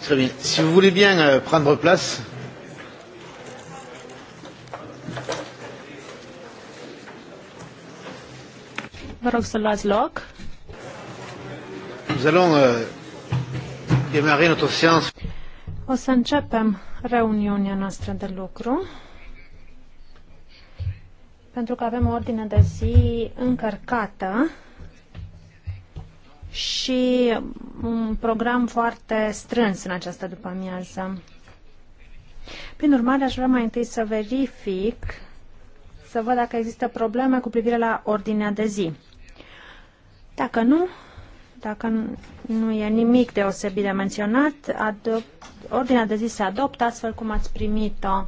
Très bien. Si vous voulez bien euh, prendre place. Vă rog să luați loc. Nous allons euh, démarrer notre séance. O să începem reuniunea noastră de lucru pentru că avem o ordine de zi încărcată și un program foarte strâns în această după-amiază. Prin urmare, aș vrea mai întâi să verific, să văd dacă există probleme cu privire la ordinea de zi. Dacă nu, dacă nu e nimic deosebit de menționat, ordinea de zi se adoptă astfel cum ați primit-o.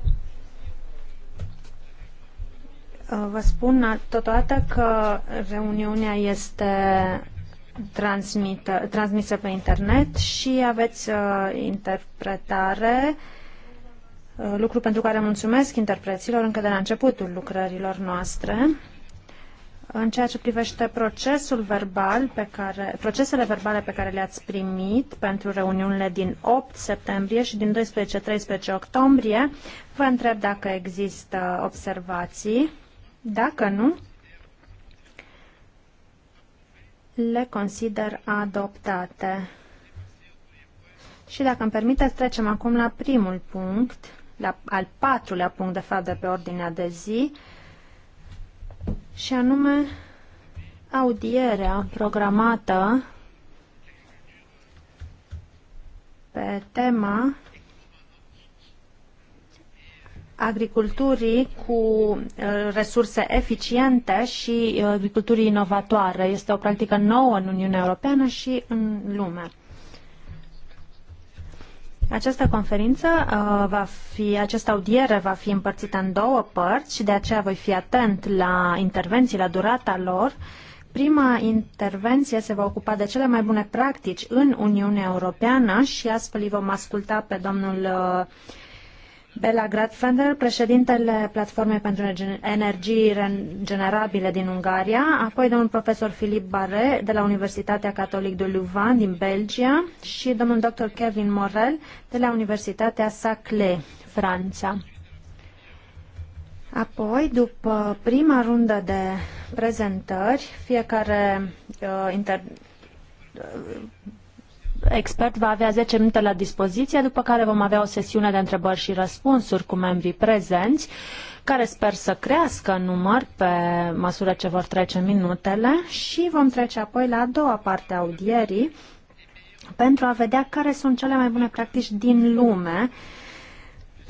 Vă spun totodată că reuniunea este transmită, transmisă pe internet și aveți uh, interpretare, uh, lucru pentru care mulțumesc interpreților încă de la începutul lucrărilor noastre. În ceea ce privește procesul verbal pe care, procesele verbale pe care le-ați primit pentru reuniunile din 8 septembrie și din 12-13 octombrie, vă întreb dacă există observații. Dacă nu, le consider adoptate. Și dacă îmi permiteți, trecem acum la primul punct, la al patrulea punct, de fapt, de pe ordinea de zi, și anume audierea programată pe tema agriculturii cu uh, resurse eficiente și uh, agriculturii inovatoare. Este o practică nouă în Uniunea Europeană și în lume. Această conferință uh, va fi, această audiere va fi împărțită în două părți și de aceea voi fi atent la intervenții, la durata lor. Prima intervenție se va ocupa de cele mai bune practici în Uniunea Europeană și astfel îi vom asculta pe domnul uh, Bela Gradfender, președintele Platformei pentru Energii Regenerabile din Ungaria, apoi domnul profesor Filip Barre, de la Universitatea Catolic de Louvain din Belgia și domnul dr. Kevin Morel de la Universitatea Saclay, Franța. Apoi, după prima rundă de prezentări, fiecare uh, inter expert va avea 10 minute la dispoziție, după care vom avea o sesiune de întrebări și răspunsuri cu membrii prezenți, care sper să crească în număr pe măsură ce vor trece minutele și vom trece apoi la a doua parte a audierii pentru a vedea care sunt cele mai bune practici din lume uh,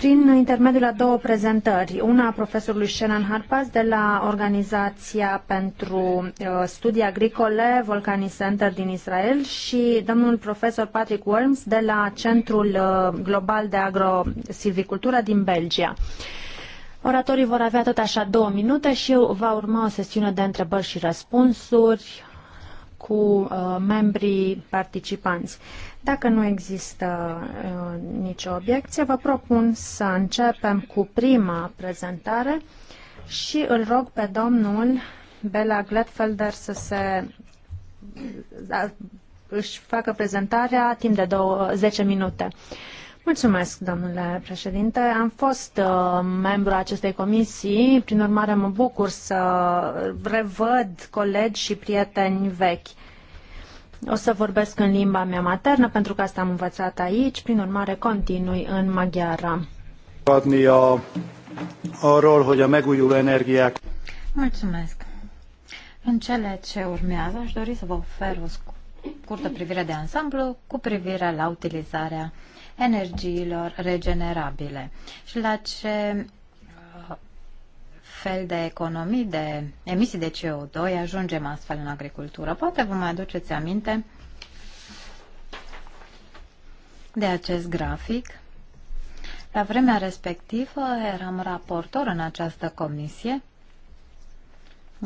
prin intermediul a două prezentări, una a profesorului Shannon Harpas de la Organizația pentru uh, Studii Agricole Volcani Center din Israel și domnul profesor Patrick Worms de la Centrul uh, Global de Agrosilvicultură din Belgia. Oratorii vor avea tot așa două minute și va urma o sesiune de întrebări și răspunsuri cu uh, membrii participanți. Dacă nu există uh, nicio obiecție, vă propun să începem cu prima prezentare și îl rog pe domnul Bela Gletfelder să se da, își facă prezentarea timp de două, 10 minute. Mulțumesc, domnule președinte. Am fost uh, membru acestei comisii, prin urmare mă bucur să revăd colegi și prieteni vechi. O să vorbesc în limba mea maternă, pentru că asta am învățat aici, prin urmare continui în maghiară. Mulțumesc. În cele ce urmează, aș dori să vă ofer o scurtă privire de ansamblu cu privire la utilizarea energiilor regenerabile și la ce fel de economii de emisii de CO2 ajungem astfel în agricultură. Poate vă mai aduceți aminte de acest grafic. La vremea respectivă eram raportor în această comisie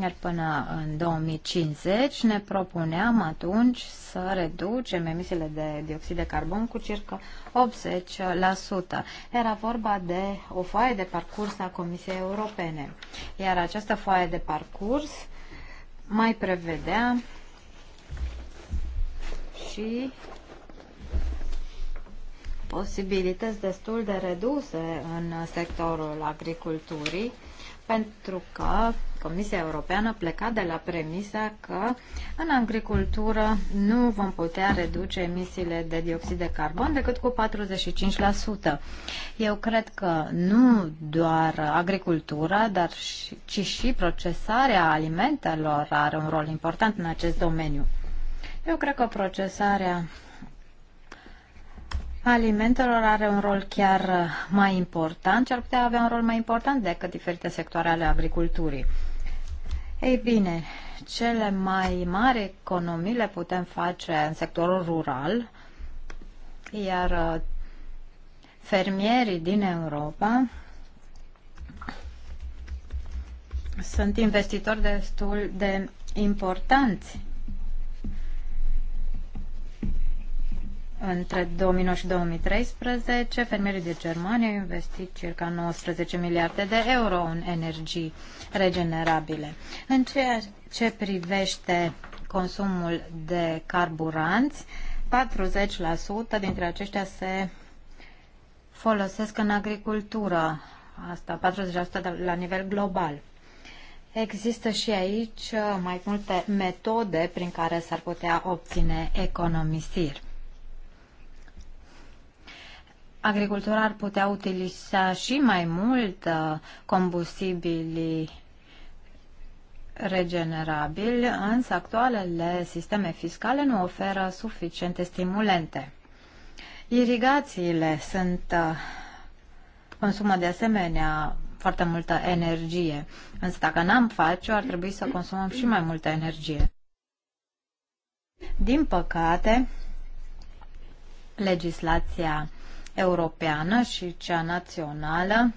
iar până în 2050 ne propuneam atunci să reducem emisiile de dioxid de carbon cu circa 80%. Era vorba de o foaie de parcurs a Comisiei Europene. Iar această foaie de parcurs mai prevedea și posibilități destul de reduse în sectorul agriculturii, pentru că Comisia Europeană pleca de la premisa că în agricultură nu vom putea reduce emisiile de dioxid de carbon decât cu 45%. Eu cred că nu doar agricultura, dar și, ci și procesarea alimentelor are un rol important în acest domeniu. Eu cred că procesarea alimentelor are un rol chiar mai important și ar putea avea un rol mai important decât diferite sectoare ale agriculturii. Ei bine, cele mai mari economii le putem face în sectorul rural, iar uh, fermierii din Europa sunt investitori destul de importanți Între 2009 și 2013, fermierii de Germania au investit circa 19 miliarde de euro în energii regenerabile. În ceea ce privește consumul de carburanți, 40% dintre aceștia se folosesc în agricultură, asta 40% la nivel global. Există și aici mai multe metode prin care s-ar putea obține economisiri agricultura ar putea utiliza și mai mult uh, combustibili regenerabili, însă actualele sisteme fiscale nu oferă suficiente stimulente. Irigațiile sunt consumă uh, de asemenea foarte multă energie, însă dacă n-am face ar trebui să consumăm și mai multă energie. Din păcate, legislația europeană și cea națională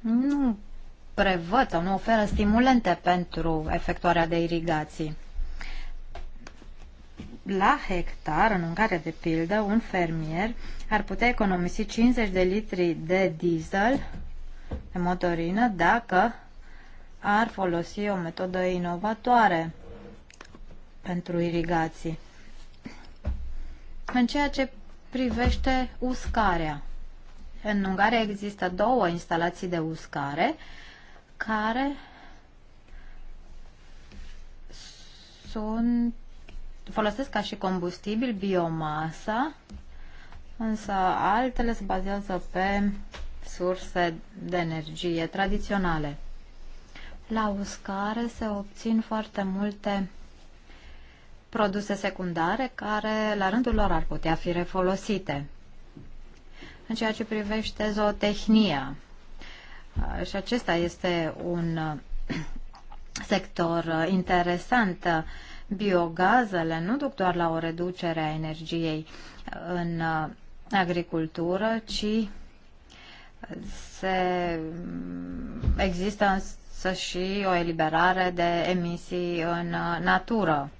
nu prevăd sau nu oferă stimulente pentru efectuarea de irigații. La hectar, în Ungaria de pildă, un fermier ar putea economisi 50 de litri de diesel de motorină dacă ar folosi o metodă inovatoare pentru irigații. În ceea ce privește uscarea. În Ungaria există două instalații de uscare care sunt folosesc ca și combustibil biomasa, însă altele se bazează pe surse de energie tradiționale. La uscare se obțin foarte multe produse secundare care, la rândul lor, ar putea fi refolosite. În ceea ce privește zootehnia, uh, și acesta este un uh, sector uh, interesant. Biogazele nu duc doar la o reducere a energiei în agricultură, ci se mm, există însă și o eliberare de emisii în natură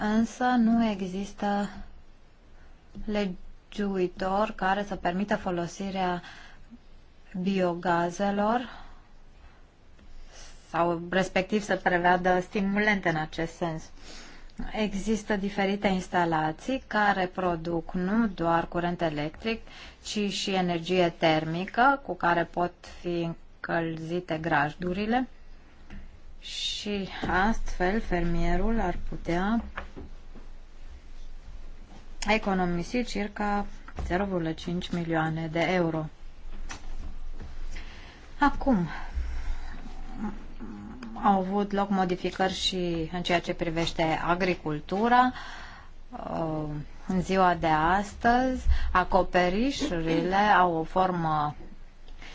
însă nu există legiuitor care să permită folosirea biogazelor sau respectiv să prevadă stimulente în acest sens. Există diferite instalații care produc nu doar curent electric, ci și energie termică cu care pot fi încălzite grajdurile și astfel fermierul ar putea economisi circa 0,5 milioane de euro. Acum, au avut loc modificări și în ceea ce privește agricultura. Uh, în ziua de astăzi, acoperișurile au o formă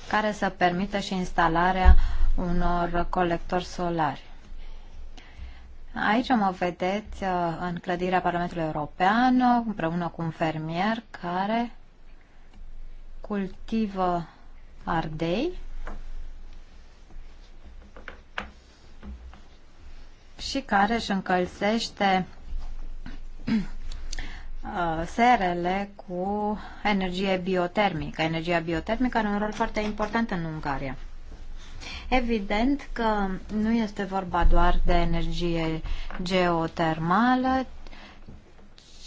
care să permită și instalarea uh, unor colectori solari. Aici mă vedeți uh, în clădirea Parlamentului European împreună cu un fermier care cultivă ardei și care își încălzește uh, serele cu energie biotermică. Energia biotermică are un rol foarte important în Ungaria. Evident că nu este vorba doar de energie geotermală,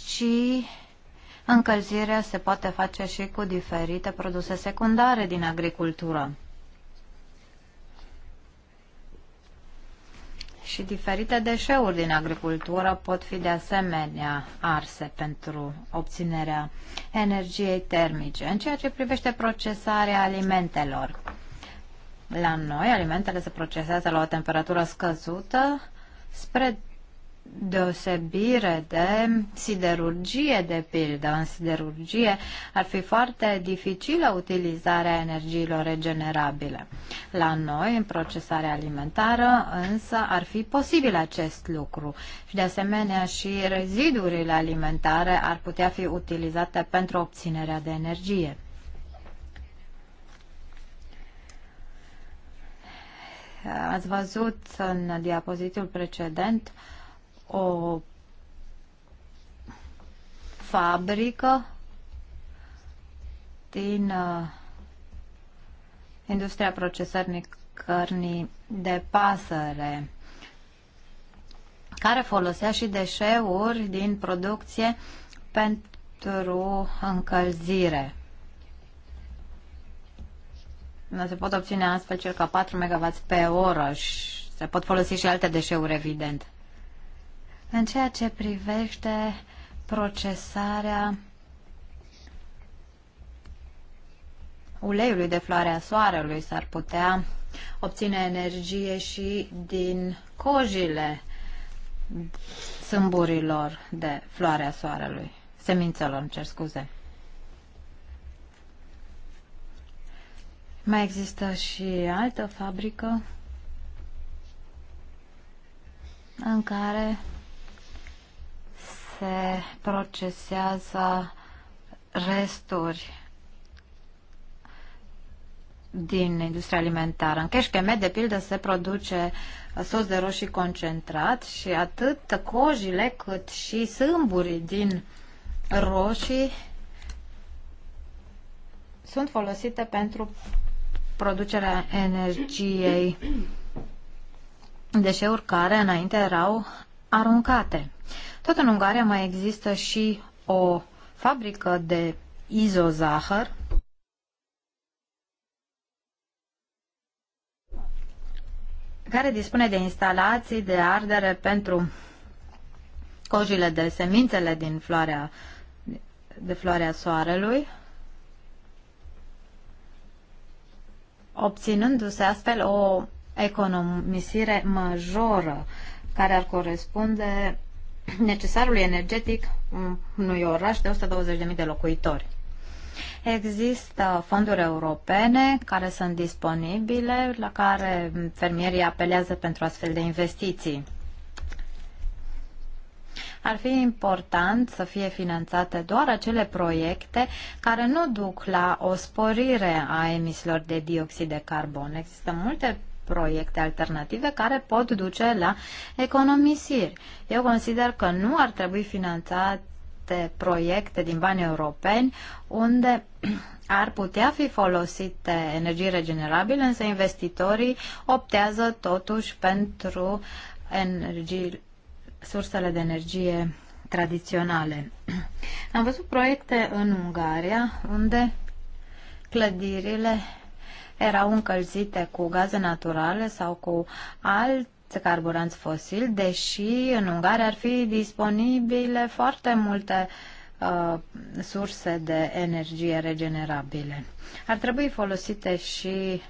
ci încălzirea se poate face și cu diferite produse secundare din agricultură. și diferite deșeuri din agricultură pot fi de asemenea arse pentru obținerea energiei termice. În ceea ce privește procesarea alimentelor, la noi, alimentele se procesează la o temperatură scăzută spre deosebire de siderurgie, de pildă. În siderurgie ar fi foarte dificilă utilizarea energiilor regenerabile. La noi, în procesarea alimentară, însă ar fi posibil acest lucru. Și de asemenea și rezidurile alimentare ar putea fi utilizate pentru obținerea de energie. Ați văzut în diapozitul precedent o fabrică din uh, industria procesării cărnii de pasăre care folosea și deșeuri din producție pentru încălzire. Se pot obține astfel circa 4 MW pe oră și se pot folosi și alte deșeuri, evident. În ceea ce privește procesarea uleiului de floarea soarelui, s-ar putea obține energie și din cojile sâmburilor de floarea soarelui, semințelor, îmi cer scuze. Mai există și altă fabrică în care se procesează resturi din industria alimentară. În Cheșcheme, de pildă, se produce sos de roșii concentrat și atât cojile cât și sâmburii din roșii sunt folosite pentru producerea energiei deșeuri care înainte erau aruncate. Tot în Ungaria mai există și o fabrică de izozahăr care dispune de instalații de ardere pentru cojile de semințele din floarea, de floarea soarelui obținându-se astfel o economisire majoră care ar corespunde necesarului energetic unui oraș de 120.000 de locuitori. Există fonduri europene care sunt disponibile, la care fermierii apelează pentru astfel de investiții ar fi important să fie finanțate doar acele proiecte care nu duc la o sporire a emisiilor de dioxid de carbon. Există multe proiecte alternative care pot duce la economisiri. Eu consider că nu ar trebui finanțate proiecte din bani europeni unde ar putea fi folosite energii regenerabile, însă investitorii optează totuși pentru energii sursele de energie tradiționale. Am văzut proiecte în Ungaria unde clădirile erau încălzite cu gaze naturale sau cu alt carburanți fosili, deși în Ungaria ar fi disponibile foarte multe uh, surse de energie regenerabile. Ar trebui folosite și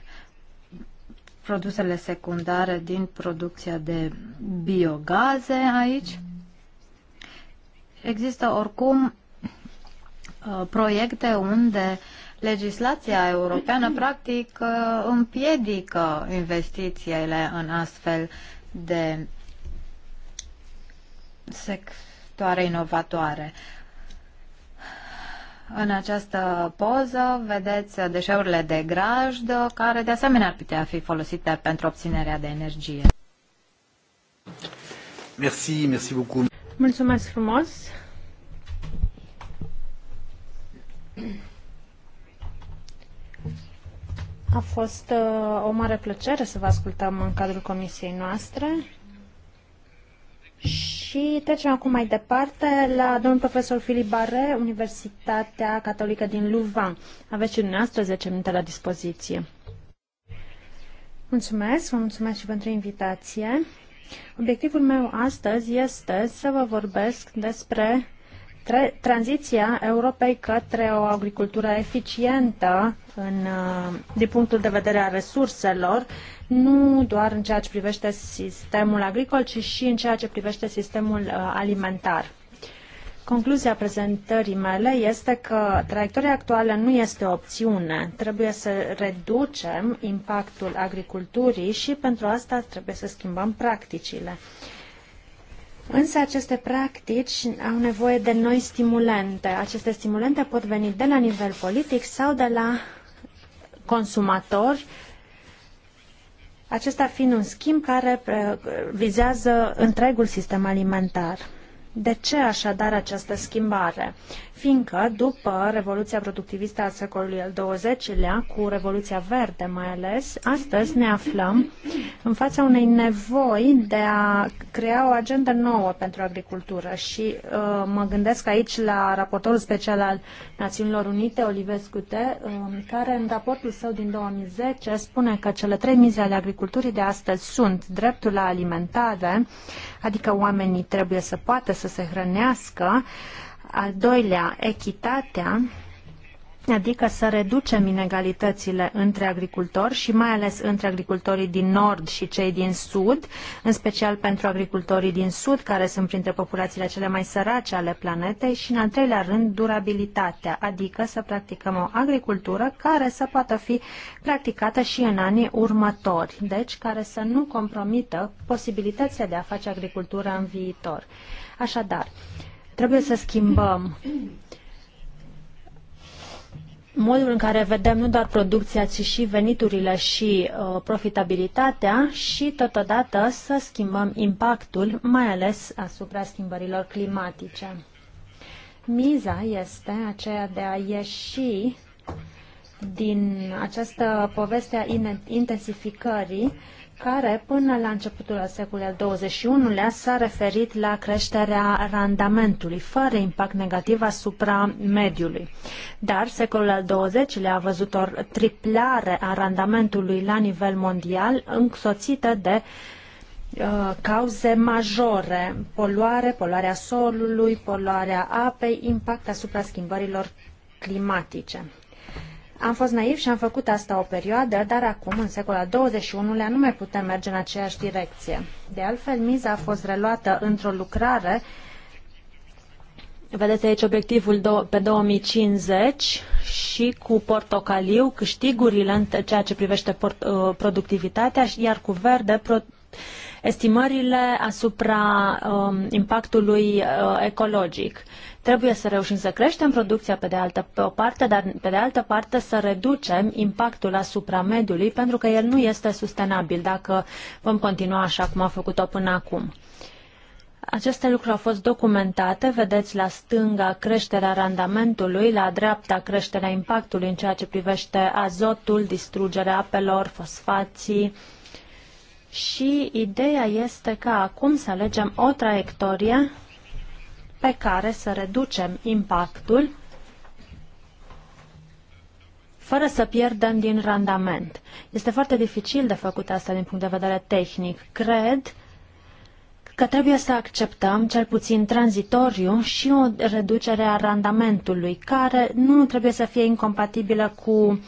produsele secundare din producția de biogaze aici. Există oricum uh, proiecte unde legislația europeană practic uh, împiedică investițiile în astfel de sectoare inovatoare. În această poză vedeți deșeurile de grajd care de asemenea ar putea fi folosite pentru obținerea de energie. Merci, merci beaucoup. Mulțumesc frumos! A fost uh, o mare plăcere să vă ascultăm în cadrul comisiei noastre. Și trecem acum mai departe la domnul profesor Filip Barre, Universitatea Catolică din Louvain. Aveți și dumneavoastră 10 minute la dispoziție. Mulțumesc, vă mulțumesc și pentru invitație. Obiectivul meu astăzi este să vă vorbesc despre Tra- tranziția Europei către o agricultură eficientă în, uh, din punctul de vedere al resurselor, nu doar în ceea ce privește sistemul agricol, ci și în ceea ce privește sistemul uh, alimentar. Concluzia prezentării mele este că traiectoria actuală nu este o opțiune. Trebuie să reducem impactul agriculturii și pentru asta trebuie să schimbăm practicile. Însă aceste practici au nevoie de noi stimulente. Aceste stimulente pot veni de la nivel politic sau de la consumatori, acesta fiind un schimb care uh, vizează întregul sistem alimentar. De ce așadar această schimbare? Fiindcă după Revoluția Productivistă a secolului al XX-lea, cu Revoluția Verde mai ales, astăzi ne aflăm în fața unei nevoi de a crea o agendă nouă pentru agricultură și uh, mă gândesc aici la raportorul special al Națiunilor Unite, Olivescu Cute, uh, um, care în raportul său din 2010 spune că cele trei mize ale agriculturii de astăzi sunt dreptul la alimentare, adică oamenii trebuie să poată să se hrănească. Al doilea, echitatea adică să reducem inegalitățile între agricultori și mai ales între agricultorii din nord și cei din sud, în special pentru agricultorii din sud, care sunt printre populațiile cele mai sărace ale planetei și, în al treilea rând, durabilitatea, adică să practicăm o agricultură care să poată fi practicată și în anii următori, deci care să nu compromită posibilitățile de a face agricultură în viitor. Așadar, trebuie să schimbăm modul în care vedem nu doar producția, ci și veniturile și uh, profitabilitatea și totodată să schimbăm impactul, mai ales asupra schimbărilor climatice. Miza este aceea de a ieși din această poveste a intensificării care până la începutul secolului al XXI-lea s-a referit la creșterea randamentului, fără impact negativ asupra mediului. Dar secolul al XX-lea a văzut o triplare a randamentului la nivel mondial, însoțită de uh, cauze majore, poluare, poluarea solului, poluarea apei, impact asupra schimbărilor climatice. Am fost naiv și am făcut asta o perioadă, dar acum, în secolul al XXI-lea, nu mai putem merge în aceeași direcție. De altfel, miza a fost reluată într-o lucrare Vedeți aici obiectivul pe 2050 și cu portocaliu câștigurile în ceea ce privește uh, productivitatea, iar cu verde pro- estimările asupra um, impactului uh, ecologic. Trebuie să reușim să creștem producția pe de altă pe o parte, dar pe de altă parte să reducem impactul asupra mediului, pentru că el nu este sustenabil dacă vom continua așa cum am făcut-o până acum. Aceste lucruri au fost documentate, vedeți la stânga creșterea randamentului, la dreapta creșterea impactului în ceea ce privește azotul, distrugerea apelor, fosfații. Și ideea este ca acum să alegem o traiectorie pe care să reducem impactul fără să pierdem din randament. Este foarte dificil de făcut asta din punct de vedere tehnic. Cred că trebuie să acceptăm, cel puțin tranzitoriu, și o reducere a randamentului, care nu trebuie să fie incompatibilă cu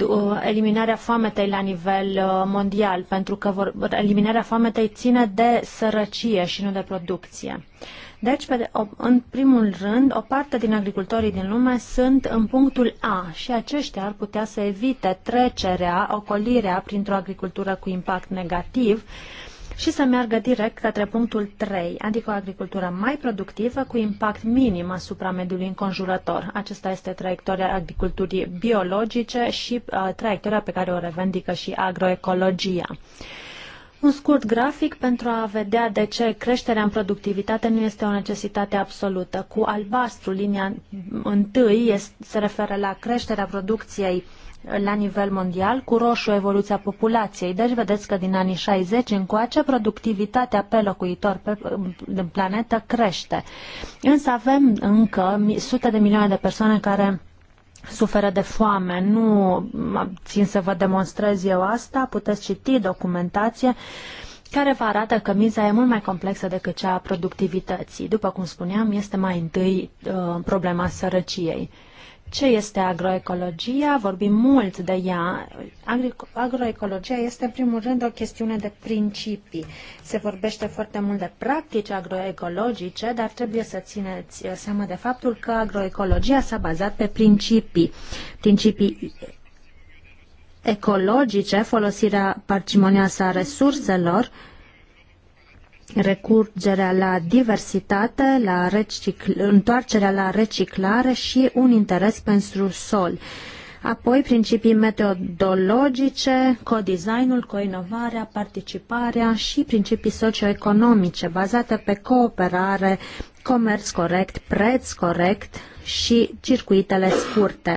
uh, eliminarea foametei la nivel uh, mondial, pentru că vor, eliminarea foametei ține de sărăcie și nu de producție. Uh, deci, pe de, o, în primul rând, o parte din agricultorii din lume sunt în punctul A și aceștia ar putea să evite trecerea, ocolirea printr-o agricultură cu impact negativ și să meargă direct către punctul 3, adică o agricultură mai productivă cu impact minim asupra mediului înconjurător. Acesta este traiectoria agriculturii biologice și uh, traiectoria pe care o revendică și agroecologia un scurt grafic pentru a vedea de ce creșterea în productivitate nu este o necesitate absolută. Cu albastru, linia întâi este, se referă la creșterea producției la nivel mondial, cu roșu evoluția populației. Deci vedeți că din anii 60 încoace productivitatea pe locuitor pe, din planetă crește. Însă avem încă sute de milioane de persoane care suferă de foame. Nu țin să vă demonstrez eu asta, puteți citi documentație care vă arată că miza e mult mai complexă decât cea a productivității. După cum spuneam, este mai întâi uh, problema sărăciei. Ce este agroecologia? Vorbim mult de ea. Agroecologia este, în primul rând, o chestiune de principii. Se vorbește foarte mult de practici agroecologice, dar trebuie să țineți seama de faptul că agroecologia s-a bazat pe principii. Principii ecologice, folosirea parcimonioasă a resurselor, recurgerea la diversitate, la recicl- întoarcerea la reciclare și un interes pentru sol. Apoi, principii metodologice, co-designul, co-inovarea, participarea și principii socioeconomice bazate pe cooperare, comerț corect, preț corect și circuitele scurte.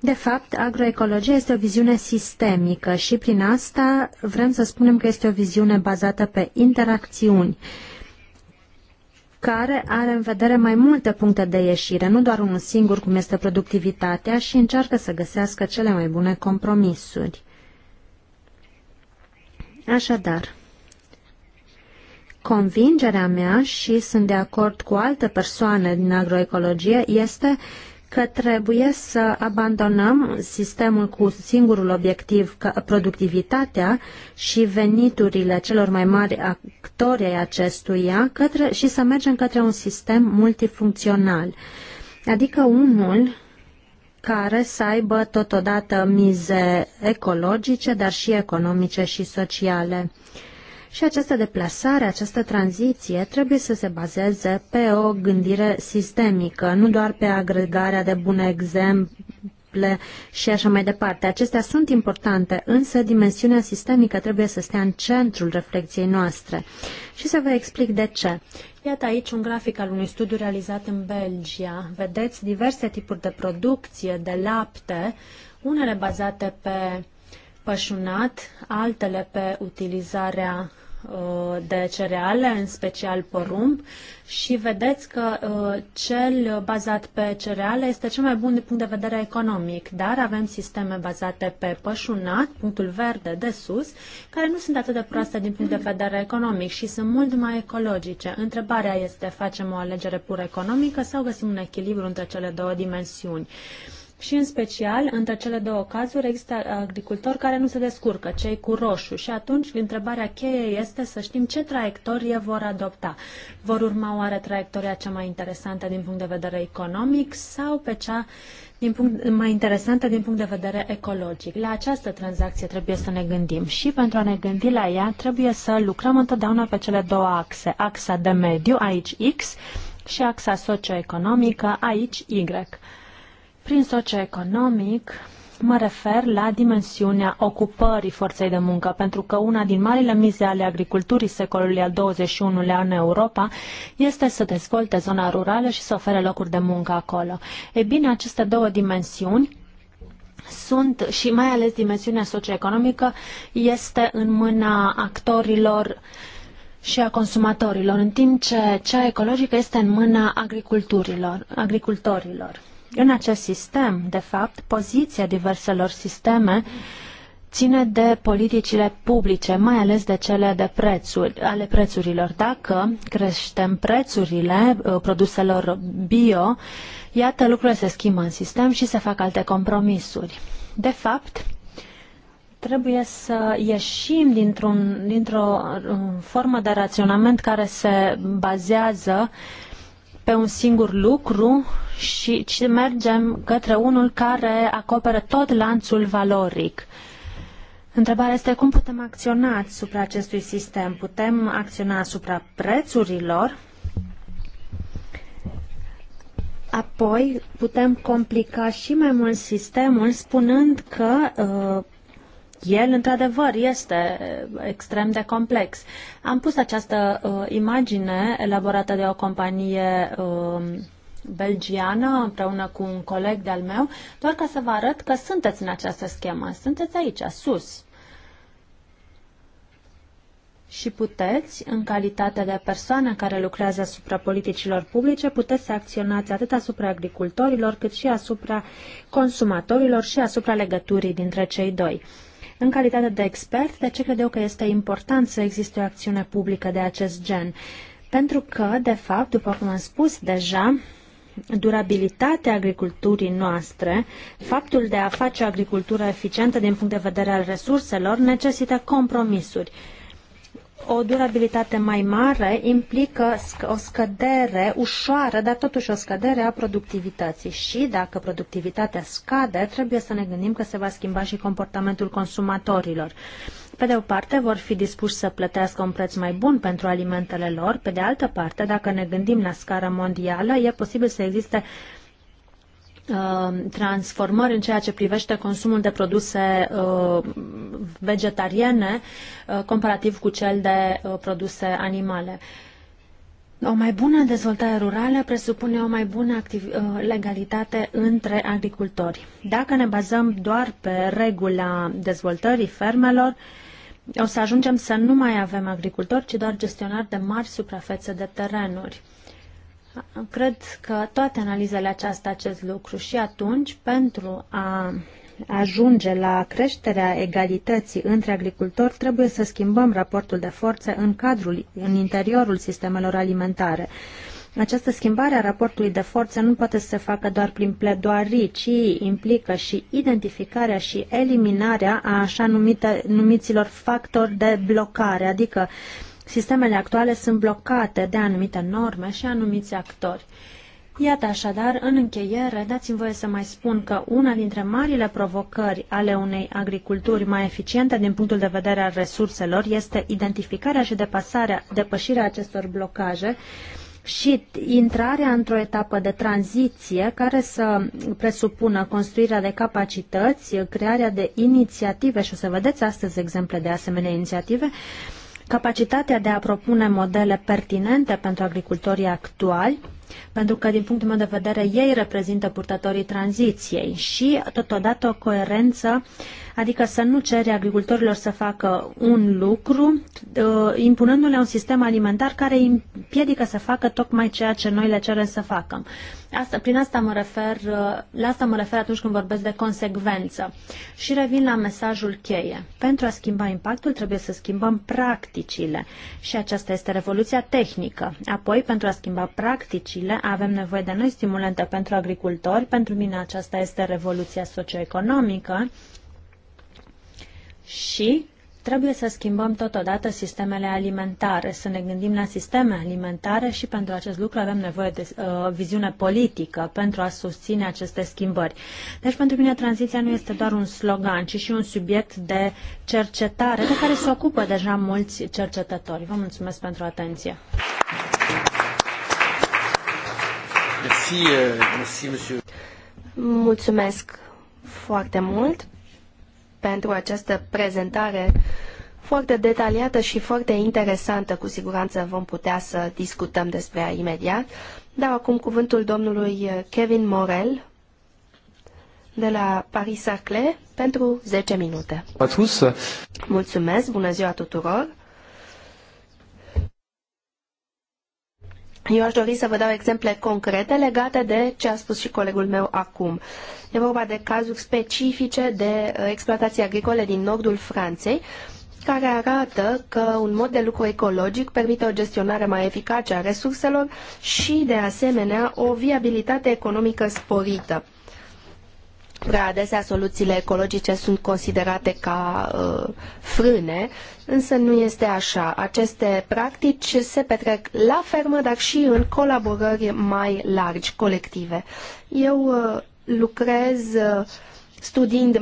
De fapt, agroecologia este o viziune sistemică și prin asta vrem să spunem că este o viziune bazată pe interacțiuni care are în vedere mai multe puncte de ieșire, nu doar unul singur cum este productivitatea și încearcă să găsească cele mai bune compromisuri. Așadar, convingerea mea și sunt de acord cu alte persoane din agroecologie este că trebuie să abandonăm sistemul cu singurul obiectiv productivitatea și veniturile celor mai mari actori ai acestuia către, și să mergem către un sistem multifuncțional, adică unul care să aibă totodată mize ecologice, dar și economice și sociale. Uh, și această deplasare, această tranziție trebuie să se bazeze pe o gândire sistemică, nu doar pe agregarea de bune exemple și așa mai departe. Acestea sunt importante, însă dimensiunea sistemică trebuie să stea în centrul reflexiei noastre. Și să vă explic de ce. Iată aici un grafic al unui studiu realizat în Belgia. Vedeți diverse tipuri de producție de lapte, unele bazate pe pășunat, altele pe utilizarea uh, de cereale, în special porumb, și vedeți că uh, cel bazat pe cereale este cel mai bun din punct de vedere economic, dar avem sisteme bazate pe pășunat, punctul verde de sus, care nu sunt atât de proaste din punct de vedere economic și sunt mult mai ecologice. Întrebarea este, facem o alegere pur economică sau găsim un echilibru între cele două dimensiuni? Uh, și în special, între cele două cazuri, există agricultori care nu se descurcă, cei cu roșu. Și atunci, întrebarea cheie este să știm ce traiectorie vor adopta. Vor urma oare traiectoria cea mai interesantă din punct de vedere economic sau pe cea din punct, mai interesantă din punct de vedere ecologic. La această tranzacție trebuie să ne gândim și pentru a ne gândi la ea trebuie să lucrăm întotdeauna pe cele două axe. Axa de mediu, aici X, și axa socioeconomică, aici Y. Prin socioeconomic, mă refer la dimensiunea ocupării forței de muncă, pentru că una din marile mize ale agriculturii secolului al XXI-lea în Europa este să dezvolte zona rurală și să ofere locuri de muncă acolo. Ei bine, aceste două dimensiuni sunt și mai ales dimensiunea socioeconomică este în mâna actorilor și a consumatorilor, în timp ce cea ecologică este în mâna agriculturilor, agricultorilor. În acest sistem, de fapt, poziția diverselor sisteme ține de politicile publice, mai ales de cele de prețuri, ale prețurilor. Dacă creștem prețurile uh, produselor bio, iată lucrurile se schimbă în sistem și se fac alte compromisuri. De fapt, trebuie să ieșim dintr-o dintr uh, formă de raționament care se bazează uh, pe un singur lucru, și ci mergem către unul care acoperă tot lanțul valoric. Întrebarea este cum putem acționa asupra acestui sistem? Putem acționa asupra prețurilor? Apoi putem complica și mai mult sistemul spunând că uh, el, într-adevăr, este uh, extrem de complex. Am pus această uh, imagine elaborată de o companie uh, belgiană împreună cu un coleg de-al meu, doar ca să vă arăt că sunteți în această schemă, sunteți aici, sus. Și puteți, în calitate de persoană care lucrează asupra politicilor publice, puteți să acționați atât asupra agricultorilor, cât și asupra consumatorilor și asupra legăturii dintre cei doi. În calitate de expert, de ce cred eu că este important să existe o acțiune publică de acest gen? Pentru că, de fapt, după cum am spus deja, durabilitatea agriculturii noastre, faptul de a face o agricultură eficientă din punct de vedere al resurselor, necesită compromisuri o durabilitate mai mare implică o scădere ușoară, dar totuși o scădere a productivității. Și dacă productivitatea scade, trebuie să ne gândim că se va schimba și comportamentul consumatorilor. Pe de o parte, vor fi dispuși să plătească un preț mai bun pentru alimentele lor, pe de altă parte, dacă ne gândim la scară mondială, e posibil să existe Uh, transformări în ceea ce privește consumul de produse uh, vegetariene uh, comparativ cu cel de produse animale. O mai bună dezvoltare rurală presupune o mai bună legalitate între agricultori. Dacă ne bazăm doar pe regula dezvoltării fermelor, o să ajungem să nu mai avem agricultori, ci doar gestionari de mari suprafețe de terenuri. Cred că toate analizele aceasta acest lucru și atunci pentru a ajunge la creșterea egalității între agricultori, trebuie să schimbăm raportul de forțe în cadrul, în interiorul sistemelor alimentare. Această schimbare a raportului de forțe nu poate să se facă doar prin pledoarii, ci implică și identificarea și eliminarea a așa numite, numiților factori de blocare, adică uh, sistemele actuale sunt blocate de anumite norme și anumiți actori. Iată așadar, în încheiere, dați-mi voie să mai spun că una dintre marile provocări ale unei agriculturi mai eficiente din punctul de vedere al resurselor este identificarea și depasarea, depășirea acestor blocaje și intrarea într-o etapă de tranziție care să presupună construirea de capacități, crearea de inițiative și o să vedeți astăzi exemple de asemenea inițiative, uh, capacitatea de a propune modele pertinente pentru agricultorii actuali, pentru că, din punctul meu de vedere, ei reprezintă purtătorii tranziției și, totodată, o coerență uh, adică să nu cere agricultorilor să facă un lucru, uh, impunându-le un sistem alimentar care îi împiedică să facă tocmai ceea ce noi le cerem să facă. Asta, prin asta mă refer, uh, la asta mă refer atunci când vorbesc de consecvență. Și revin la mesajul cheie. Pentru a schimba impactul trebuie să schimbăm practicile și aceasta este revoluția tehnică. Apoi, pentru a schimba practicile, avem nevoie de noi stimulente pentru agricultori. Pentru mine aceasta este revoluția socioeconomică și trebuie să schimbăm totodată sistemele alimentare, să ne gândim la sisteme alimentare și pentru acest lucru avem nevoie de uh, viziune politică pentru a susține aceste schimbări. Deci pentru mine tranziția nu este doar un slogan, ci și un subiect de cercetare de care se ocupă deja mulți cercetători. Vă mulțumesc pentru atenție. Euh, mulțumesc foarte mult pentru această prezentare foarte detaliată și foarte interesantă. Cu siguranță vom putea să discutăm despre ea imediat. Dau acum cuvântul domnului Kevin Morel de la Paris Saclay pentru 10 minute. Mulțumesc, bună ziua tuturor! Eu aș dori să vă dau exemple concrete legate de ce a spus și colegul meu acum. E vorba de cazuri specifice de uh, exploatații agricole din nordul Franței, care arată că un mod de lucru ecologic permite o gestionare mai eficace a resurselor și, de asemenea, o viabilitate economică sporită. Prea adesea soluțiile ecologice sunt considerate ca uh, frâne, însă nu este așa. Aceste practici se petrec la fermă, dar și în colaborări mai largi, colective. Eu uh, lucrez uh, studiind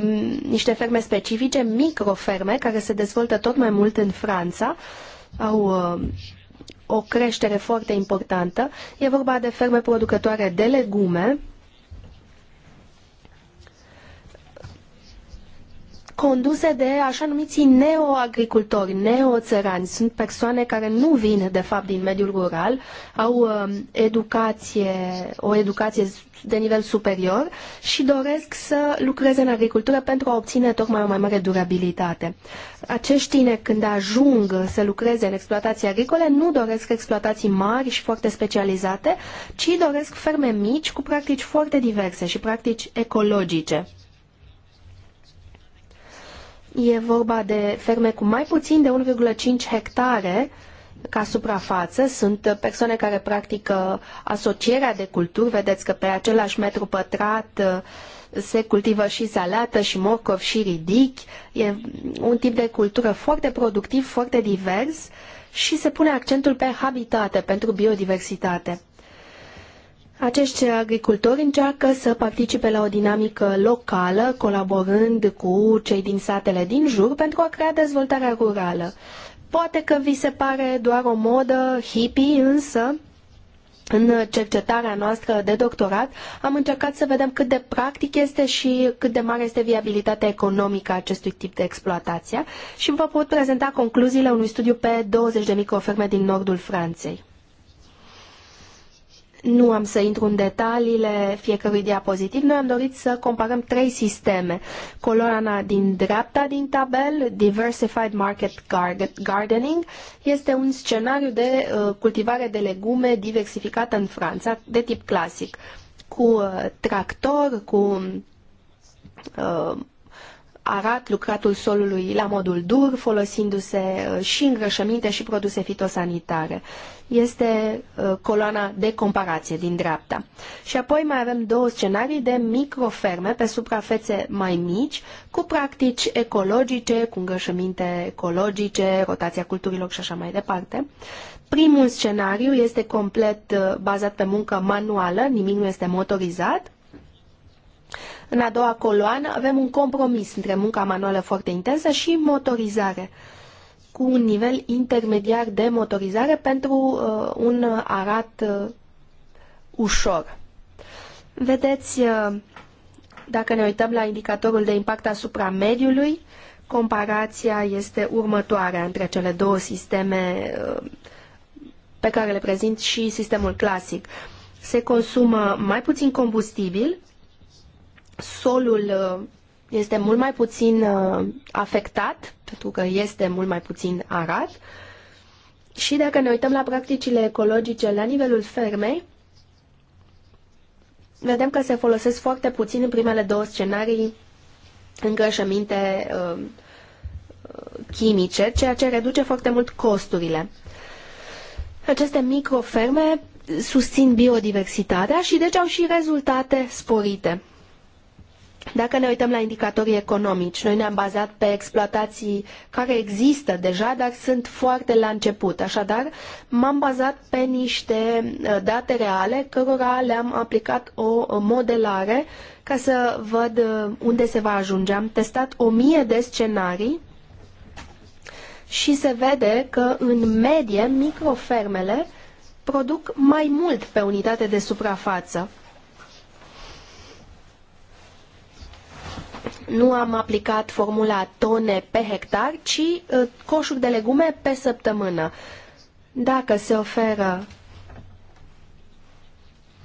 niște ferme specifice, microferme, care se dezvoltă tot mai mult în Franța. Au uh, o creștere foarte importantă. E vorba de ferme producătoare de legume, conduse de așa numiții neoagricultori, neoțărani. Sunt persoane care nu vin, de fapt, din mediul rural, au um, educație, o educație de nivel superior și doresc să lucreze în agricultură pentru a obține tocmai o mai mare durabilitate. Acești tineri, când ajung să lucreze în exploatații agricole, nu doresc exploatații mari și foarte specializate, ci doresc ferme mici cu practici foarte diverse și practici ecologice. E vorba de ferme cu mai puțin de 1,5 hectare ca suprafață. Sunt persoane care practică asocierea de culturi. Vedeți că pe același metru pătrat uh, se cultivă și salată, și morcov, și ridic. E un tip de cultură foarte productiv, foarte divers și se pune accentul pe habitate, pentru biodiversitate. Acești agricultori încearcă să participe la o dinamică locală, colaborând cu cei din satele din jur pentru a crea dezvoltarea rurală. Poate că vi se pare doar o modă hippie, însă în cercetarea noastră de doctorat am încercat să vedem cât de practic este și cât de mare este viabilitatea economică a acestui tip de exploatație și vă pot prezenta concluziile unui studiu pe 20 de microferme din nordul Franței. Nu am să intru în detaliile fiecărui diapozitiv. Noi am dorit să comparăm trei sisteme. Coloana din dreapta din tabel, Diversified Market Gardening, este un scenariu de uh, cultivare de legume diversificată în Franța, de tip clasic, cu uh, tractor, cu uh, arat lucratul solului la modul dur, folosindu-se uh, și îngrășăminte și produse fitosanitare. Este uh, coloana de comparație din dreapta. Și apoi mai avem două scenarii de microferme pe suprafețe mai mici, cu practici ecologice, cu îngrășăminte ecologice, rotația culturilor și așa mai departe. Primul scenariu este complet uh, bazat pe muncă manuală, nimic nu este motorizat, în a doua coloană avem un compromis între munca manuală foarte intensă și motorizare, cu un nivel intermediar de motorizare pentru uh, un arat uh, ușor. Vedeți, uh, dacă ne uităm la indicatorul de impact asupra mediului, comparația este următoarea între cele două sisteme uh, pe care le prezint și sistemul clasic. Se consumă mai puțin combustibil solul uh, este mult mai puțin uh, afectat, pentru că este mult mai puțin arat. Și dacă ne uităm la practicile ecologice la nivelul fermei, vedem că se folosesc foarte puțin în primele două scenarii îngrășăminte uh, chimice, ceea ce reduce foarte mult costurile. Aceste microferme susțin biodiversitatea și deci au și rezultate sporite. Dacă ne uităm la indicatorii economici, noi ne-am bazat pe exploatații care există deja, dar sunt foarte la început. Așadar, m-am bazat pe niște uh, date reale, cărora le-am aplicat o modelare ca să văd uh, unde se va ajunge. Am testat o mie de scenarii și se vede că, în medie, microfermele produc mai mult pe unitate de suprafață nu am aplicat formula tone pe hectar, ci uh, coșuri de legume pe săptămână. Dacă se oferă...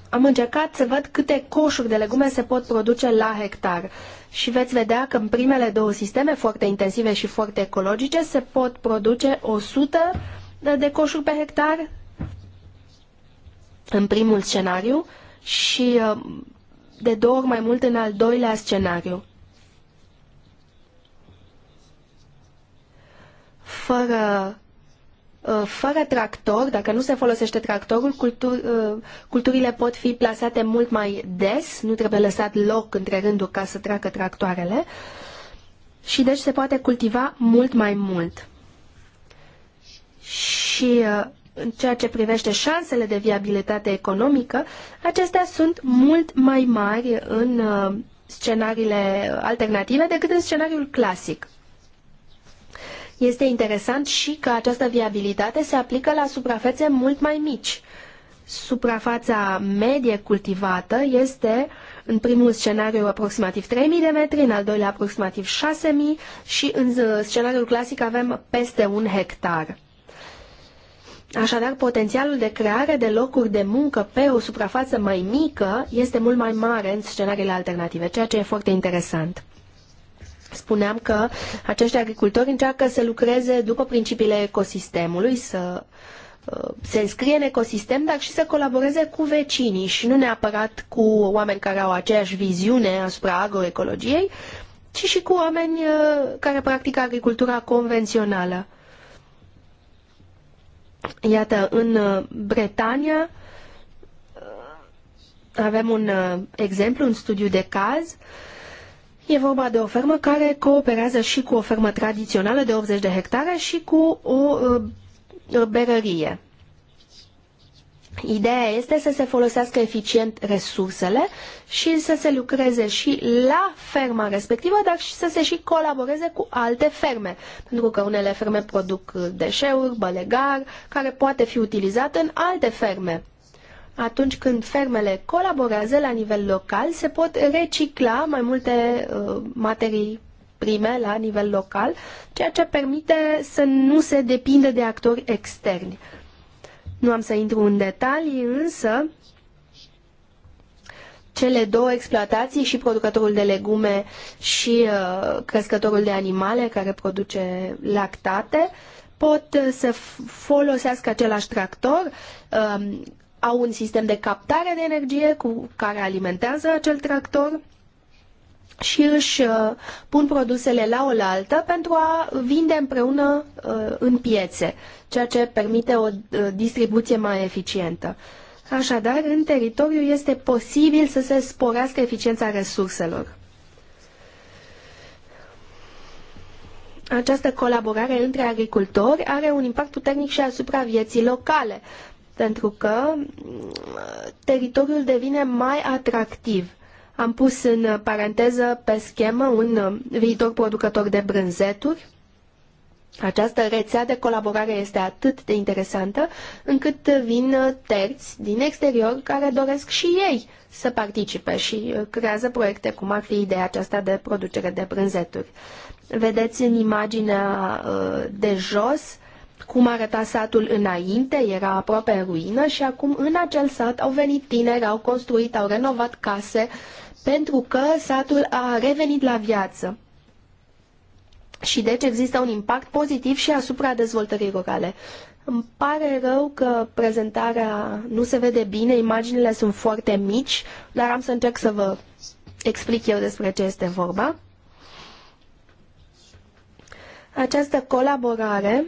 Am încercat să văd câte coșuri de legume se pot produce la hectar și veți vedea că în primele două sisteme, foarte intensive și foarte ecologice, se pot produce 100 de coșuri pe hectar în primul scenariu și uh, de două ori mai mult în al doilea scenariu. fără uh, fără tractor, dacă nu se folosește tractorul, cultur, uh, culturile pot fi plasate mult mai des, nu trebuie lăsat loc între rânduri ca să treacă tractoarele și deci se poate cultiva mult mai mult. Și uh, în ceea ce privește șansele de viabilitate economică, acestea sunt mult mai mari în scenariile alternative decât în scenariul clasic. Este interesant și că această viabilitate se aplică la suprafețe mult mai mici. Suprafața medie cultivată este în primul scenariu aproximativ 3.000 de metri, în al doilea aproximativ 6.000 și în scenariul clasic avem peste un hectar. Așadar, potențialul de creare de locuri de muncă pe o suprafață mai mică este mult mai mare în scenariile alternative, ceea ce e foarte interesant. Spuneam că acești agricultori încearcă să lucreze după principiile ecosistemului, să uh, se înscrie în ecosistem, dar și să colaboreze cu vecinii și nu neapărat cu oameni care au aceeași viziune asupra agroecologiei, ci și cu oameni uh, care practică agricultura convențională. Iată, în uh, Bretania avem un exemplu, un studiu de caz E vorba de o fermă care cooperează și cu o fermă tradițională de 80 de hectare și cu o uh, uh, berărie. Ideea este să se folosească eficient resursele și să se lucreze și la ferma respectivă, dar și să se și colaboreze cu alte ferme, pentru că unele ferme produc uh, deșeuri, bălegar, care poate fi utilizat în alte ferme atunci când fermele colaborează la nivel local, se pot recicla mai multe uh, materii prime la nivel local, ceea ce permite să nu se depindă de actori externi. Nu am să intru în detalii, însă cele două exploatații și producătorul de legume și uh, crescătorul de animale care produce lactate pot să folosească același tractor. Uh, au un sistem de captare de energie cu care alimentează acel tractor și își uh, pun produsele la oaltă pentru a vinde împreună uh, în piețe, ceea ce permite o uh, distribuție mai eficientă. Așadar, în teritoriu este posibil să se sporească eficiența resurselor. Această colaborare între agricultori are un impact puternic și asupra vieții locale, pentru că teritoriul devine mai atractiv. Am pus în paranteză pe schemă un viitor producător de brânzeturi. Această rețea de colaborare este atât de interesantă încât vin terți din exterior care doresc și ei să participe și creează proiecte cum ar fi ideea aceasta de producere de brânzeturi. Vedeți în imaginea uh, de jos cum arăta satul înainte, era aproape în ruină și acum în acel sat au venit tineri, au construit, au renovat case pentru că satul a revenit la viață. Și deci există un impact pozitiv și asupra dezvoltării rurale. Îmi pare rău că prezentarea nu se vede bine, imaginile sunt foarte mici, dar am să încerc să vă explic eu despre ce este vorba. Această colaborare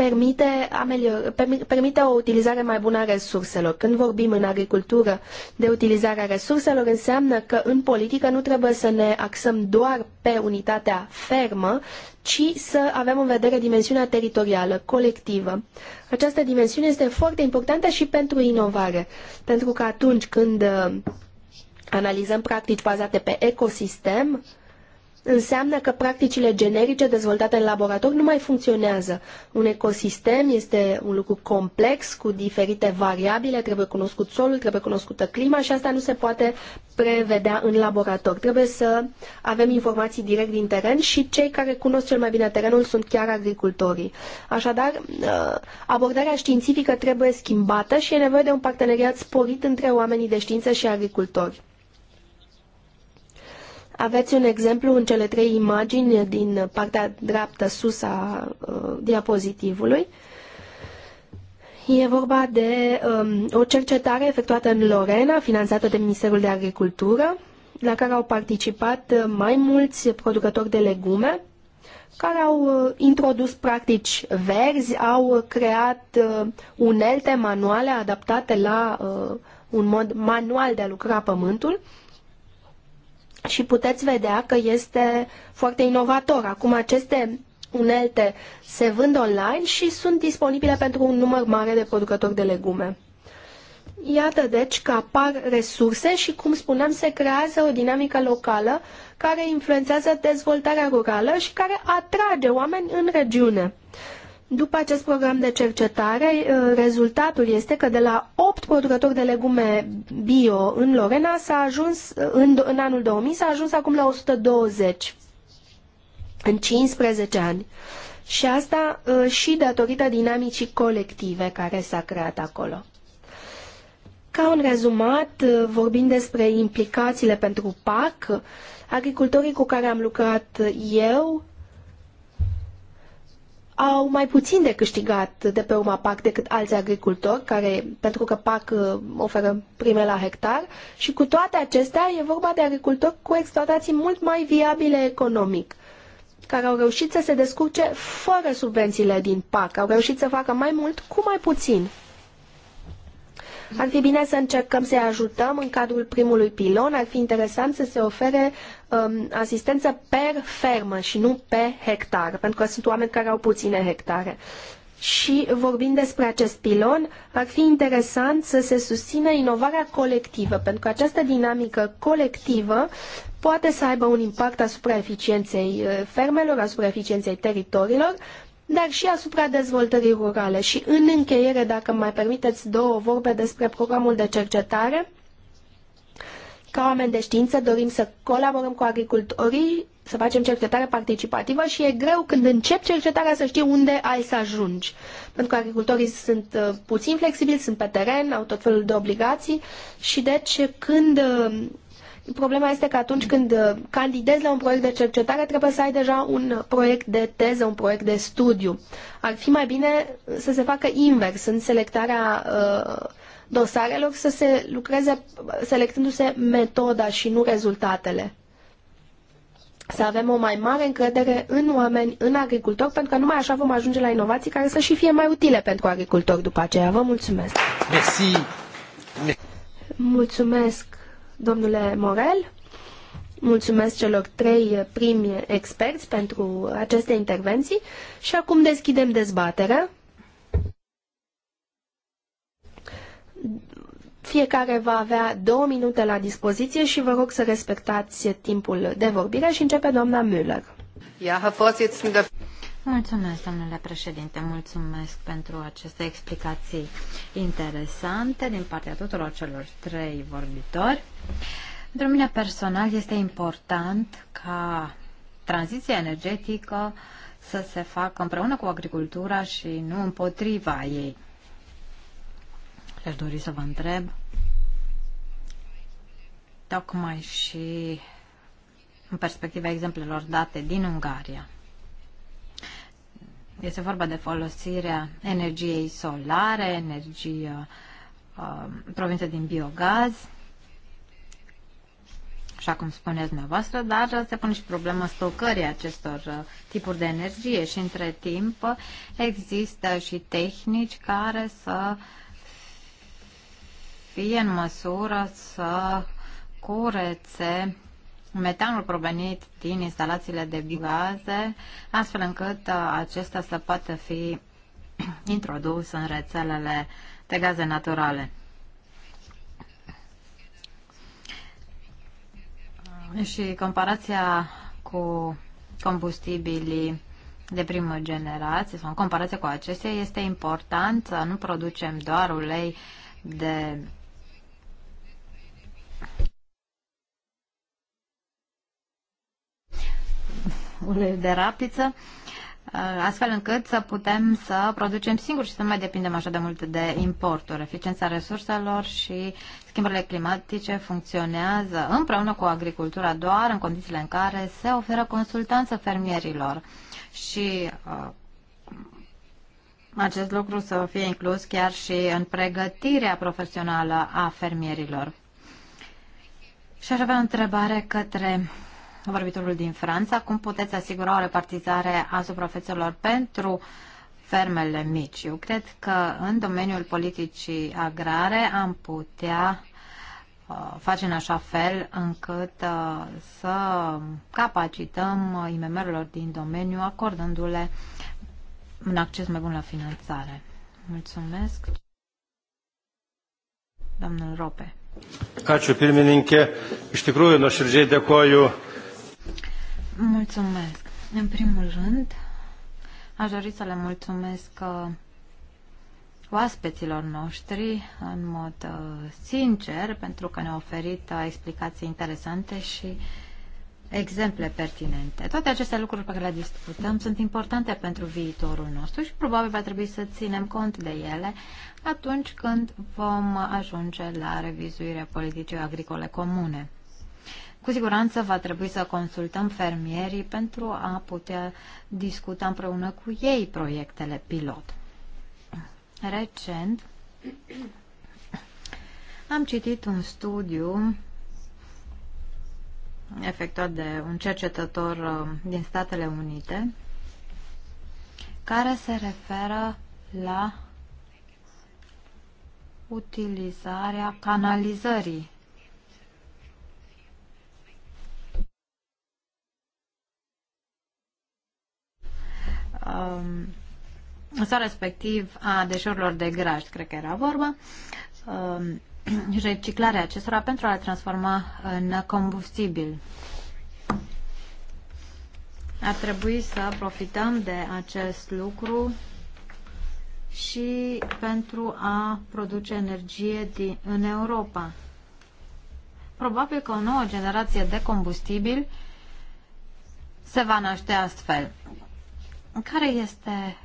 permite, amelior, permite o utilizare mai bună a resurselor. Când vorbim în agricultură de utilizarea resurselor, înseamnă că în politică nu trebuie să ne axăm doar pe unitatea fermă, ci să avem în vedere dimensiunea teritorială, colectivă. Această dimensiune este foarte importantă și pentru inovare, pentru că atunci când uh, analizăm practici bazate pe ecosistem, înseamnă că practicile generice dezvoltate în laborator nu mai funcționează. Un ecosistem este un lucru complex cu diferite variabile, trebuie cunoscut solul, trebuie cunoscută clima și asta nu se poate prevedea în laborator. Trebuie să avem informații direct din teren și cei care cunosc cel mai bine terenul sunt chiar agricultorii. Așadar, ă, abordarea științifică trebuie schimbată și e nevoie de un parteneriat sporit între oamenii de știință și agricultori. Aveți un exemplu în cele trei imagini din partea dreaptă sus a uh, diapozitivului. E vorba de um, o cercetare efectuată în Lorena, finanțată de Ministerul de Agricultură, la care au participat uh, mai mulți producători de legume, care au uh, introdus practici verzi, au creat uh, unelte manuale adaptate la uh, un mod manual de a lucra pământul, uh, și puteți vedea că este foarte inovator. Acum aceste unelte se vând online și sunt disponibile pentru un număr mare de producători de legume. Iată deci că apar resurse și, cum spuneam, se creează o dinamică locală care influențează dezvoltarea rurală și care atrage oameni în regiune. După acest program de cercetare, eh, rezultatul este că de la 8 producători de legume bio în Lorena s-a ajuns, eh, în, în anul 2000, s-a ajuns acum la 120 în 15 ani. Și asta eh, și datorită dinamicii colective care s-a creat acolo. Ca un rezumat, vorbind despre implicațiile pentru PAC, agricultorii cu care am lucrat eu au mai puțin de câștigat de pe urma PAC decât alți agricultori, care, pentru că PAC uh, oferă prime la hectar și cu toate acestea e vorba de agricultori cu exploatații mult mai viabile economic care au reușit să se descurce fără subvențiile din PAC, au reușit să facă mai mult cu mai puțin. Ar fi bine să încercăm să-i ajutăm în cadrul primului pilon. Ar fi interesant să se ofere um, asistență per fermă și nu pe hectare, pentru că sunt oameni care au puține hectare. Și vorbind despre acest pilon, ar fi interesant să se susțină inovarea colectivă, pentru că această dinamică colectivă poate să aibă un impact asupra eficienței uh, fermelor, asupra eficienței teritoriilor dar și asupra dezvoltării rurale. Și în încheiere, dacă mai permiteți două vorbe despre programul de cercetare, ca oameni de știință dorim să colaborăm cu agricultorii, să facem cercetare participativă și e greu când încep cercetarea să știi unde ai să ajungi. Pentru că agricultorii sunt uh, puțin flexibili, sunt pe teren, au tot felul de obligații și deci când uh, Problema este că atunci când uh, candidezi la un proiect de cercetare, trebuie să ai deja un proiect de teză, un proiect de studiu. Ar fi mai bine să se facă invers în selectarea uh, dosarelor, să se lucreze selectându-se metoda și nu rezultatele. Să avem o mai mare încredere în oameni, în agricultori, pentru că numai așa vom ajunge la inovații care să și fie mai utile pentru agricultori după aceea. Vă mulțumesc! Merci. Mulțumesc! Domnule Morel, mulțumesc celor trei primi experți pentru aceste intervenții și acum deschidem dezbaterea. Fiecare va avea două minute la dispoziție și vă rog să respectați timpul de vorbire și începe doamna Müller. Ja, Herr Mulțumesc, domnule președinte, mulțumesc pentru aceste explicații interesante din partea tuturor celor trei vorbitori. Pentru mine personal este important ca tranziția energetică să se facă împreună cu agricultura și nu împotriva ei. Și aș dori să vă întreb tocmai și în perspectiva exemplelor date din Ungaria. Este vorba de folosirea energiei solare, energie uh, um, provenită din biogaz, așa cum spuneți dumneavoastră, dar se pune și problema stocării acestor uh, tipuri de energie și între timp există și tehnici care să fie în măsură să curețe metanul provenit din instalațiile de biogaze, astfel încât uh, acesta să poată fi introdus în rețelele de gaze naturale. Și comparația cu combustibilii de primă generație sau în comparație cu acestea este important să nu producem doar ulei de ulei de rapiță, uh, astfel încât să putem să producem singuri și să nu mai depindem așa de mult de importuri. Eficiența resurselor și schimbările climatice funcționează împreună cu agricultura doar în condițiile în care se oferă consultanță fermierilor și uh, acest lucru să fie inclus chiar și în pregătirea profesională a fermierilor. Și aș avea o întrebare către vorbitorul din Franța, cum puteți asigura o repartizare a suprafețelor pentru fermele mici? Eu cred că în domeniul politicii agrare am putea uh, face în așa fel încât uh, să capacităm IMM-urilor din domeniu, acordându-le un acces mai bun la finanțare. Mulțumesc. Domnul Rope. Ačiū pirmininkė. Iš tikrųjų, nuoširdžiai dėkoju Mulțumesc. În primul rând, aș dori să le mulțumesc uh, oaspeților noștri în mod uh, sincer pentru că ne-au oferit uh, explicații interesante și exemple pertinente. Toate aceste lucruri pe care le discutăm sunt importante pentru viitorul nostru și probabil va trebui să ținem cont de ele atunci când vom ajunge la revizuirea politicii agricole comune. Cu siguranță va trebui să consultăm fermierii pentru a putea discuta împreună cu ei proiectele pilot. Recent am citit un studiu efectuat de un cercetător uh, din Statele Unite care se referă la utilizarea canalizării măsura respectiv a deșeurilor de graj, cred că era vorba, um, reciclarea acestora pentru a le transforma în combustibil. Ar trebui să profităm de acest lucru și pentru a produce energie din, în Europa. Probabil că o nouă generație de combustibil se va naște astfel. Care este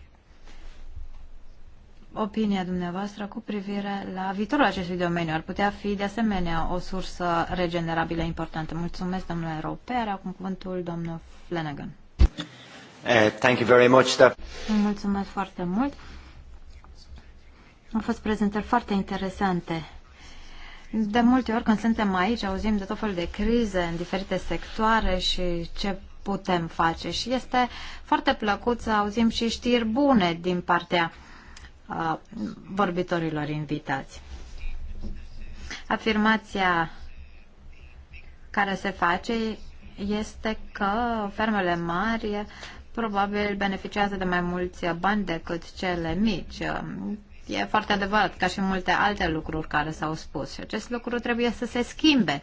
opinia dumneavoastră cu privire la viitorul acestui domeniu? Ar putea fi de asemenea o sursă regenerabilă importantă. Mulțumesc, domnule Roper. Acum cuvântul domnul Flanagan. Uh, thank you very much, Mulțumesc foarte mult. Au fost prezentări foarte interesante. De multe ori când suntem aici, auzim de tot felul de crize în diferite sectoare și ce putem face. Și este foarte plăcut să auzim și știri bune din partea uh, a vorbitorilor invitați. Afirmația care se face este că fermele mari probabil beneficiază de mai mulți bani decât cele mici. E foarte adevărat, ca și multe alte lucruri care s-au spus. Și acest lucru trebuie să se schimbe,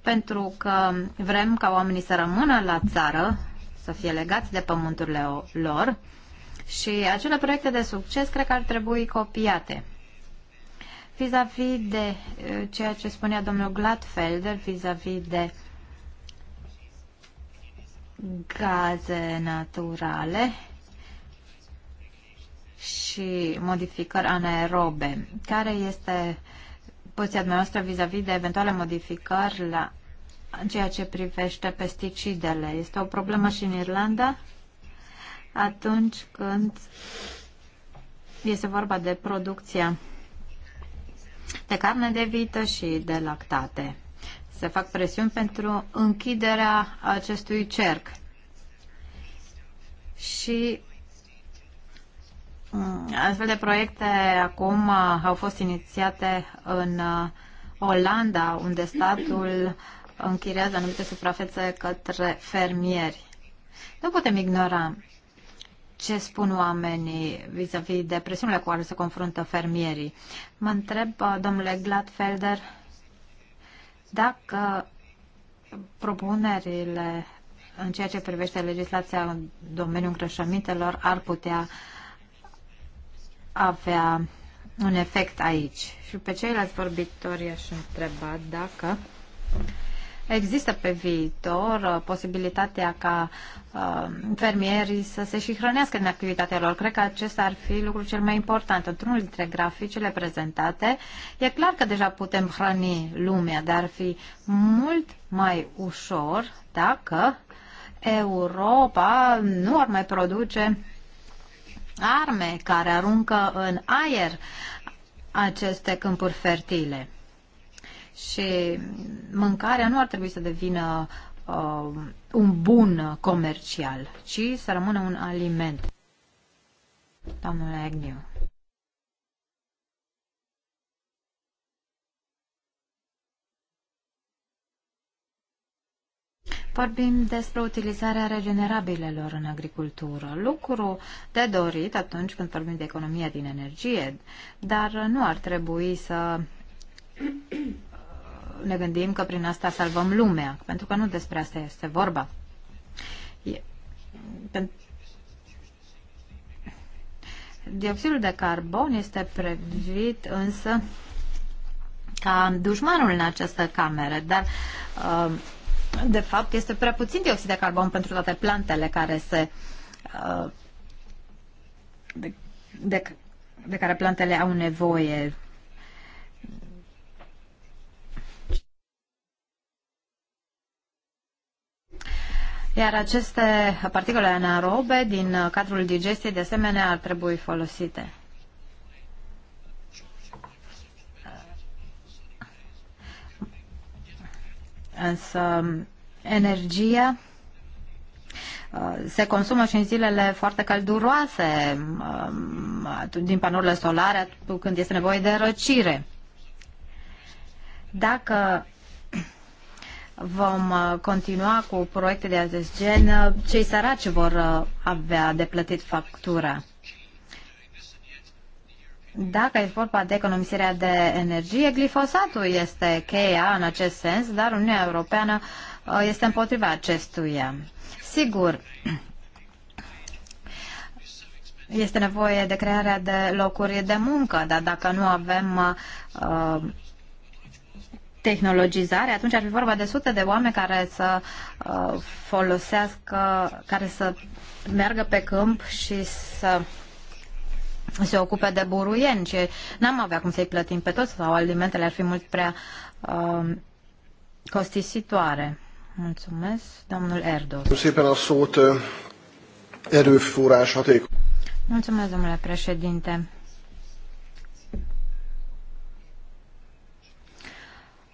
pentru că vrem ca oamenii să rămână la țară, să fie legați de pământurile lor, și acele proiecte de succes cred că ar trebui copiate. Vis-a-vis -vis de uh, ceea ce spunea domnul Gladfelder, vis-a-vis -vis de gaze naturale și modificări anaerobe, care este poziția dumneavoastră vis-a-vis -vis de eventuale modificări la ceea ce privește pesticidele. Este o problemă și în Irlanda atunci când este vorba de producția de carne de vită și de lactate. Se fac presiuni pentru închiderea acestui cerc. Și mm, astfel de proiecte acum uh, au fost inițiate în uh, Olanda, unde statul închiriază anumite suprafețe către fermieri. Nu putem ignora ce spun oamenii vis-a-vis -vis de presiunile cu care se confruntă fermierii. Mă întreb, uh, domnule Gladfelder, dacă propunerile în ceea ce privește legislația în domeniul îngrășămintelor ar putea avea un efect aici. Și pe ceilalți vorbitori aș întreba dacă există pe viitor uh, posibilitatea ca uh, fermierii să se și hrănească în activitatea lor. Cred că acesta ar fi lucrul cel mai important. Într-unul dintre graficele prezentate, e clar că deja putem hrăni lumea, dar ar fi mult mai ușor dacă Europa nu ar mai produce arme care aruncă în aer aceste câmpuri fertile și mâncarea nu ar trebui să devină uh, un bun comercial, ci să rămână un aliment. Domnule Agnew. Vorbim despre utilizarea regenerabilelor în agricultură, lucru de dorit atunci când vorbim de economia din energie, dar nu ar trebui să ne gândim că prin asta salvăm lumea, pentru că nu despre asta este vorba. Dioxidul de carbon este privit însă ca dușmanul în această cameră, dar uh, de fapt este prea puțin dioxid de carbon pentru toate plantele care se uh, de, de, de care plantele au nevoie. Iar aceste particule anaerobe din uh, cadrul digestiei de asemenea ar trebui folosite. Uh, însă um, energia uh, se consumă și în zilele foarte călduroase um, din panourile solare când este nevoie de răcire. Dacă vom uh, continua cu proiecte de acest gen, uh, cei săraci vor uh, avea de plătit factura. Dacă e vorba de economisirea de energie, glifosatul este cheia în acest sens, dar Uniunea Europeană este împotriva acestuia. Sigur, este nevoie de crearea de locuri de muncă, dar dacă nu avem uh, tehnologizare, atunci ar fi vorba de sute de oameni care să uh, folosească, care să meargă pe câmp și să se ocupe de buruieni și n-am avea cum să-i plătim pe toți sau alimentele ar fi mult prea uh, costisitoare. Mulțumesc, domnul Erdos. Mulțumesc, domnule președinte.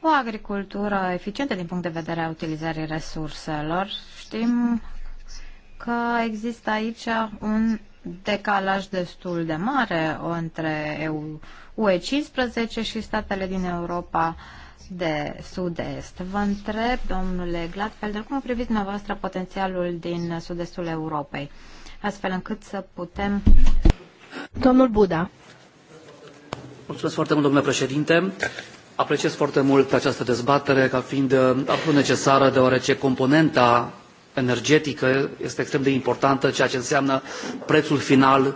o agricultură eficientă din punct de vedere a utilizării resurselor. Știm că există aici un decalaj destul de mare între UE15 și statele din Europa de sud-est. Vă întreb, domnule Gladfelder, cum priviți dumneavoastră potențialul din sud-estul Europei, astfel încât să putem... Domnul Buda. Mulțumesc foarte mult, domnule președinte. Apreciez foarte mult această dezbatere ca fiind uh, absolut necesară, deoarece componenta energetică este extrem de importantă, ceea ce înseamnă prețul final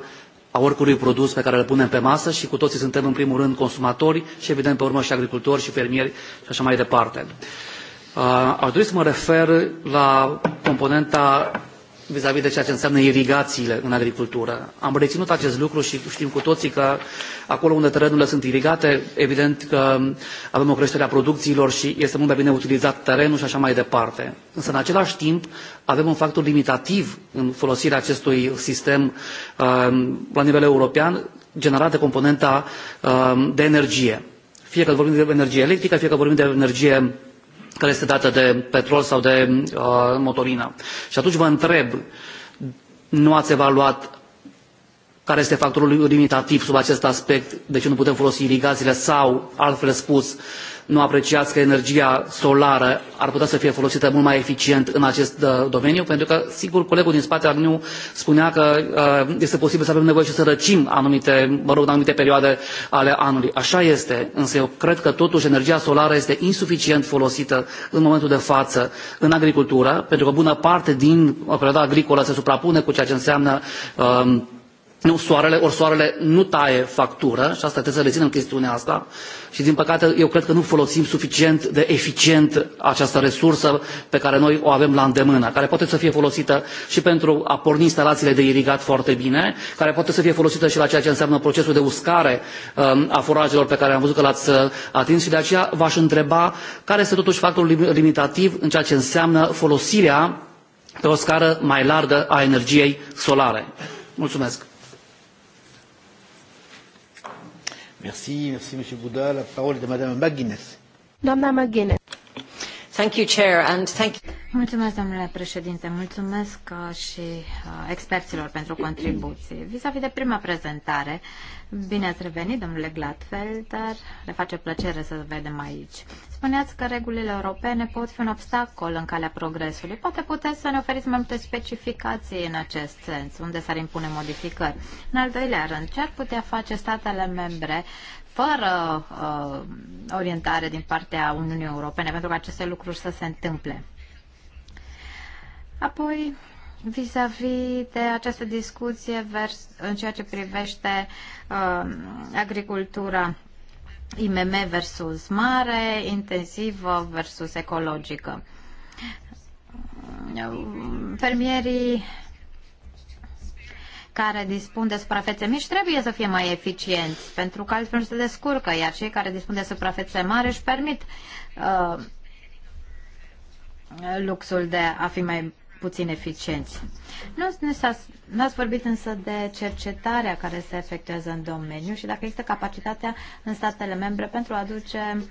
a oricărui produs pe care îl punem pe masă și cu toții suntem în primul rând consumatori și evident pe urmă și agricultori și fermieri și așa mai departe. Uh, aș dori să mă refer la componenta vis-a-vis de ceea ce înseamnă irigațiile în agricultură. Am reținut acest lucru și știm cu toții că acolo unde terenurile sunt irigate, evident că avem o creștere a producțiilor și este mult mai bine utilizat terenul și așa mai departe. Însă, în același timp, avem un factor limitativ în folosirea acestui sistem uh, la nivel european generat de componenta uh, de energie. Fie că vorbim de energie electrică, fie că vorbim de energie care este dată de petrol sau de uh, motorină. Și atunci vă întreb, nu ați evaluat care este factorul limitativ sub acest aspect, de ce nu putem folosi irigațiile sau, altfel spus, nu apreciați că energia solară ar putea să fie folosită mult mai eficient în acest uh, domeniu? Pentru că, sigur, colegul din spate, Agniu, spunea că uh, este posibil să avem nevoie și să răcim anumite, mă rog, anumite perioade ale anului. Așa este, însă eu cred că totuși energia solară este insuficient folosită în momentul de față în agricultură, pentru că bună parte din uh, perioada agricolă se suprapune cu ceea ce înseamnă um, nu soarele, ori soarele nu taie factură și asta trebuie să reținem chestiunea asta și din păcate eu cred că nu folosim suficient de eficient această resursă pe care noi o avem la îndemână, care poate să fie folosită și pentru a porni instalațiile de irigat foarte bine, care poate să fie folosită și la ceea ce înseamnă procesul de uscare um, a forajelor pe care am văzut că l-ați uh, atins și de aceea v-aș întreba care este totuși factorul limitativ în ceea ce înseamnă folosirea pe o scară mai largă a energiei solare. Mulțumesc! Merci, merci, Monsieur La parole est à Madame McGuinness. Doamna McGuinness. Thank you, Chair, and thank you. Mulțumesc, domnule președinte. Mulțumesc uh, și uh, experților pentru contribuții. Vis-a-vis de prima prezentare, bine ați revenit, domnule Gladfeld, dar le face plăcere să vedem aici. Spuneați că regulile europene pot fi un obstacol în calea progresului. Poate puteți să ne oferiți mai multe specificații în acest sens, unde s-ar impune modificări. În al doilea rând, ce ar putea face statele membre fără uh, orientare din partea Uniunii Europene pentru ca aceste lucruri să se întâmple? Apoi, vis-a-vis -vis de această discuție vers, în ceea ce privește uh, agricultura IMM versus mare, intensivă versus ecologică. Fermierii care dispun de suprafețe mici trebuie să fie mai eficienți, pentru că altfel se descurcă, iar cei care dispun de suprafețe mari își permit uh, luxul de a fi mai puțin eficienți. Nu ați vorbit însă de cercetarea care se efectuează în domeniu și dacă există capacitatea în statele membre pentru a aduce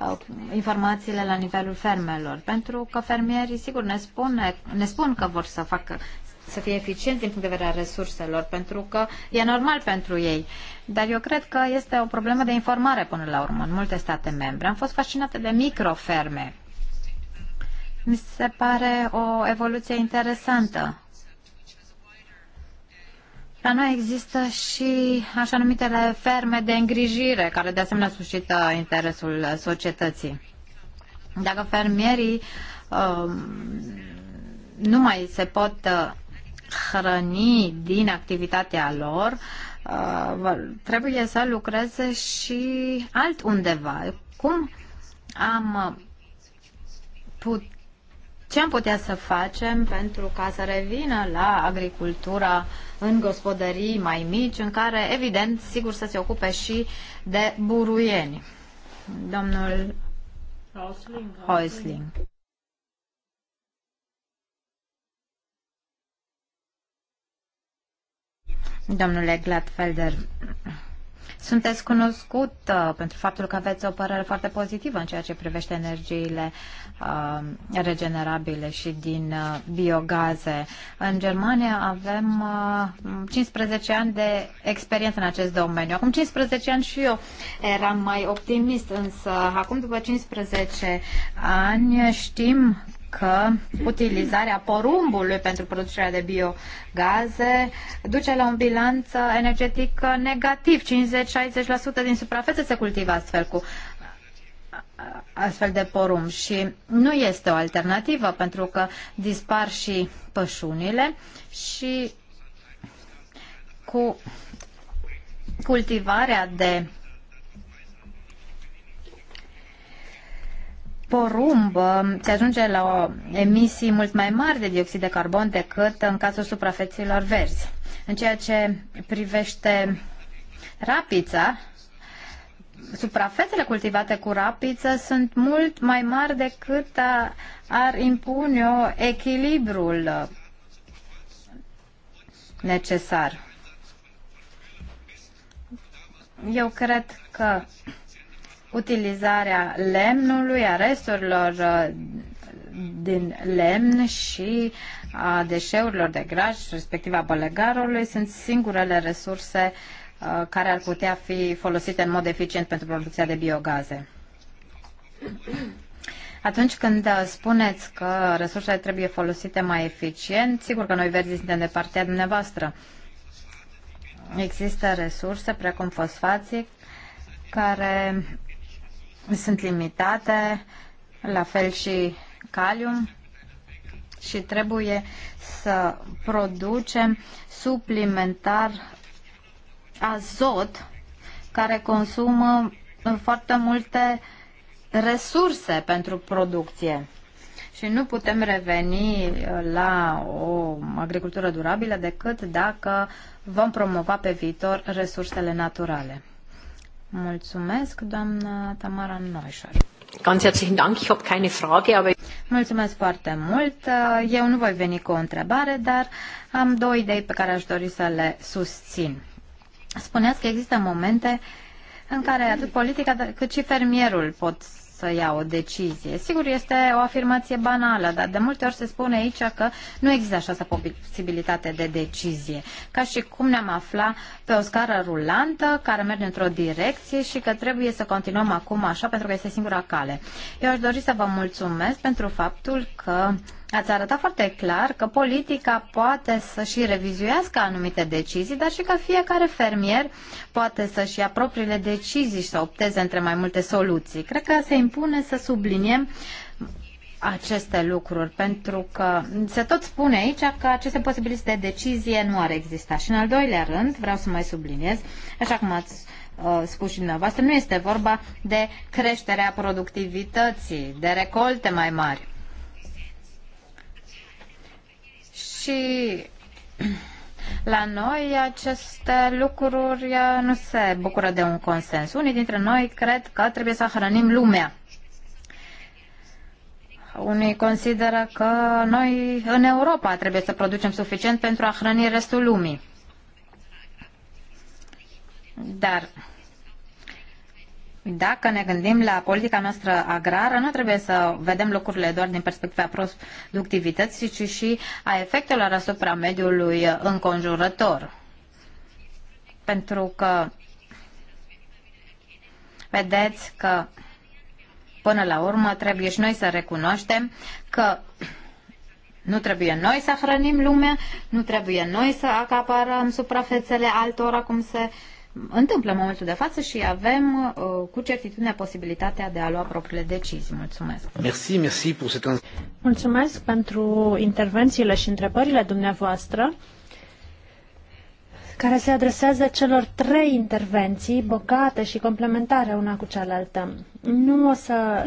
uh, informațiile la nivelul fermelor. Pentru că fermierii, sigur, ne, spune, ne spun că vor să facă să fie eficienți din punct de vedere a resurselor, pentru că e normal pentru ei. Dar eu cred că este o problemă de informare până la urmă în multe state membre. Am fost fascinată de microferme mi se pare o evoluție interesantă. La noi există și așa numitele ferme de îngrijire, care de asemenea suscită interesul societății. Dacă fermierii uh, nu mai se pot uh, hrăni din activitatea lor, uh, trebuie să lucreze și altundeva. Cum am putut ce am putea să facem pentru ca să revină la agricultura în gospodării mai mici, în care, evident, sigur să se ocupe și de buruieni. Domnul Häusling. Domnule Gladfelder, sunteți cunoscut uh, pentru faptul că aveți o părere foarte pozitivă în ceea ce privește energiile uh, regenerabile și din uh, biogaze. În Germania avem uh, 15 ani de experiență în acest domeniu. Acum 15 ani și eu eram mai optimist, însă acum după 15 ani știm că utilizarea porumbului pentru producerea de biogaze duce la un bilanț energetic negativ. 50-60% din suprafețe se cultivă astfel cu astfel de porumb și nu este o alternativă pentru că dispar și pășunile și cu cultivarea de porumb se ajunge la o emisii mult mai mari de dioxid de carbon decât în cazul suprafețelor verzi. În ceea ce privește rapița, suprafețele cultivate cu rapiță sunt mult mai mari decât ar impune o echilibrul necesar. Eu cred că utilizarea lemnului, a resturilor uh, din lemn și a deșeurilor de graj, respectiv a bălegarului, sunt singurele resurse uh, care ar putea fi folosite în mod eficient pentru producția de biogaze. Atunci când uh, spuneți că resursele trebuie folosite mai eficient, sigur că noi verzi suntem de partea dumneavoastră. Există resurse precum fosfații care sunt limitate, la fel și calium și trebuie să producem suplimentar azot care consumă uh, foarte multe resurse pentru producție. Și nu putem reveni uh, la o agricultură durabilă decât dacă vom promova pe viitor resursele naturale. Mulțumesc, doamna Tamara Neuschar. Ganz herzlichen Dank. Ich habe keine Frage, aber... Mulțumesc foarte mult. Eu nu voi veni cu o întrebare, dar am două idei pe care aș dori să le susțin. Spuneați că există momente în care atât politica cât și fermierul pot să ia o decizie. Sigur, este o afirmație banală, dar de multe ori se spune aici că nu există această posibilitate de decizie. Ca și cum ne-am afla pe o scară rulantă care merge într-o direcție și că trebuie să continuăm acum așa pentru că este singura cale. Eu aș dori să vă mulțumesc pentru faptul că Ați arătat foarte clar că politica poate să și revizuiască anumite decizii, dar și că fiecare fermier poate să-și ia propriile decizii și să opteze între mai multe soluții. Cred că se impune să subliniem aceste lucruri, pentru că se tot spune aici că aceste posibilități de decizie nu ar exista. Și în al doilea rând, vreau să mai subliniez, așa cum ați uh, spus și dumneavoastră, nu este vorba de creșterea productivității, de recolte mai mari. și la noi aceste lucruri uh, nu se bucură de un consens. Unii dintre noi cred că trebuie să hrănim lumea. Unii consideră că noi în Europa trebuie să producem suficient pentru a hrăni restul lumii. Dar dacă ne gândim la politica noastră agrară, nu trebuie să vedem lucrurile doar din perspectiva productivității, ci și a efectelor asupra mediului înconjurător. Pentru că vedeți că până la urmă trebuie și noi să recunoaștem că nu trebuie noi să hrănim lumea, nu trebuie noi să acaparăm suprafețele altora cum se uh, întâmplă în momentul de față și avem uh, cu certitudine posibilitatea de a lua propriile decizii. Mulțumesc! Merci, merci pour cette... Mulțumesc pentru intervențiile și întrebările dumneavoastră care se adresează celor trei intervenții bogate și complementare una cu cealaltă. Nu o să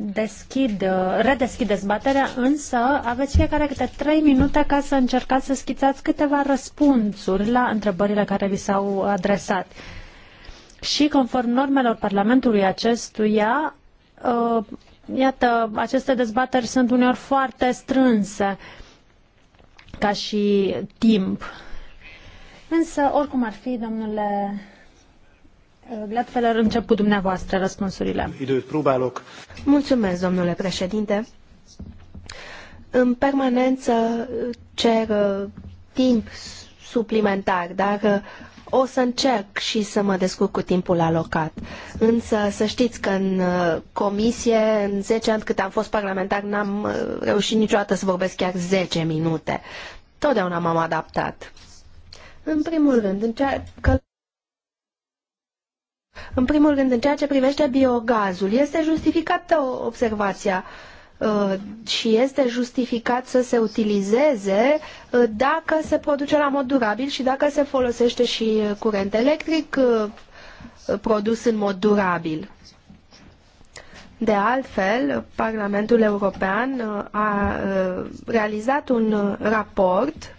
deschid, redeschid dezbaterea, însă aveți fiecare câte trei minute ca să încercați să schițați câteva răspunsuri la întrebările care vi s-au adresat. Și conform normelor Parlamentului acestuia, uh, iată, aceste dezbateri sunt uneori foarte strânse ca și timp Însă, oricum ar fi, domnule uh, Gladfeller, încep cu dumneavoastră răspunsurile. Mulțumesc, domnule președinte. În permanență cer uh, timp suplimentar, dar uh, o să încerc și să mă descurc cu timpul alocat. Însă să știți că în comisie, în 10 ani cât am fost parlamentar, n-am reușit niciodată să vorbesc chiar 10 minute. Totdeauna m-am adaptat. În primul rând, în ceea că în primul rând, în ceea ce privește biogazul, este justificată observația uh, și este justificat să se utilizeze uh, dacă se produce la mod durabil și dacă se folosește și uh, curent electric produs în mod durabil. De altfel, Parlamentul European a realizat un raport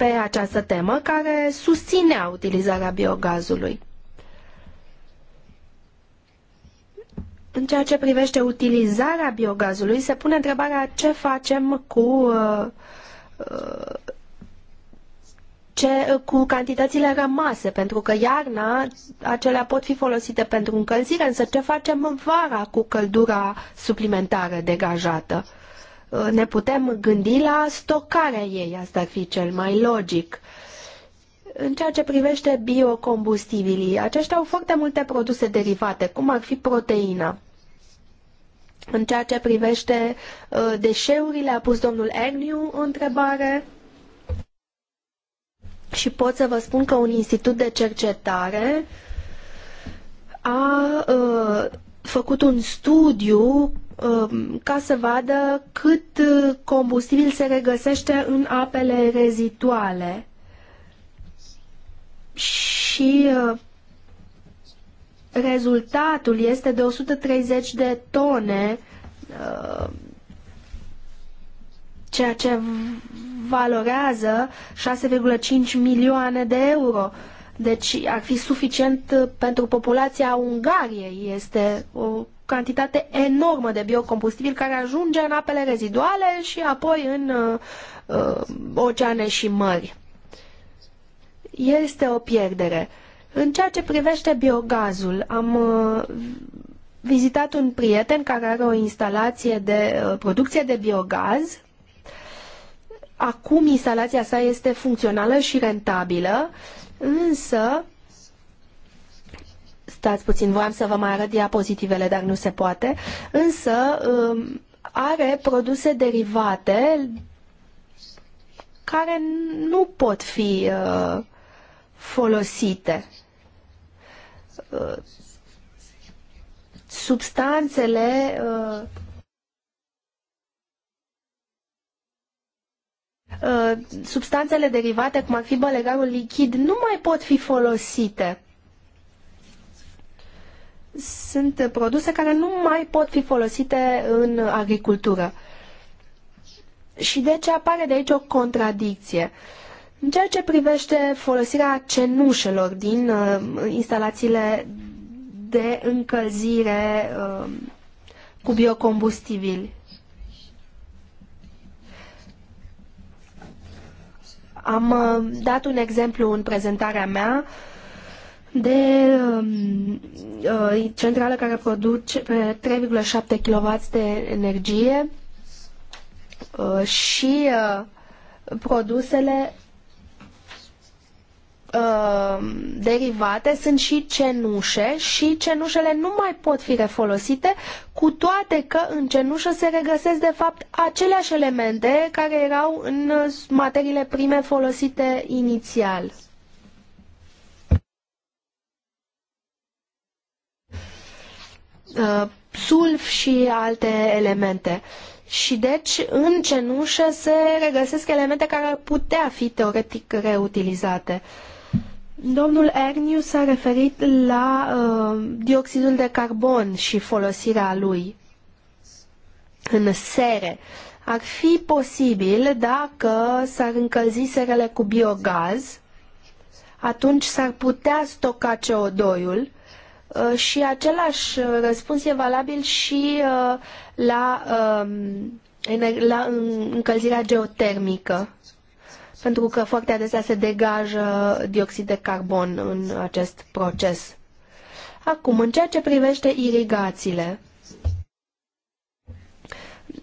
pe această temă care susținea utilizarea biogazului. În ceea ce privește utilizarea biogazului, se pune întrebarea ce facem cu, ce, cu cantitățile rămase, pentru că iarna acelea pot fi folosite pentru încălzire, însă ce facem vara cu căldura suplimentară degajată? Uh, ne putem gândi la stocarea ei, asta ar fi cel mai logic. În ceea ce privește biocombustibilii, aceștia au foarte multe produse derivate, cum ar fi proteina. În ceea ce privește uh, deșeurile, a pus domnul Agnew o întrebare. Și pot să vă spun că un institut de cercetare a uh, făcut un studiu Uh, ca să vadă cât uh, combustibil se regăsește în apele rezituale și uh, rezultatul este de 130 de tone, ceea ce valorează 6,5 milioane de euro. Deci ar fi suficient pentru populația Ungariei. Este o cantitate enormă de biocombustibil care ajunge în apele reziduale și apoi în uh, oceane și mări. Este o pierdere. În ceea ce privește biogazul, am uh, vizitat un prieten care are o instalație de uh, producție de biogaz. Acum instalația sa este funcțională și rentabilă, însă Stați puțin, voiam să vă mai arăt diapozitivele, dar nu se poate. Însă um, are produse derivate care nu pot fi uh, folosite. Uh, substanțele uh, substanțele derivate, cum ar fi bălegarul lichid, nu mai pot fi folosite sunt produse care nu mai pot fi folosite în agricultură. Și de deci ce apare de aici o contradicție. În ceea ce privește folosirea cenușelor din uh, instalațiile de încălzire uh, cu biocombustibili, am uh, dat un exemplu în prezentarea mea uh, de um, uh, centrală care produce 3,7 kW de energie uh, și uh, produsele uh, derivate sunt și cenușe și cenușele nu mai pot fi refolosite, cu toate că în cenușă se regăsesc de fapt aceleași elemente care erau în uh, materiile prime folosite inițial. uh, sulf și alte elemente. Și deci în cenușă se regăsesc elemente care ar putea fi teoretic reutilizate. Domnul Erniu s-a referit la uh, dioxidul de carbon și folosirea lui în sere. Ar fi posibil dacă s-ar încălzi serele cu biogaz, atunci s-ar putea stoca CO2-ul Uh, și același uh, răspuns e valabil și uh, la, um, la încălzirea geotermică, pentru că foarte adesea se degajă dioxid de carbon în acest proces. Acum, în ceea ce privește irigațiile,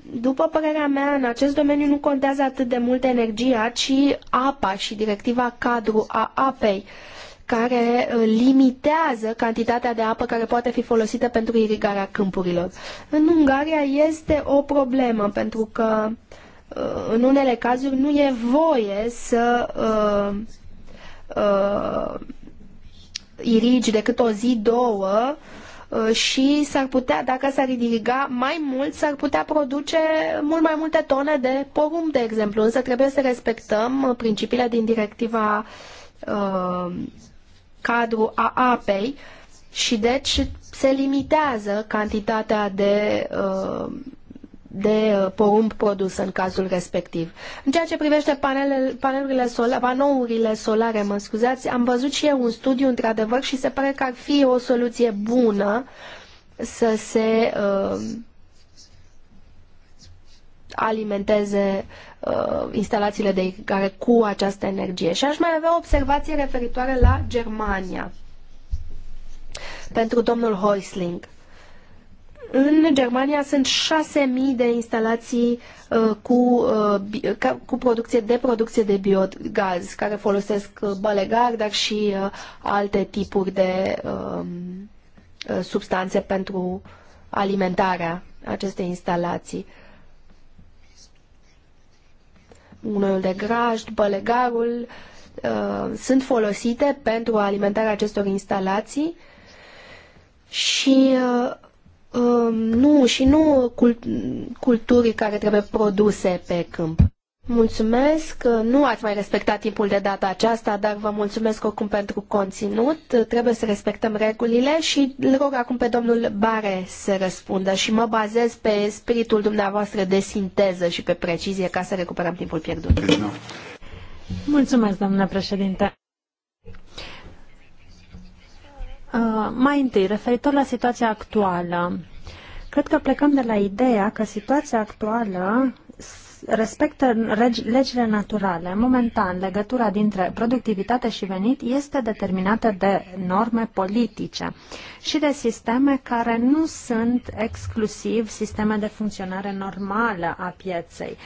după părerea mea, în acest domeniu nu contează atât de mult energia, ci apa și directiva cadru a apei. Uh, care uh, limitează cantitatea de apă care poate fi folosită pentru irigarea câmpurilor. În Ungaria este o problemă pentru că uh, în unele cazuri nu e voie să uh, uh, irigi decât o zi, două uh, și s-ar putea, dacă s-ar iriga mai mult, s-ar putea produce mult mai multe tone de porumb, de exemplu. Însă trebuie să respectăm principiile din directiva uh, cadru a apei și deci se limitează cantitatea de, uh, de uh, porumb produs în cazul respectiv. În ceea ce privește panelele, panelurile solare, panourile solare, mă scuzați, am văzut și eu un studiu într-adevăr și se pare că ar fi o soluție bună să se uh, alimenteze uh, instalațiile de care cu această energie. Și aș mai avea o observație referitoare la Germania pentru domnul Heusling. În Germania sunt 6.000 de instalații uh, cu, uh, cu producție de producție de biogaz, care folosesc uh, balegar, dar și uh, alte tipuri de um, uh, substanțe pentru alimentarea acestei instalații. Uh, unul de graj, după legarul, uh, sunt folosite pentru alimentarea acestor instalații și uh, um, nu, și nu culturii care trebuie produse pe câmp. Mulțumesc, nu ați mai respectat timpul de data aceasta, dar vă mulțumesc oricum pentru conținut. Trebuie să respectăm regulile și îl rog acum pe domnul Bare să răspundă și mă bazez pe spiritul dumneavoastră de sinteză și pe precizie ca să recuperăm timpul pierdut. Mulțumesc, domnule președinte. Uh, mai întâi, referitor la situația actuală, cred că plecăm de la ideea că situația actuală respectă legile naturale. Momentan, legătura dintre productivitate și venit este determinată de norme politice și de sisteme care nu sunt exclusiv sisteme de funcționare normală a pieței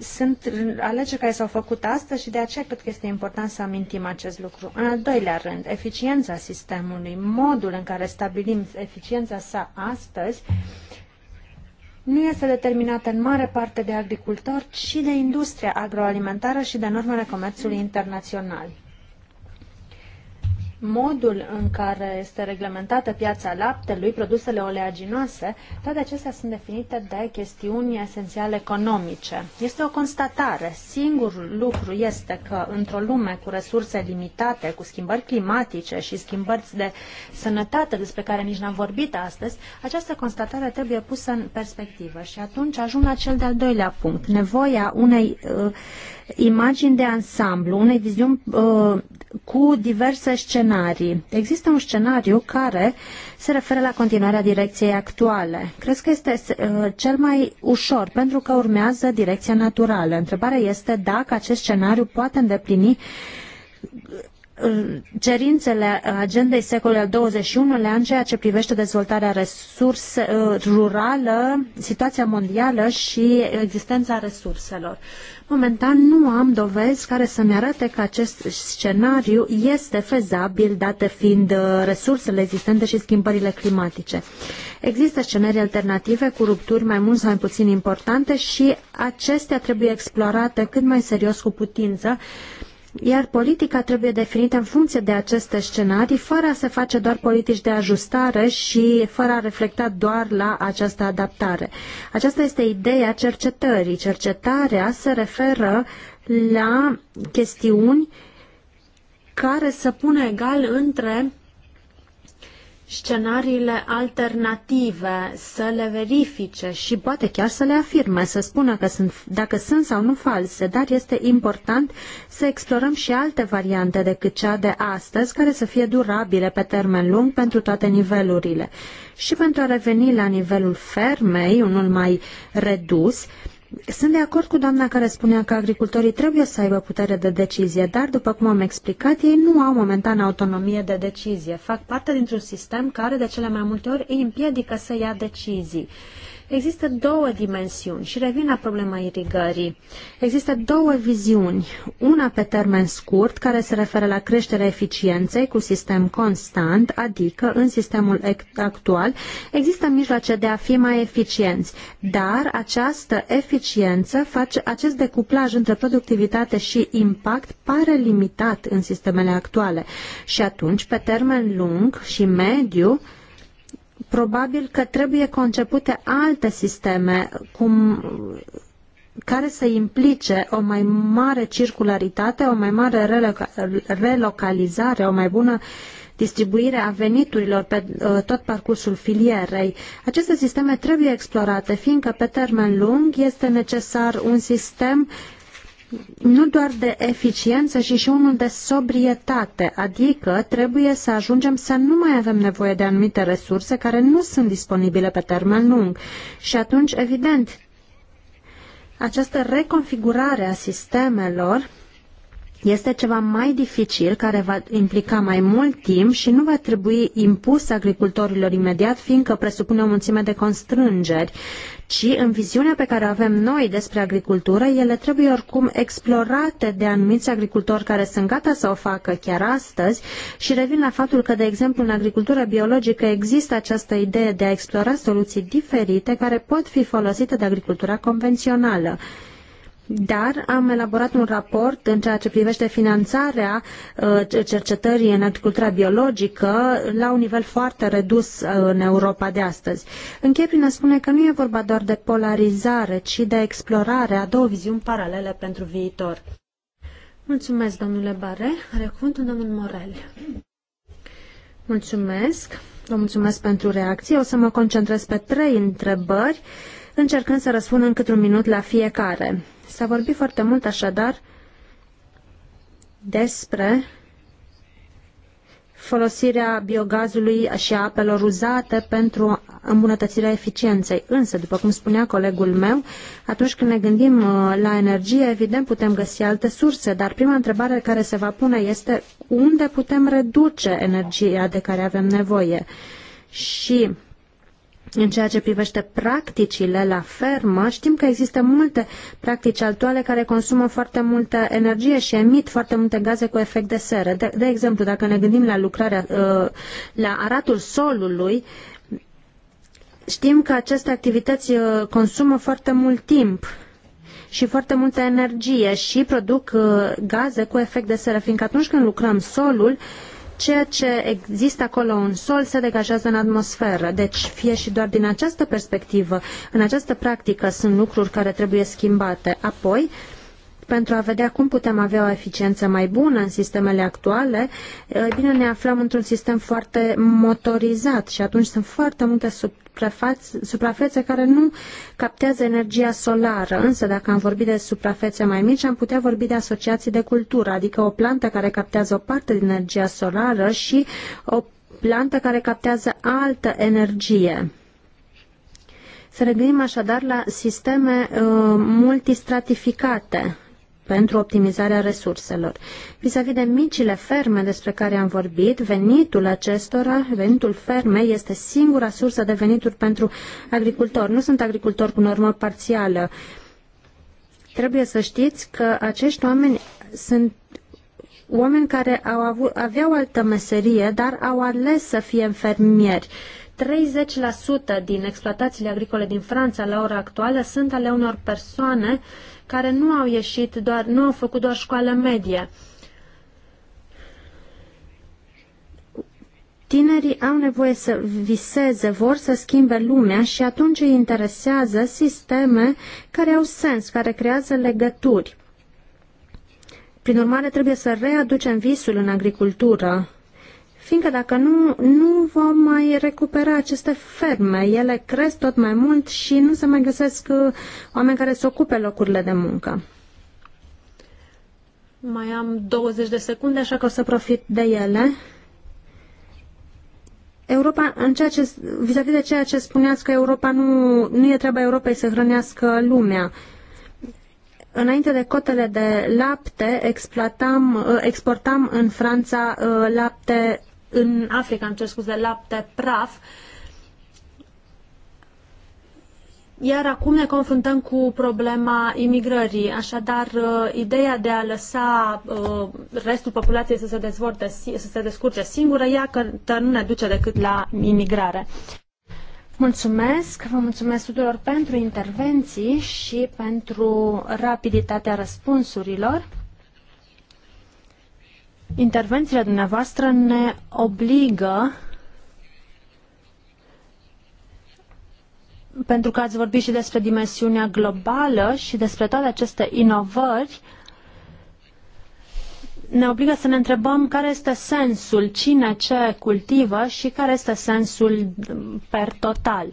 sunt alegeri care s-au făcut astăzi și de aceea cred că este important să amintim acest lucru. În al doilea rând, eficiența sistemului, modul în care stabilim eficiența sa astăzi, nu este determinată în mare parte de agricultori, ci de industria agroalimentară și de normele comerțului internațional modul în care este reglementată piața laptelui, produsele oleaginoase, toate acestea sunt definite de chestiuni esențiale economice. Este o constatare. Singurul lucru este că într-o lume cu resurse limitate, cu schimbări climatice și schimbări de sănătate despre care nici n-am vorbit astăzi, această constatare trebuie pusă în perspectivă și atunci ajung la cel de-al doilea punct, nevoia unei uh, imagini de ansamblu, unei viziuni uh, cu diverse scenarii scenarii. Există un scenariu care se referă la continuarea direcției actuale. Cred că este uh, cel mai ușor pentru că urmează direcția naturală. Întrebarea este dacă acest scenariu poate îndeplini cerințele agendei secolului al XXI-lea în ceea ce privește dezvoltarea resurse uh, rurală, situația mondială și existența resurselor. Momentan nu am dovezi care să-mi arate că acest scenariu este fezabil, date fiind uh, resursele existente și schimbările climatice. Există scenarii alternative cu rupturi mai mult sau mai puțin importante și acestea trebuie explorate cât mai serios cu putință, iar politica trebuie definită în funcție de aceste scenarii, fără a se face doar politici de ajustare și fără a reflecta doar la această adaptare. Aceasta este ideea cercetării. Cercetarea se referă la chestiuni care să pună egal între scenariile alternative, să le verifice și poate chiar să le afirme, să spună că sunt, dacă sunt sau nu false, dar este important să explorăm și alte variante decât cea de astăzi, care să fie durabile pe termen lung pentru toate nivelurile. Și pentru a reveni la nivelul fermei, unul mai redus, sunt de acord cu doamna care spunea că agricultorii trebuie să aibă putere de decizie, dar, după cum am explicat, ei nu au momentan autonomie de decizie. Fac parte dintr-un sistem care, de cele mai multe ori, îi împiedică să ia decizii. Există două dimensiuni și revin la problema irigării. Există două viziuni. Una pe termen scurt, care se referă la creșterea eficienței cu sistem constant, adică în sistemul actual există mijloace de a fi mai eficienți, dar această eficiență face acest decuplaj între productivitate și impact pare limitat în sistemele actuale. Și atunci, pe termen lung și mediu, probabil că trebuie concepute alte sisteme cum, care să implice o mai mare circularitate, o mai mare reloca relocalizare, o mai bună distribuire a veniturilor pe ă, tot parcursul filierei. Aceste sisteme trebuie explorate, fiindcă pe termen lung este necesar un sistem uh, nu doar de eficiență, ci și unul de sobrietate, adică trebuie să ajungem să nu mai avem nevoie de anumite resurse care nu sunt disponibile pe termen lung. Și atunci, evident, această reconfigurare a sistemelor este ceva mai dificil, care va implica mai mult timp și nu va trebui impus agricultorilor imediat, fiindcă presupune o mulțime de constrângeri, ci în viziunea pe care o avem noi despre agricultură, ele trebuie oricum explorate de anumiți agricultori care sunt gata să o facă chiar astăzi și revin la faptul că, de exemplu, în agricultura biologică există această idee de a explora soluții diferite care pot fi folosite de agricultura convențională. Dar am elaborat un raport în ceea ce privește finanțarea uh, cercetării în agricultura biologică la un nivel foarte redus uh, în Europa de astăzi. Închei prin a spune că nu e vorba doar de polarizare, ci de explorare a două viziuni paralele pentru viitor. Mulțumesc, domnule Bare. Are cuvântul domnul Morel. Mulțumesc. Vă mulțumesc pentru reacție. O să mă concentrez pe trei întrebări, încercând să răspund în câte un minut la fiecare. S-a vorbit foarte mult așadar despre folosirea biogazului și a apelor uzate pentru îmbunătățirea eficienței. Însă, după cum spunea colegul meu, atunci când ne gândim uh, la energie, evident putem găsi alte surse, dar prima întrebare care se va pune este unde putem reduce energia de care avem nevoie. Și în ceea ce privește practicile la fermă, știm că există multe practici actuale care consumă foarte multă energie și emit foarte multe gaze cu efect de seră. De, de exemplu, dacă ne gândim la lucrarea, uh, la aratul solului, știm că aceste activități uh, consumă foarte mult timp și foarte multă energie și produc uh, gaze cu efect de seră, fiindcă atunci când lucrăm solul, ceea ce există acolo în sol se degajează în atmosferă. Deci, fie și doar din această perspectivă, în această practică sunt lucruri care trebuie schimbate. Apoi, pentru a vedea cum putem avea o eficiență mai bună în sistemele actuale, bine, ne aflăm într-un sistem foarte motorizat și atunci sunt foarte multe sub suprafețe care nu captează energia solară, însă dacă am vorbit de suprafețe mai mici, am putea vorbi de asociații de cultură, adică o plantă care captează o parte din energia solară și o plantă care captează altă energie. Să ne gândim așadar la sisteme uh, multistratificate pentru optimizarea resurselor. Vis-a-vis de micile ferme despre care am vorbit, venitul acestora, venitul fermei, este singura sursă de venituri pentru agricultori. Nu sunt agricultori cu normă parțială. Trebuie să știți că acești oameni sunt oameni care au avut, aveau altă meserie, dar au ales să fie fermieri. 30% din exploatațiile agricole din Franța la ora actuală sunt ale unor persoane uh, care nu au ieșit doar, nu au făcut doar școală medie. Tinerii au nevoie să viseze, vor să schimbe lumea și atunci îi interesează sisteme care au sens, care creează legături. Prin urmare, trebuie să readucem visul în agricultură fiindcă dacă nu, nu vom mai recupera aceste ferme. Ele cresc tot mai mult și nu se mai găsesc uh, oameni care să ocupe locurile de muncă. Mai am 20 de secunde, așa că o să profit de ele. Europa, în ceea ce, vis-a-vis -vis de ceea ce spuneați că Europa nu, nu e treaba Europei să hrănească lumea. Înainte de cotele de lapte, uh, exportam în Franța uh, lapte în Africa, în cer scuze, lapte praf. Iar acum ne confruntăm cu problema imigrării, așadar uh, ideea de a lăsa uh, restul populației să se dezvolte, să se descurce singură, ea că nu ne duce decât la imigrare. Mulțumesc, vă mulțumesc tuturor pentru intervenții și pentru rapiditatea răspunsurilor. Intervențiile dumneavoastră ne obligă pentru că ați vorbit și despre dimensiunea globală și despre toate aceste inovări, ne obligă să ne întrebăm care este sensul, cine ce cultivă și care este sensul per total.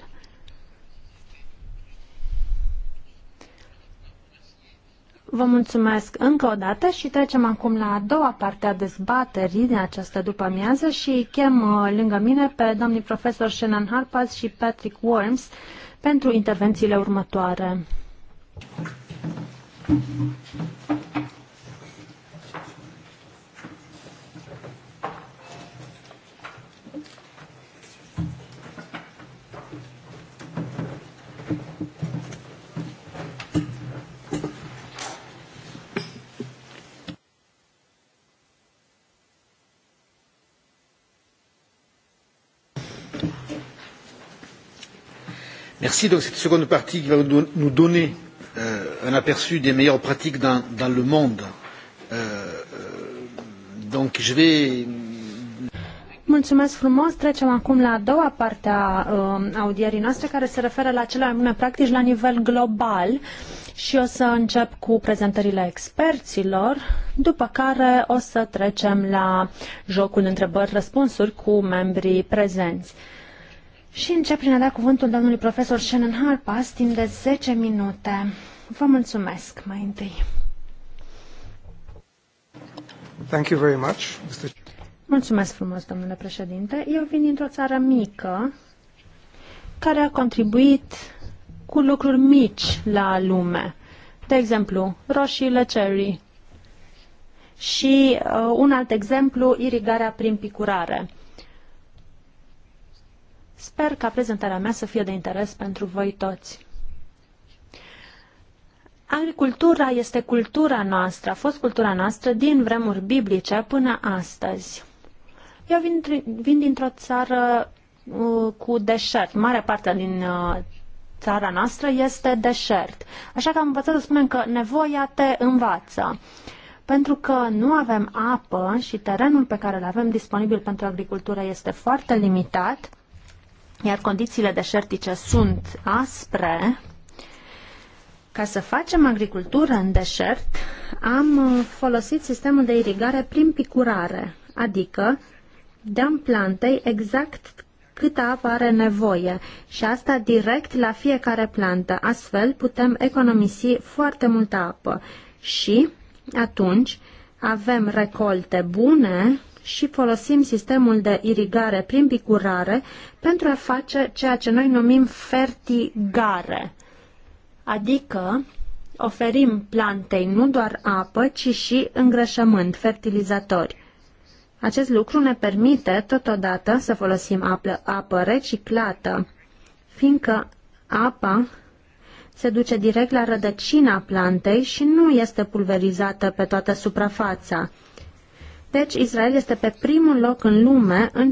Vă mulțumesc încă o dată și trecem acum la a doua parte a dezbaterii din această după-amiază și chem uh, lângă mine pe domnii profesor Shannon Harpaz și Patrick Worms pentru intervențiile următoare. Thank you. Merci. Donc cette seconde partie qui va nous donner euh, un aperçu des meilleures pratiques dans, dans le monde. Euh, euh, donc je vais Mulțumesc frumos. Trecem acum la a doua parte a uh, audierii noastre care se referă la cele mai bune practici la nivel global și o să încep cu prezentările experților, după care o să trecem la jocul întrebări-răspunsuri cu membrii prezenți. Uh, și încep prin a da cuvântul domnului profesor Shannon Harpas timp de 10 minute. Vă mulțumesc mai întâi. Thank you very much, Mr. Mulțumesc frumos, domnule președinte. Eu vin dintr-o țară mică care a contribuit cu lucruri mici la lume. De exemplu, roșiile cherry și uh, un alt exemplu, irigarea prin picurare. Sper ca prezentarea mea să fie de interes pentru voi toți. Agricultura este cultura noastră, a fost cultura noastră din vremuri biblice până astăzi. Eu vin, vin dintr-o țară uh, cu deșert. Marea parte din uh, țara noastră este deșert. Așa că am învățat să spunem că nevoia te învață. Pentru că nu avem apă și terenul pe care îl avem disponibil pentru agricultură este foarte limitat, iar condițiile deșertice sunt aspre, ca să facem agricultură în deșert, am folosit sistemul de irigare prin picurare, adică dăm plantei exact câtă apă are nevoie și asta direct la fiecare plantă. Astfel putem economisi foarte multă apă și atunci avem recolte bune și folosim sistemul de irigare prin picurare pentru a face ceea ce noi numim fertigare. Adică oferim plantei nu doar apă, ci și îngrășământ, fertilizatori. Acest lucru ne permite totodată să folosim apă, apă reciclată, fiindcă apa se duce direct la rădăcina plantei și nu este pulverizată pe toată suprafața. Deci, Israel este pe primul loc în lume în,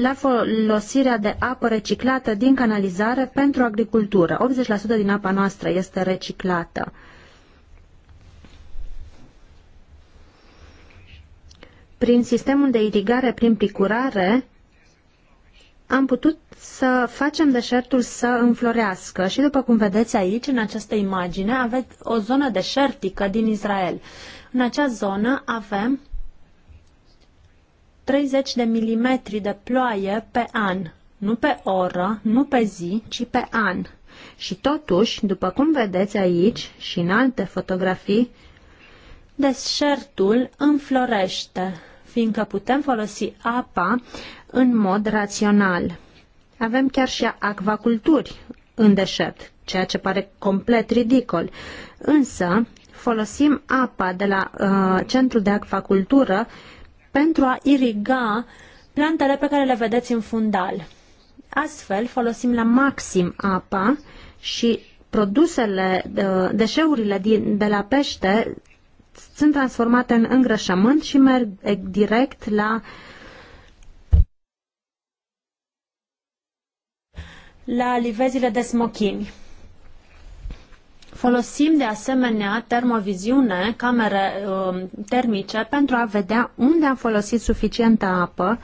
la folosirea de apă reciclată din canalizare pentru agricultură. 80% din apa noastră este reciclată. Prin sistemul de irigare prin picurare, am putut să facem deșertul să înflorească și după cum vedeți aici, în această imagine, aveți o zonă deșertică din Israel. În acea zonă avem 30 de milimetri de ploaie pe an. Nu pe oră, nu pe zi, ci pe an. Și totuși, după cum vedeți aici și în alte fotografii, deșertul înflorește, fiindcă putem folosi apa în mod rațional. Avem chiar și acvaculturi în deșert, ceea ce pare complet ridicol. Însă, folosim apa de la uh, centrul de acvacultură pentru a iriga plantele pe care le vedeți în fundal. Astfel, folosim la maxim apa și produsele, deșeurile de la pește sunt transformate în îngrășământ și merg direct la la livezile de smochini. Folosim de asemenea termoviziune, camere um, termice, pentru a vedea unde am folosit suficientă apă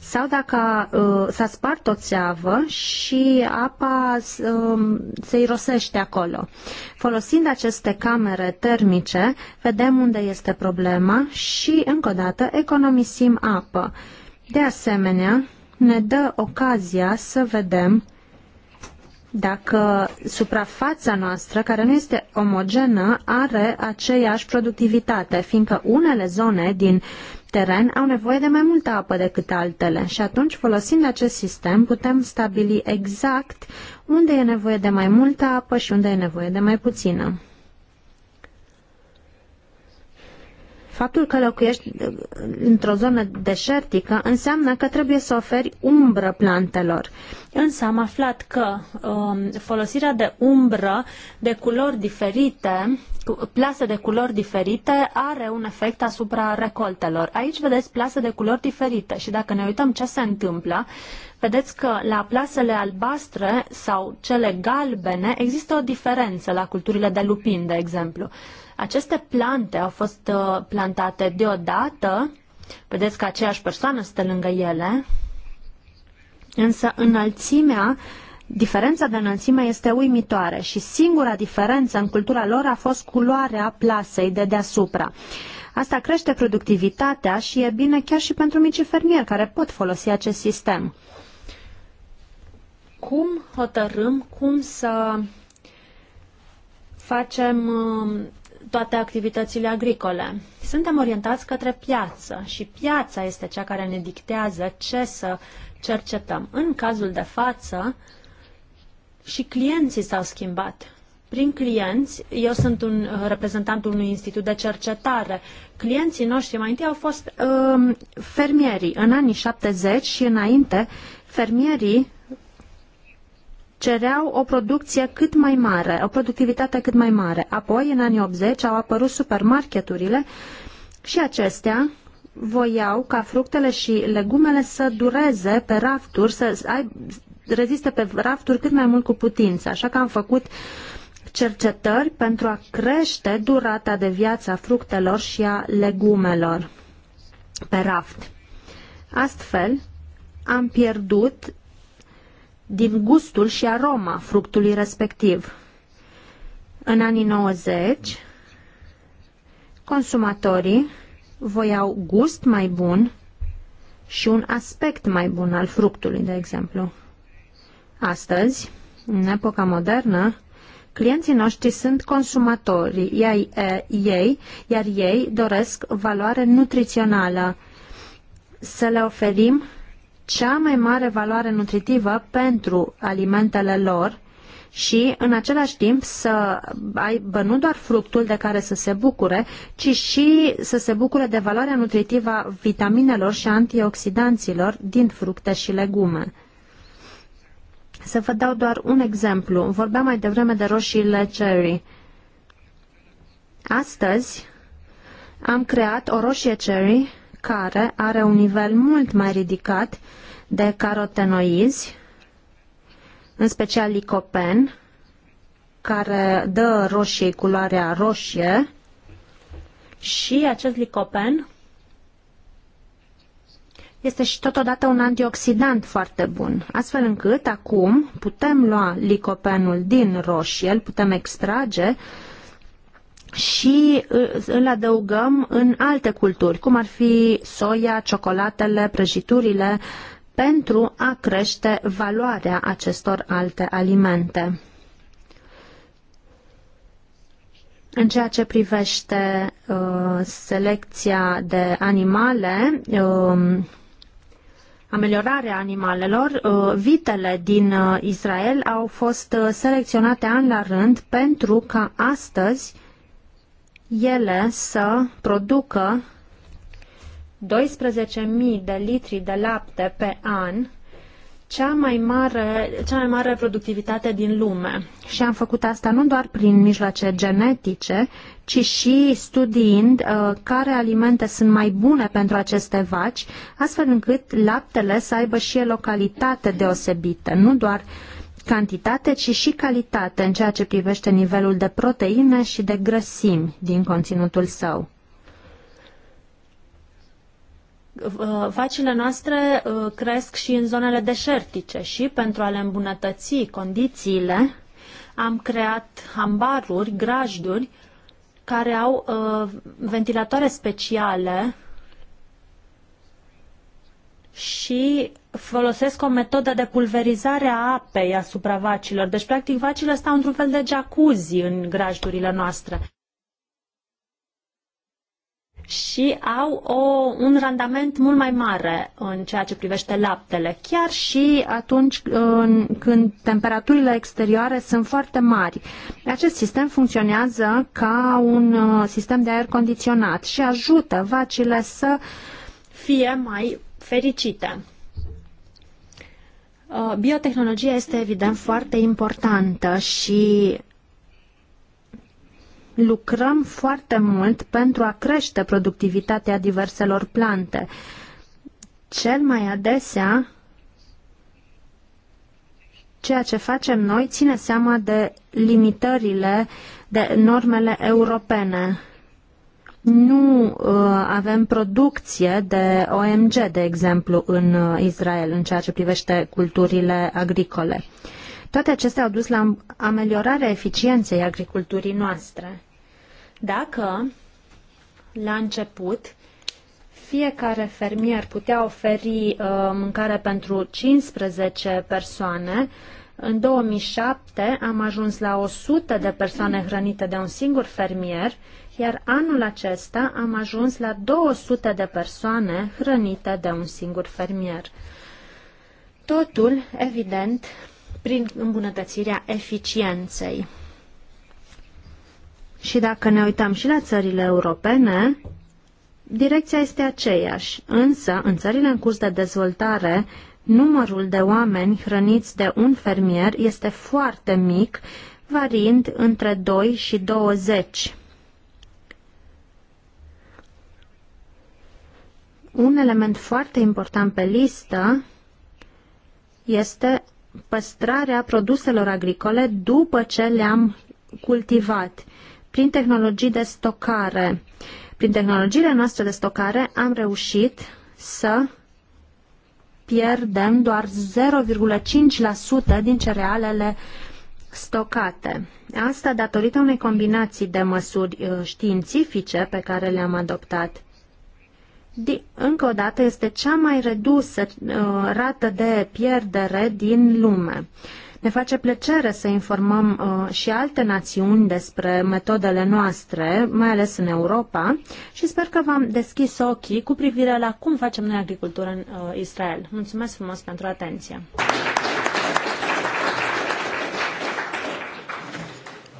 sau dacă uh, s-a spart o țeavă și apa um, se irosește acolo. Folosind aceste camere termice, vedem unde este problema și, încă o dată, economisim apă. De asemenea, ne dă ocazia să vedem dacă suprafața noastră, care nu este omogenă, are aceeași productivitate, fiindcă unele zone din teren au nevoie de mai multă apă decât altele și atunci, folosind acest sistem, putem stabili exact unde e nevoie de mai multă apă și unde e nevoie de mai puțină. Faptul că locuiești uh, într-o zonă deșertică înseamnă că trebuie să oferi umbră plantelor. Însă am aflat că um, folosirea de umbră de culori diferite, plase de culori diferite, are un efect asupra recoltelor. Aici vedeți plase de culori diferite și dacă ne uităm ce se întâmplă, vedeți că la plasele albastre sau cele galbene există o diferență la culturile de lupin, de exemplu. Aceste plante au fost uh, plantate deodată, vedeți că aceeași persoană stă lângă ele, însă înălțimea Diferența de înălțime este uimitoare și singura diferență în cultura lor a fost culoarea plasei de deasupra. Asta crește productivitatea și e bine chiar și pentru micii fermieri care pot folosi acest sistem. Cum hotărâm cum să facem um, toate activitățile agricole. Suntem orientați către piață și piața este cea care ne dictează ce să cercetăm. În cazul de față, și clienții s-au schimbat. Prin clienți, eu sunt un reprezentant unui institut de cercetare. Clienții noștri mai întâi au fost um, fermierii. În anii 70 și înainte, fermierii cereau o producție cât mai mare, o productivitate cât mai mare. Apoi, în anii 80, au apărut supermarketurile și acestea voiau ca fructele și legumele să dureze pe rafturi, să ai, reziste pe rafturi cât mai mult cu putință. Așa că am făcut cercetări pentru a crește durata de viață a fructelor și a legumelor pe raft. Astfel, am pierdut din gustul și aroma fructului respectiv. În anii 90, consumatorii voiau gust mai bun și un aspect mai bun al fructului, de exemplu. Astăzi, în epoca modernă, clienții noștri sunt consumatori, ei, ei, iar ei doresc valoare nutrițională. Să le oferim cea mai mare valoare nutritivă pentru alimentele lor și în același timp să aibă nu doar fructul de care să se bucure, ci și să se bucure de valoarea nutritivă a vitaminelor și antioxidanților din fructe și legume. Să vă dau doar un exemplu. Vorbeam mai devreme de roșiile cherry. Astăzi am creat o roșie cherry care are un nivel mult mai ridicat de carotenoizi, în special licopen, care dă roșiei culoarea roșie și acest licopen este și totodată un antioxidant foarte bun, astfel încât acum putem lua licopenul din roșie, îl putem extrage și îl adăugăm în alte culturi, cum ar fi soia, ciocolatele, prăjiturile, pentru a crește valoarea acestor alte alimente. În ceea ce privește uh, selecția de animale, uh, ameliorarea animalelor, uh, vitele din uh, Israel au fost uh, selecționate an la rând pentru ca astăzi uh, ele să producă 12.000 de litri de lapte pe an, cea mai, mare, cea mai mare productivitate din lume. Și am făcut asta nu doar prin mijloace genetice, ci și studiind uh, care alimente sunt mai bune pentru aceste vaci, astfel încât laptele să aibă și el o calitate deosebită, nu doar uh, cantitate, ci și calitate în ceea ce privește nivelul de proteine și de grăsimi din conținutul său. Vacile noastre uh, cresc și în zonele deșertice și pentru a le îmbunătăți condițiile am creat hambaruri, grajduri care au uh, ventilatoare speciale și folosesc o metodă de pulverizare a apei asupra vacilor. Deci, practic, vacile stau într-un fel de jacuzzi în grajdurile noastre. Și au o, un randament mult mai mare în ceea ce privește laptele, chiar și atunci când temperaturile exterioare sunt foarte mari. Acest sistem funcționează ca un uh, sistem de aer condiționat și ajută vacile să fie mai fericită. Uh, biotehnologia este evident foarte importantă și lucrăm foarte mult pentru a crește productivitatea diverselor plante. Cel mai adesea, ceea ce facem noi ține seama de limitările, de normele europene nu uh, avem producție de OMG, de exemplu, în uh, Israel, în ceea ce privește culturile agricole. Toate acestea au dus la ameliorarea eficienței agriculturii noastre. Dacă, la început, fiecare fermier putea oferi uh, mâncare pentru 15 persoane, în 2007 am ajuns la 100 de persoane hrănite de un singur fermier iar anul acesta am ajuns la 200 de persoane hrănite de un singur fermier. Totul, evident, prin îmbunătățirea eficienței. Și dacă ne uităm și la țările europene, direcția este aceeași, însă în țările în curs de dezvoltare, numărul de oameni hrăniți de un fermier este foarte mic, variind între 2 și 20 Un element foarte important pe listă este păstrarea produselor agricole după ce le-am cultivat prin tehnologii de stocare. Prin tehnologiile noastre de stocare am reușit să pierdem doar 0,5% din cerealele stocate. Asta datorită unei combinații de măsuri uh, științifice pe care le-am adoptat încă o dată, este cea mai redusă uh, rată de pierdere din lume. Ne face plăcere să informăm uh, și alte națiuni despre metodele noastre, mai ales în Europa, și sper că v-am deschis ochii cu privire la cum facem noi agricultură în uh, Israel. Mulțumesc frumos pentru atenție!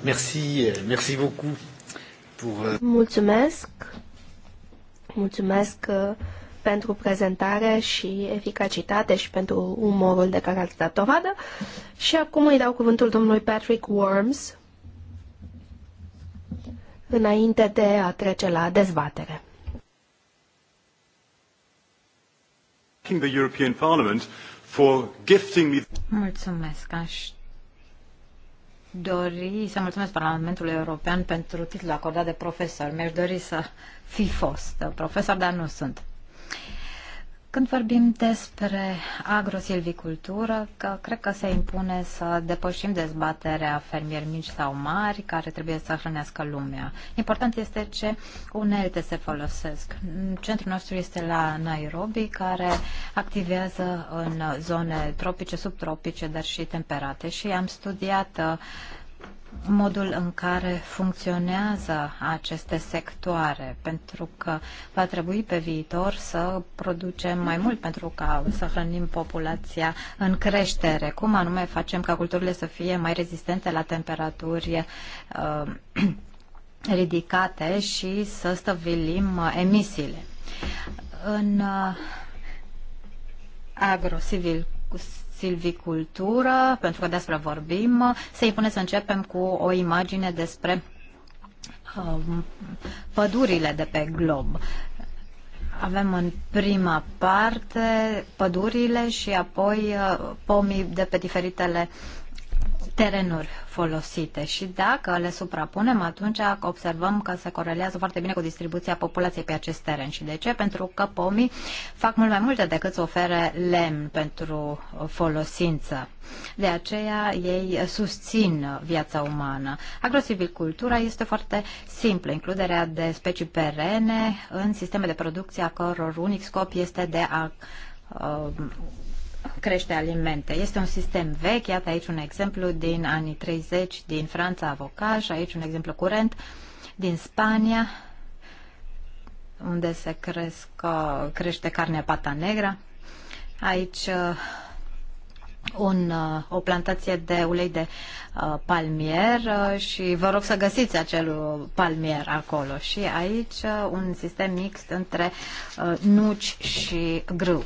Merci, merci beaucoup pour... Uh, Mulțumesc! Mulțumesc pentru prezentare și eficacitate și pentru umorul de care ați dat dovadă. Și acum îi dau cuvântul domnului Patrick Worms înainte de a trece la dezbatere. Mulțumesc. Aș dori să mulțumesc Parlamentului European pentru titlul acordat de profesor. Mi-aș dori să fi fost profesor, dar nu sunt. Uh, când vorbim despre agrosilvicultură, că cred că se impune să depășim dezbaterea fermieri mici sau mari care trebuie să hrănească lumea. Important este ce unelte se folosesc. Centrul nostru este la Nairobi, care activează în zone tropice, subtropice, dar și temperate și am studiat uh, modul în care funcționează aceste sectoare, pentru că va trebui pe viitor să producem mai mult pentru ca să hrănim populația în creștere. Cum anume facem ca culturile să fie mai rezistente la temperaturi uh, ridicate și să stăvilim uh, emisiile. În uh, agro-civil, silvicultură, pentru că despre vorbim, se impune să începem cu o imagine despre um, pădurile de pe glob. Avem în prima parte pădurile și apoi uh, pomii de pe diferitele terenuri folosite și dacă le suprapunem, atunci observăm că se corelează foarte bine cu distribuția populației pe acest teren. Și de ce? Pentru că pomii fac mult mai multe decât să ofere lemn pentru folosință. De aceea ei susțin viața umană. Agrosivicultura este foarte simplă, includerea de specii perene în sisteme de producție a căror unic scop este de a uh, crește alimente. Este un sistem vechi, iată aici un exemplu din anii 30 din Franța, avocaj, aici un exemplu curent din Spania, unde se cresc, crește carnea pata negra. Aici uh, un, uh, o plantație de ulei de uh, palmier și vă rog să găsiți acel palmier acolo. Și aici un sistem mixt între nuci și grâu.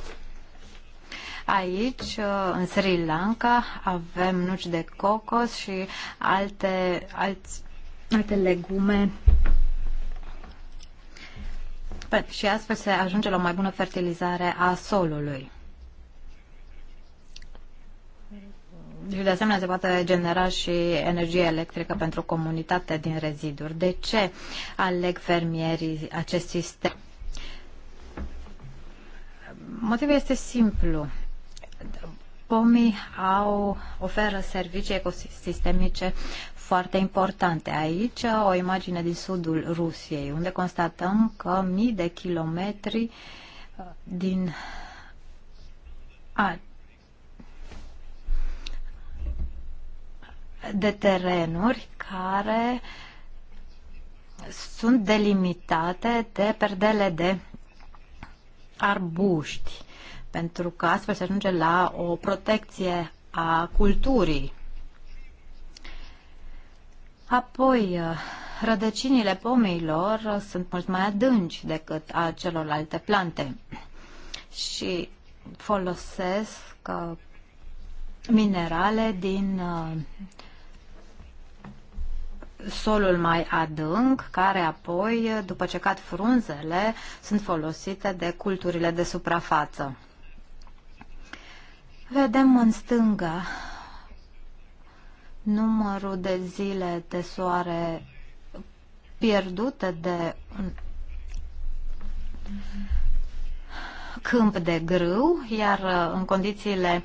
Aici, uh, în Sri Lanka, avem nuci de cocos și alte, alți, alte legume și astfel se ajunge la o mai bună fertilizare a solului. Și de asemenea se poate genera și energie electrică pentru comunitate din reziduri. De ce aleg fermierii acest sistem? Motivul este simplu pomii au, oferă servicii ecosistemice foarte importante. Aici o imagine din sudul Rusiei, unde constatăm că mii de kilometri uh, din a, de terenuri care sunt delimitate de perdele de arbuști pentru că astfel se ajunge la o protecție a culturii. Apoi, rădăcinile pomeilor sunt mult mai adânci decât a celorlalte plante și folosesc uh, minerale din uh, solul mai adânc, care apoi, după ce cad frunzele, sunt folosite de culturile de suprafață. Vedem în stânga numărul de zile de soare pierdute de un câmp de grâu, iar uh, în condițiile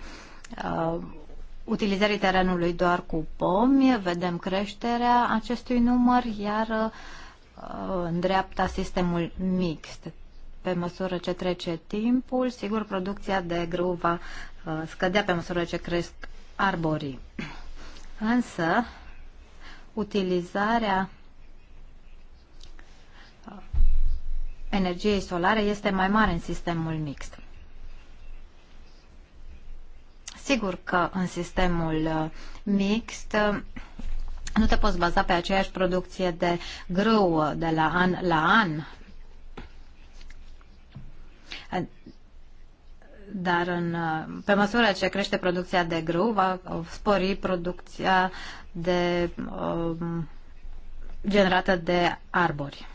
uh, utilizării terenului doar cu pomi, vedem creșterea acestui număr, iar uh, în dreapta sistemul mixt, pe măsură ce trece timpul. Sigur, producția de grâu va uh, scădea pe măsură ce cresc arborii. Însă, utilizarea uh, energiei solare este mai mare în sistemul mixt. Sigur că în sistemul uh, mixt nu te poți baza pe aceeași producție de grâu de la an la an, dar în, pe măsură ce crește producția de grâu, va spori producția de, um, generată de arbori.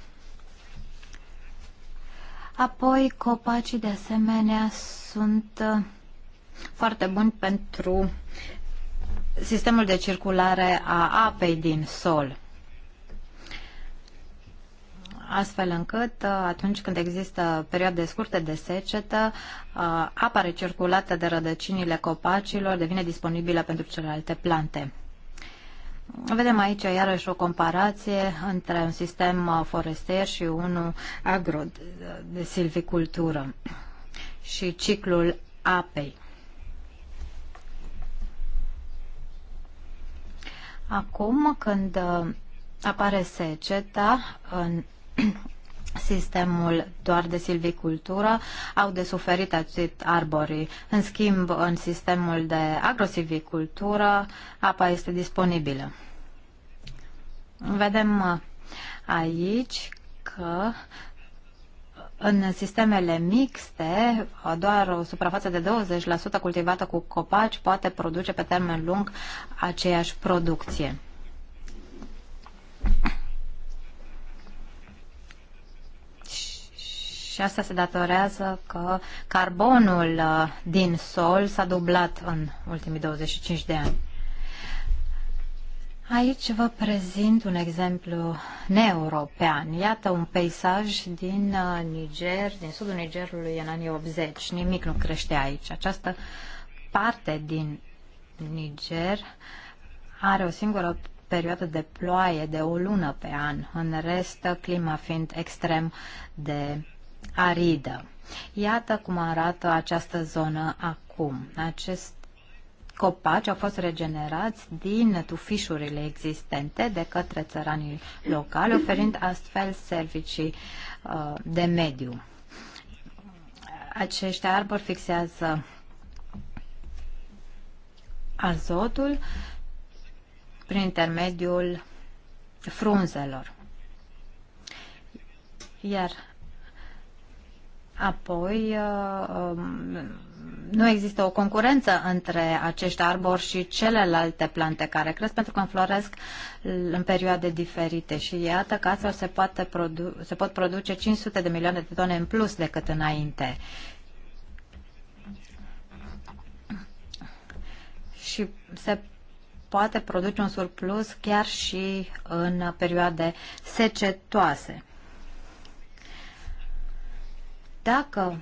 Apoi, copacii de asemenea sunt uh, foarte buni pentru sistemul de circulare a apei din sol astfel încât uh, atunci când există perioade scurte de secetă, uh, apa recirculată de rădăcinile copacilor devine disponibilă pentru celelalte plante. Vedem aici iarăși o comparație între un sistem uh, forestier și unul agro de silvicultură și ciclul apei. Acum, când apare seceta în sistemul doar de silvicultură au de suferit acest arborii. În schimb, în sistemul de agrosilvicultură, apa este disponibilă. Vedem uh, aici că uh, în sistemele mixte, uh, doar o suprafață de 20% cultivată cu copaci poate produce pe termen lung aceeași producție. Și asta se datorează că carbonul uh, din sol s-a dublat în ultimii 25 de ani. Aici vă prezint un exemplu neeuropean. Iată un peisaj din uh, Niger, din sudul Nigerului în anii 80. Nimic nu crește aici. Această parte din Niger are o singură perioadă de ploaie de o lună pe an, în rest clima fiind extrem de aridă. Iată cum arată această zonă acum. Acest copaci au fost regenerați din tufișurile existente de către țăranii locali, oferind astfel servicii uh, de mediu. Acești arbori fixează azotul prin intermediul frunzelor. Iar Apoi, uh, um, nu există o concurență între acești arbori și celelalte plante care cresc, pentru că înfloresc în perioade diferite. Și iată că astfel se, poate produ- se pot produce 500 de milioane de tone în plus decât înainte. Și se poate produce un surplus chiar și în perioade secetoase. Dacă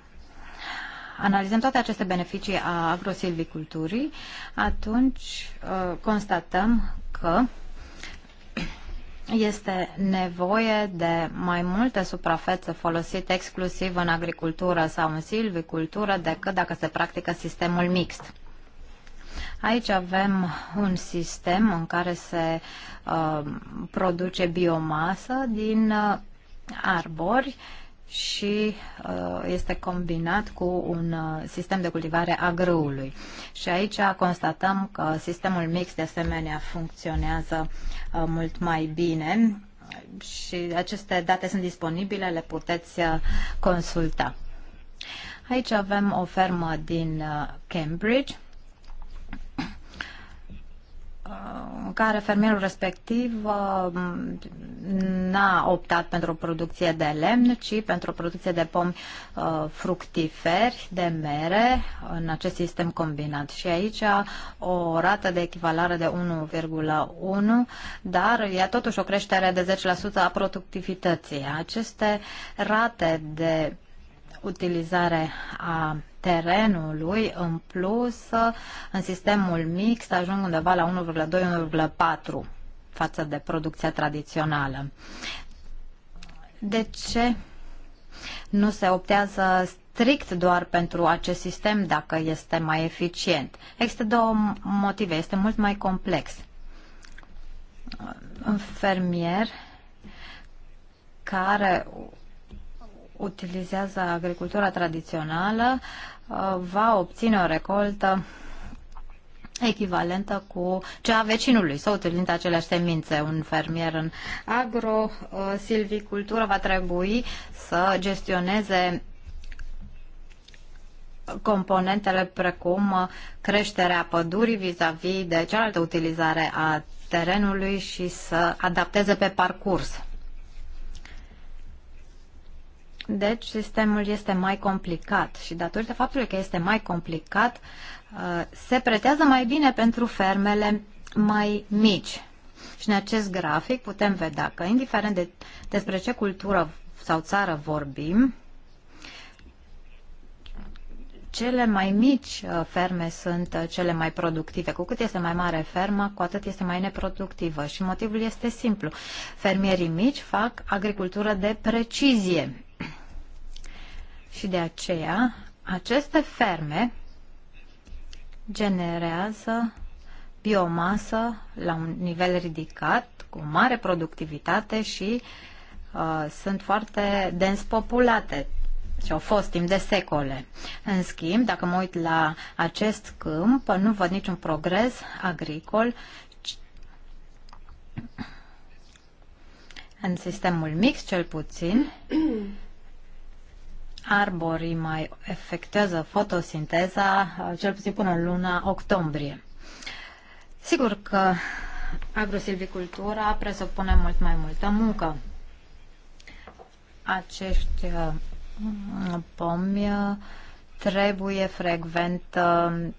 analizăm toate aceste beneficii a agrosilviculturii, atunci uh, constatăm că este nevoie de mai multe suprafețe folosite exclusiv în agricultură sau în silvicultură decât dacă se practică sistemul mixt. Aici avem un sistem în care se uh, produce biomasă din uh, arbori uh, și uh, este combinat cu un uh, sistem de cultivare a grâului. Și aici constatăm că sistemul mix de asemenea funcționează uh, mult mai bine și aceste date sunt disponibile, le puteți consulta. Aici avem o fermă din Cambridge în uh, care fermierul respectiv uh, n-a optat pentru o producție de lemn, ci pentru o producție de pomi uh, fructiferi, de mere, în acest sistem combinat. Și aici o rată de echivalare de 1,1, dar e totuși o creștere de 10% a productivității. Aceste rate de utilizare a terenului în plus în sistemul mix ajung undeva la 1,2-1,4 față de producția tradițională. De ce nu se optează strict doar pentru acest sistem dacă este mai eficient? Există două motive, este mult mai complex. Un fermier care utilizează agricultura tradițională uh, va obține o recoltă echivalentă cu cea a vecinului sau utilind aceleași semințe. Un fermier în agro-silvicultură uh, va trebui să gestioneze componentele precum creșterea pădurii vis-a-vis -vis de cealaltă utilizare a terenului și să adapteze pe parcurs. Deci sistemul este mai complicat și datorită faptului că este mai complicat, uh, se pretează mai bine pentru fermele mai mici. Și în acest grafic putem vedea că, indiferent de despre ce cultură sau țară vorbim, cele mai mici uh, ferme sunt uh, cele mai productive. Cu cât este mai mare fermă, cu atât este mai neproductivă. Și motivul este simplu. Fermierii mici fac agricultură de precizie. Și de aceea, aceste ferme generează biomasă la un nivel ridicat, cu mare productivitate și uh, sunt foarte dens populate și au fost timp de secole. În schimb, dacă mă uit la acest câmp, nu văd niciun progres agricol în sistemul mix, cel puțin, arborii mai efectuează fotosinteza, uh, cel puțin până în luna octombrie. Sigur că agrosilvicultura presupune mult mai multă muncă. Acești uh, pomi uh, trebuie frecvent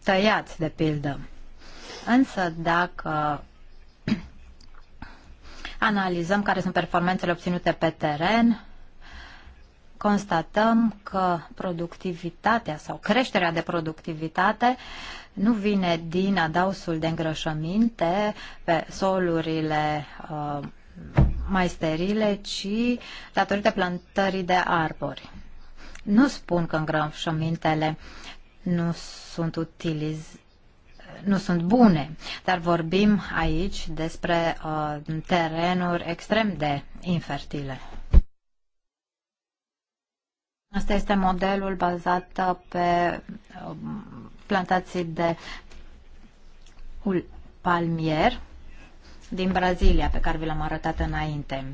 tăiați, de pildă. Însă dacă analizăm care sunt performanțele obținute pe teren, constatăm că productivitatea sau creșterea de productivitate nu vine din adausul de îngrășăminte pe solurile uh, mai sterile, ci datorită plantării de arbori. Nu spun că îngrășămintele nu sunt utiliz nu sunt bune, dar vorbim aici despre uh, terenuri extrem de infertile. Asta este modelul bazat pe um, plantații de palmier din Brazilia, pe care vi l-am arătat înainte.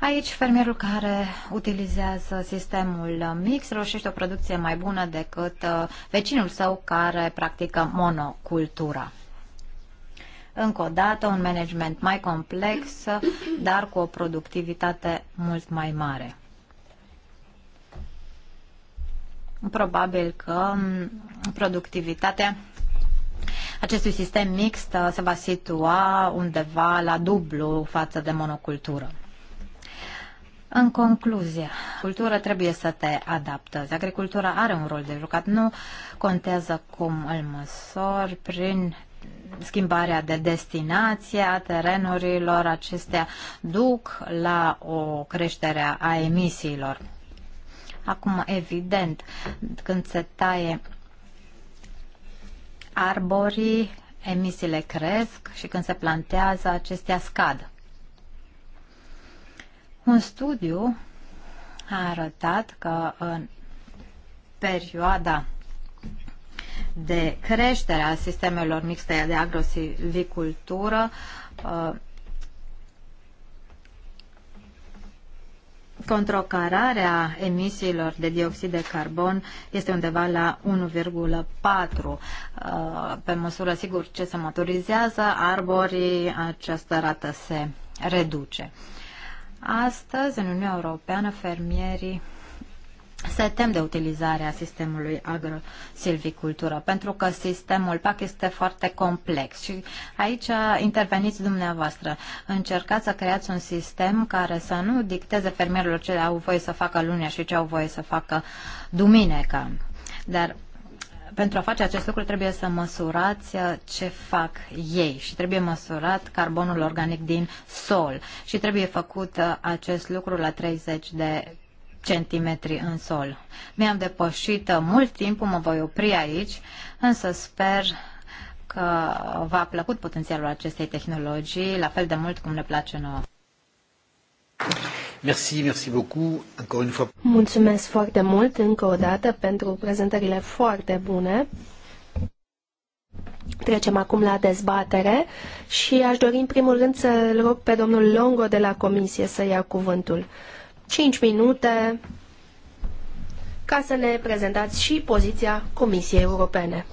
Aici, fermierul care utilizează sistemul mix reușește o producție mai bună decât uh, vecinul său care practică monocultura. Încă o dată, un management mai complex, dar cu o productivitate mult mai mare. probabil că mm, productivitatea acestui sistem mixt uh, se va situa undeva la dublu față de monocultură. În concluzie, cultura trebuie să te adaptezi. Agricultura are un rol de jucat. Nu contează cum îl măsori prin schimbarea de destinație a terenurilor. Acestea duc la o creștere a emisiilor. Acum, evident, când se taie arborii, emisiile cresc și când se plantează, acestea scad. Un studiu a arătat că în perioada de creștere a sistemelor mixte de agrosilvicultură, uh, controcararea emisiilor de dioxid de carbon este undeva la 1,4. Uh, pe măsură, sigur, ce se maturizează arborii, această rată se reduce. Astăzi, în Uniunea Europeană, fermierii se tem de utilizarea sistemului agrosilvicultură, pentru că sistemul PAC este foarte complex și aici interveniți dumneavoastră. Încercați să creați un sistem care să nu dicteze fermierilor ce au voie să facă lunea și ce au voie să facă duminica. Dar pentru a face acest lucru trebuie să măsurați ce fac ei și trebuie măsurat carbonul organic din sol și trebuie făcut acest lucru la 30 de centimetri în sol. Mi-am depășit mult timp, mă voi opri aici, însă sper că v-a plăcut potențialul acestei tehnologii, la fel de mult cum ne place nouă. Merci, merci beaucoup. Encore une fois. Mulțumesc foarte mult încă o dată pentru prezentările foarte bune. Trecem acum la dezbatere și aș dori în primul rând să-l rog pe domnul Longo de la Comisie să ia cuvântul. 5 minute ca să ne prezentați și poziția Comisiei Europene.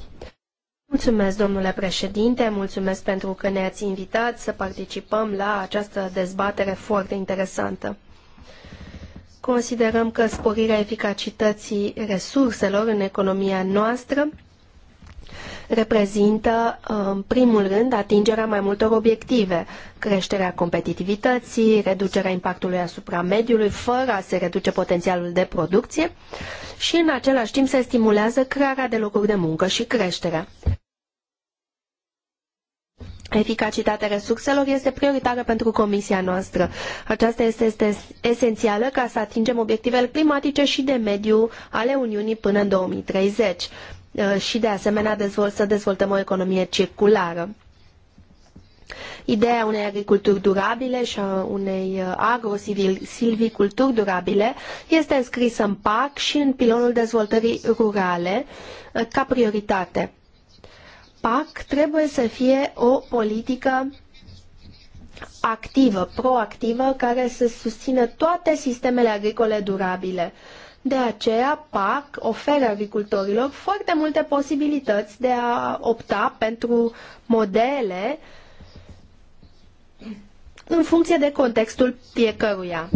Mulțumesc, domnule președinte, mulțumesc pentru că ne-ați invitat să participăm la această dezbatere foarte interesantă. Considerăm că sporirea eficacității resurselor în economia noastră reprezintă, în primul rând, atingerea mai multor obiective, creșterea competitivității, reducerea impactului asupra mediului, fără a se reduce potențialul de producție și, în același timp, se stimulează crearea de locuri de muncă și creșterea. Eficacitatea resurselor este prioritară pentru comisia noastră. Aceasta este, este esențială ca să atingem obiectivele climatice și de mediu ale Uniunii până în 2030. Uh, și de asemenea dezvolt, să dezvoltăm o economie circulară. Ideea unei agriculturi durabile și a unei uh, agro-silviculturi durabile este înscrisă în PAC și în pilonul dezvoltării rurale uh, ca prioritate. PAC trebuie să fie o politică activă, proactivă, care să susțină toate sistemele agricole durabile de aceea, PAC oferă agricultorilor foarte multe posibilități de a opta pentru modele în funcție de contextul fiecăruia.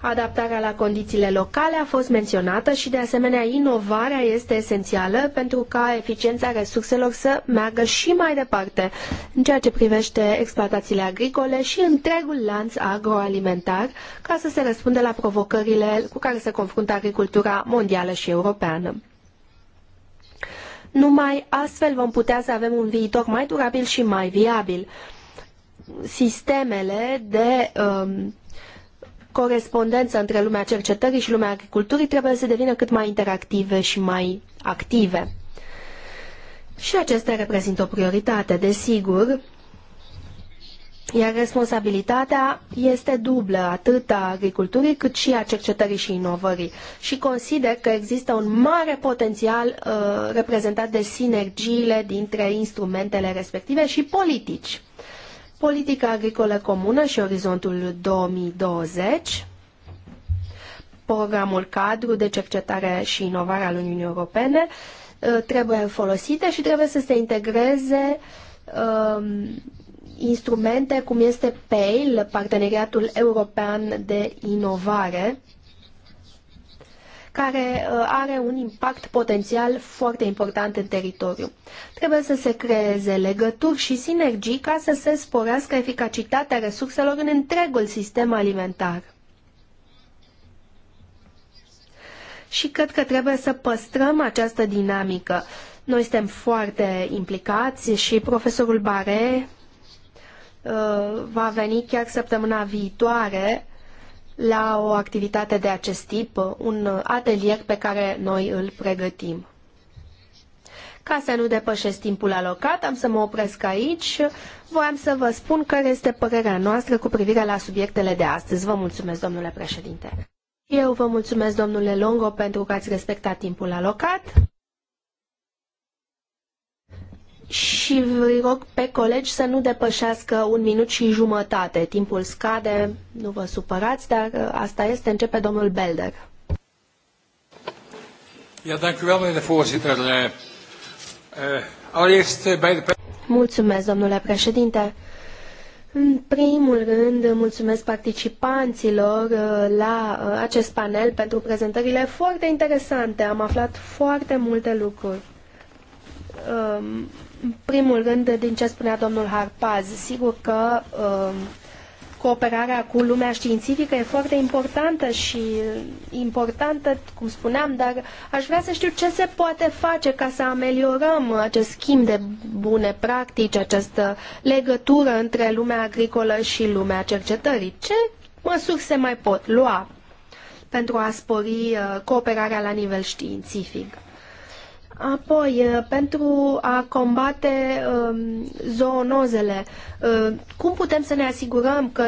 Adaptarea la condițiile locale a fost menționată și, de asemenea, inovarea este esențială pentru ca eficiența resurselor să meargă și mai departe în ceea ce privește exploatațiile agricole și întregul lanț agroalimentar ca să se răspundă la provocările cu care se confruntă agricultura mondială și europeană. Numai astfel vom putea să avem un viitor mai durabil și mai viabil. Sistemele de um, corespondență între lumea cercetării și lumea agriculturii trebuie să devină cât mai interactive și mai active. Și acestea reprezintă o prioritate, desigur, iar responsabilitatea este dublă, atât a agriculturii cât și a cercetării și inovării. Și consider că există un mare potențial uh, reprezentat de sinergiile dintre instrumentele respective și politici politica agricolă comună și orizontul 2020, programul cadru de cercetare și inovare al Uniunii Europene uh, trebuie folosite și trebuie să se integreze um, instrumente cum este PAIL, Parteneriatul European de Inovare, care uh, are un impact potențial foarte important în teritoriu. Trebuie să se creeze legături și sinergii ca să se sporească eficacitatea resurselor în întregul sistem alimentar. Și cred că trebuie să păstrăm această dinamică. Noi suntem foarte implicați și profesorul Bare uh, va veni chiar săptămâna viitoare la o activitate de acest tip, un atelier pe care noi îl pregătim. Ca să nu depășesc timpul alocat, am să mă opresc aici. Voiam să vă spun care este părerea noastră cu privire la subiectele de astăzi. Vă mulțumesc, domnule președinte. Eu vă mulțumesc, domnule Longo, pentru că ați respectat timpul alocat și îi rog pe colegi să nu depășească un minut și jumătate. Timpul scade, nu vă supărați, dar uh, asta este. Începe domnul Belder. Eh, eh, eh, mulțumesc, domnule președinte. În primul rând, mulțumesc participanților la acest panel pentru prezentările foarte interesante. Am aflat foarte multe lucruri. Ehm, în primul rând, din ce spunea domnul Harpaz, sigur că uh, cooperarea cu lumea științifică e foarte importantă și importantă, cum spuneam, dar aș vrea să știu ce se poate face ca să ameliorăm acest schimb de bune practici, această legătură între lumea agricolă și lumea cercetării. Ce măsuri se mai pot lua pentru a spori uh, cooperarea la nivel științific? Apoi, uh, pentru a combate um, zoonozele, uh, cum putem să ne asigurăm că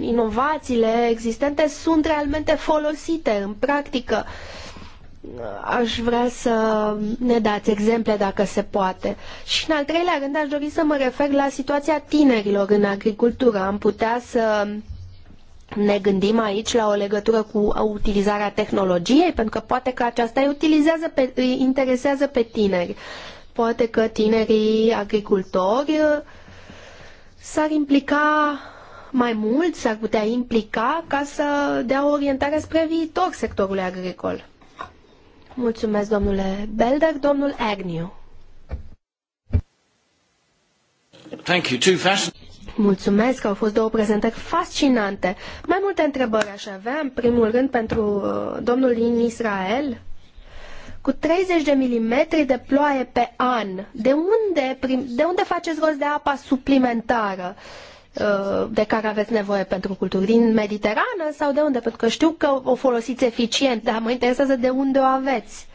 inovațiile existente sunt realmente folosite în practică? Uh, aș vrea să ne dați exemple dacă se poate. Și în al treilea rând aș dori să mă refer la situația tinerilor în agricultură. Am putea să ne gândim aici la o legătură cu utilizarea tehnologiei, pentru că poate că aceasta îi, utilizează pe, îi interesează pe tineri. Poate că tinerii agricultori uh, s-ar implica mai mult, s-ar putea implica ca să dea o orientare spre viitor sectorului agricol. Mulțumesc, domnule Belder. Domnul Agnew. Thank you. Two fast... Mulțumesc, au fost două prezentări fascinante. Mai multe întrebări aș avea, în primul rând pentru uh, domnul din Israel. Cu 30 de milimetri de ploaie pe an, de unde, de unde faceți rost de apa suplimentară uh, de care aveți nevoie pentru culturi? Din Mediterană sau de unde? Pentru că știu că o folosiți eficient, dar mă interesează de unde o aveți.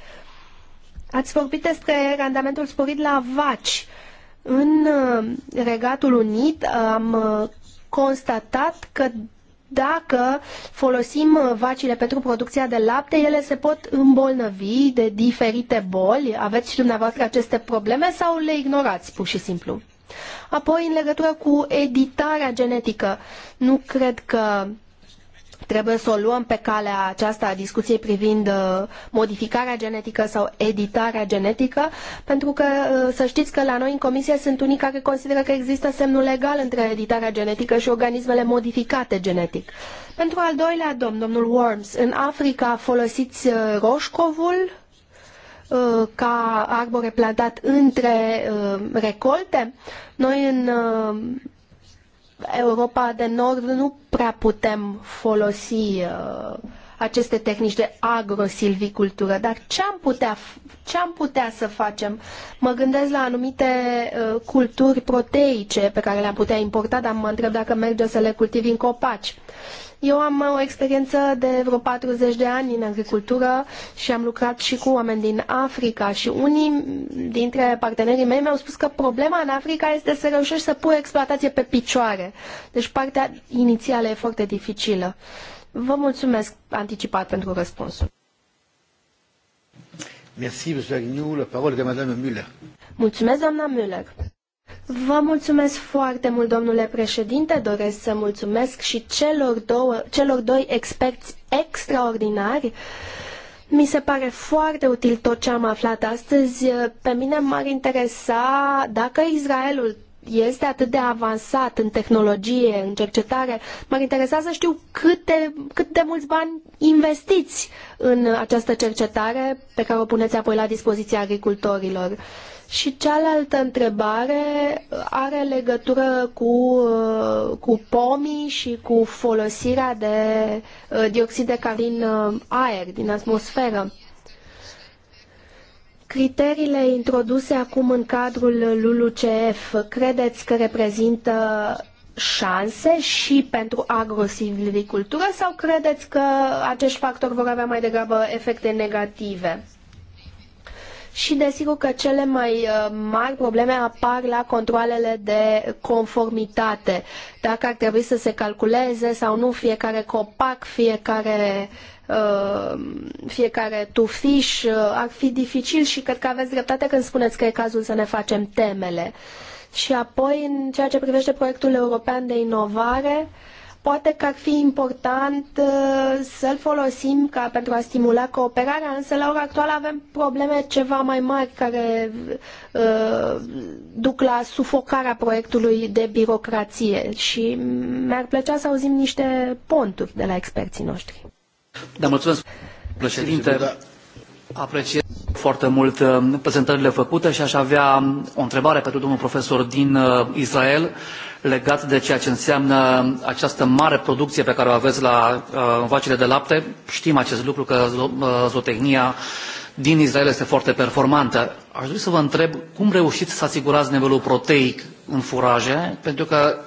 Ați vorbit despre randamentul sporit la vaci. Uh, în uh, Regatul Unit am uh, constatat că dacă folosim uh, vacile pentru producția de lapte, ele se pot îmbolnăvi de diferite boli. Aveți și dumneavoastră aceste probleme sau le ignorați pur și simplu? Apoi, în legătură cu editarea genetică, nu cred că trebuie să o luăm pe calea aceasta a discuției privind uh, modificarea genetică sau editarea genetică, pentru că uh, să știți că la noi în comisie sunt unii care consideră că există semnul legal între editarea genetică și organismele modificate genetic. Pentru al doilea domn, domnul Worms, în Africa folosiți uh, roșcovul ca arbore plantat între recolte. Noi în Europa de Nord nu prea putem folosi uh, aceste tehnici de agrosilvicultură, dar ce am putea, ce am putea să facem? Mă gândesc la anumite uh, culturi proteice pe care le-am putea importa, dar mă întreb dacă merge să le cultivi în copaci. Eu am uh, o experiență de vreo 40 de ani în agricultură și am lucrat și cu oameni din Africa și unii dintre partenerii mei mi-au spus că problema în Africa este să reușești să pui exploatație pe picioare. Deci partea inițială e foarte dificilă. Vă mulțumesc anticipat pentru răspunsul. Merci, Mulțumesc, doamna Müller. Vă mulțumesc foarte mult, domnule președinte. Doresc să mulțumesc și celor, două, celor doi experți extraordinari. Mi se pare foarte util tot ce am aflat astăzi. Pe mine m-ar interesa dacă Israelul este atât de avansat în tehnologie, în cercetare, m-ar interesa să știu cât de, cât de mulți bani investiți în această cercetare pe care o puneți apoi la dispoziția agricultorilor. Uh, și cealaltă întrebare are legătură cu, cu pomii și cu folosirea de uh, dioxid de carbon din uh, aer, din atmosferă. Criteriile introduse acum în cadrul LULUCF credeți că reprezintă șanse și pentru agrosilvicultură sau credeți că acești factori vor avea mai degrabă efecte negative? și desigur că cele mai uh, mari probleme apar la controlele de conformitate. Dacă ar trebui să se calculeze sau nu fiecare copac, fiecare uh, fiecare tufiș uh, ar fi dificil și cred că aveți dreptate când spuneți că e cazul să ne facem temele. Și apoi, în ceea ce privește proiectul european de inovare, uh, Poate că ar fi important uh, să-l folosim ca pentru a stimula cooperarea, însă la ora actuală avem probleme ceva mai mari care uh, duc la sufocarea proiectului de birocrație și mi-ar plăcea să auzim niște ponturi de la experții noștri. Da, mulțumesc, președinte. Apreciez foarte mult uh, prezentările făcute și aș avea o întrebare pentru domnul profesor din uh, Israel. Uh, legat de ceea ce înseamnă această mare producție pe care o aveți la uh, vacile de lapte. Știm acest lucru că uh, zootehnia din Israel este foarte performantă. Aș dori să vă întreb cum reușiți să asigurați nivelul proteic în furaje, pentru că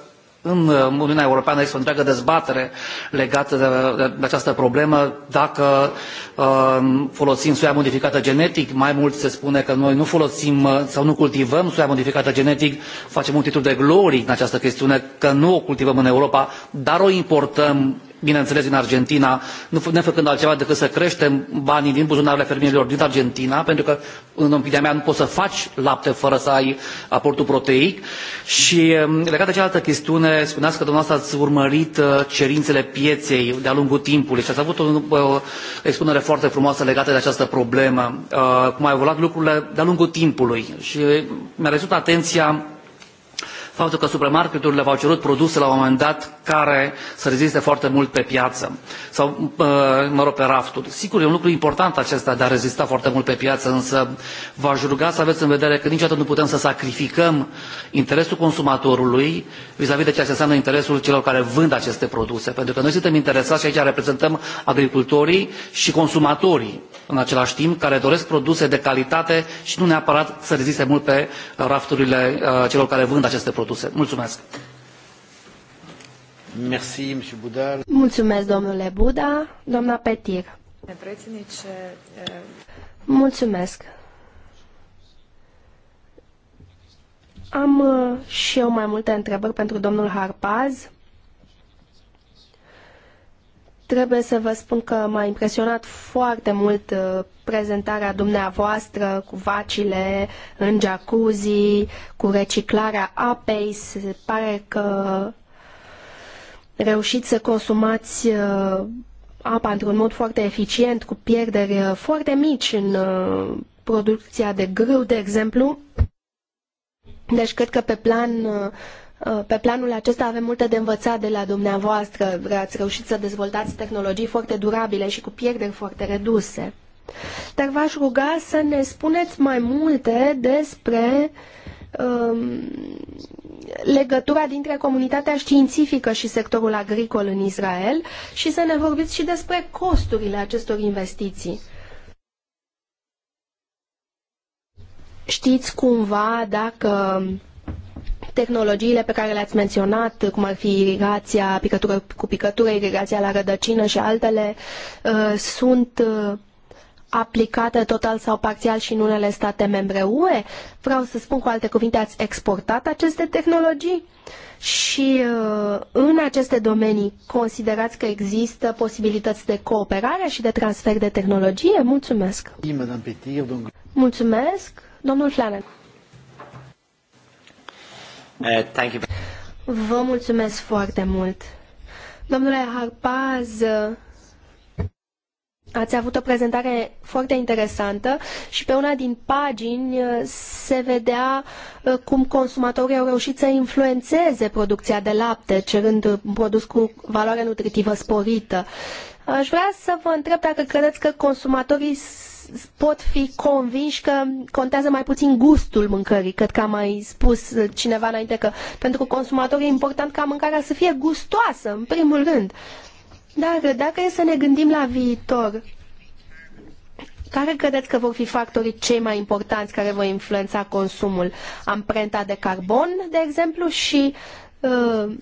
în uh, Uniunea Europeană este o întreagă dezbatere legată de, de, de această problemă, dacă uh, folosim soia modificată genetic, mai mult se spune că noi nu folosim uh, sau nu cultivăm soia modificată genetic, facem un titlu de glorie în această chestiune, că nu o cultivăm în Europa, dar o importăm bineînțeles din Argentina, nu nefăcând altceva decât să creștem banii din buzunarele fermierilor din Argentina, pentru că, în opinia mea, nu poți să faci lapte fără să ai aportul proteic. Și mm, legat de cealaltă chestiune, spuneați că dumneavoastră ați urmărit uh, cerințele pieței de-a lungul timpului și ați avut o, expunere foarte frumoasă legată de această problemă, uh, cum au evoluat lucrurile de-a lungul timpului. Și mi-a rezultat atenția faptul că supermarketurile v-au cerut produse la un moment dat care să reziste foarte mult pe piață sau, uh, mă rog, pe rafturi. Sigur, e un lucru important acesta de a rezista foarte mult pe piață, însă v-aș ruga să aveți în vedere că niciodată nu putem să sacrificăm interesul consumatorului vis-a-vis de ceea ce înseamnă interesul celor care vând aceste produse. Pentru că noi suntem interesați și aici reprezentăm agricultorii și consumatorii în același timp, care doresc produse de calitate și nu neapărat să reziste mult pe rafturile uh, celor care vând aceste produse produse. Mulțumesc! Merci, Buda. Mulțumesc, domnule Buda. Doamna Petir. Mulțumesc. Am uh, și eu mai multe întrebări pentru domnul Harpaz. Trebuie să vă spun că m-a impresionat foarte mult uh, prezentarea dumneavoastră cu vacile în jacuzzi, cu reciclarea apei. Se pare că reușiți să consumați uh, apa într-un mod foarte eficient, cu pierderi uh, foarte mici în producția de grâu, de exemplu. Deci cred că pe plan Uh, pe planul acesta avem multe de învățat de la dumneavoastră. Ați reușit să dezvoltați tehnologii foarte durabile și cu pierderi foarte reduse. Dar v-aș ruga să ne spuneți mai multe despre um, legătura dintre comunitatea științifică și sectorul agricol în Israel și să ne vorbiți și despre costurile acestor investiții. Știți cumva dacă tehnologiile pe care le-ați menționat, cum ar fi irigația picătură cu picătură, irigația la rădăcină și altele, uh, sunt uh, aplicate total sau parțial și în unele state membre UE? Vreau să spun cu alte cuvinte, ați exportat aceste tehnologii? Și uh, în aceste domenii considerați că există posibilități de cooperare și de transfer de tehnologie? Mulțumesc! Mulțumesc, domnul Flanagan. Uh, thank you. Vă mulțumesc foarte mult. Domnule Harpaz, Ați avut o prezentare foarte interesantă și pe una din pagini se vedea uh, cum consumatorii au reușit să influențeze producția de lapte, cerând un produs cu valoare nutritivă sporită. Aș vrea să vă întreb dacă credeți că consumatorii pot fi convinși că contează mai puțin gustul mâncării. Cred că a mai spus cineva înainte că pentru consumator e important ca mâncarea să fie gustoasă, în primul rând. Dar dacă e să ne gândim la viitor, care credeți că vor fi factorii cei mai importanți care vor influența consumul? Amprenta de carbon, de exemplu, și uh,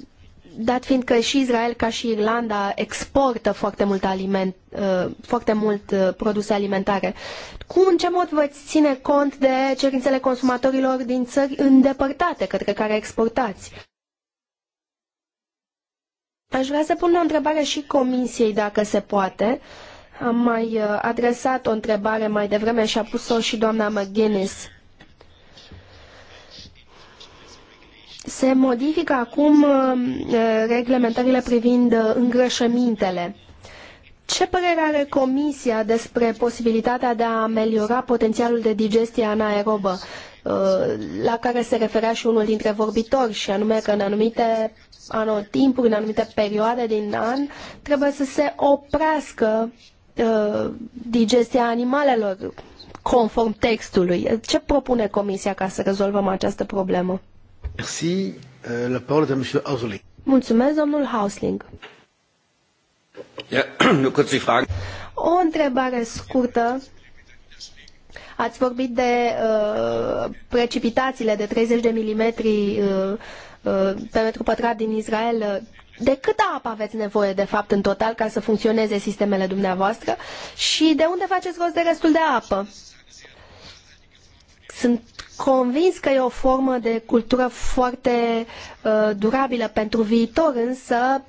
dat fiind că și Israel ca și Irlanda exportă foarte mult aliment, uh, foarte mult uh, produse alimentare. Cum, în ce mod veți ține cont de cerințele consumatorilor din țări îndepărtate către care exportați? Aș vrea să pun o întrebare și comisiei, dacă se poate. Am mai uh, adresat o întrebare mai devreme și a pus-o și doamna McGuinness. se modifică acum uh, uh, reglementările privind uh, îngrășămintele. Ce părere are Comisia despre posibilitatea de a ameliora potențialul de digestie anaerobă, la care se referea și unul dintre vorbitori, și anume că în anumite anotimpuri, în anumite perioade din an, trebuie să se oprească digestia animalelor conform textului. Ce propune Comisia ca să rezolvăm această problemă? Merci. Euh, la parole est à monsieur Hausling. Mulțumesc, domnul Hausling. O întrebare scurtă. Ați vorbit de uh, precipitațiile de 30 de milimetri uh, uh, pe metru pătrat din Israel. De câtă apă aveți nevoie, de fapt, în total, ca să funcționeze sistemele dumneavoastră? Și de unde faceți rost de restul de apă? Sunt convins că e o formă de cultură foarte uh, durabilă pentru viitor, însă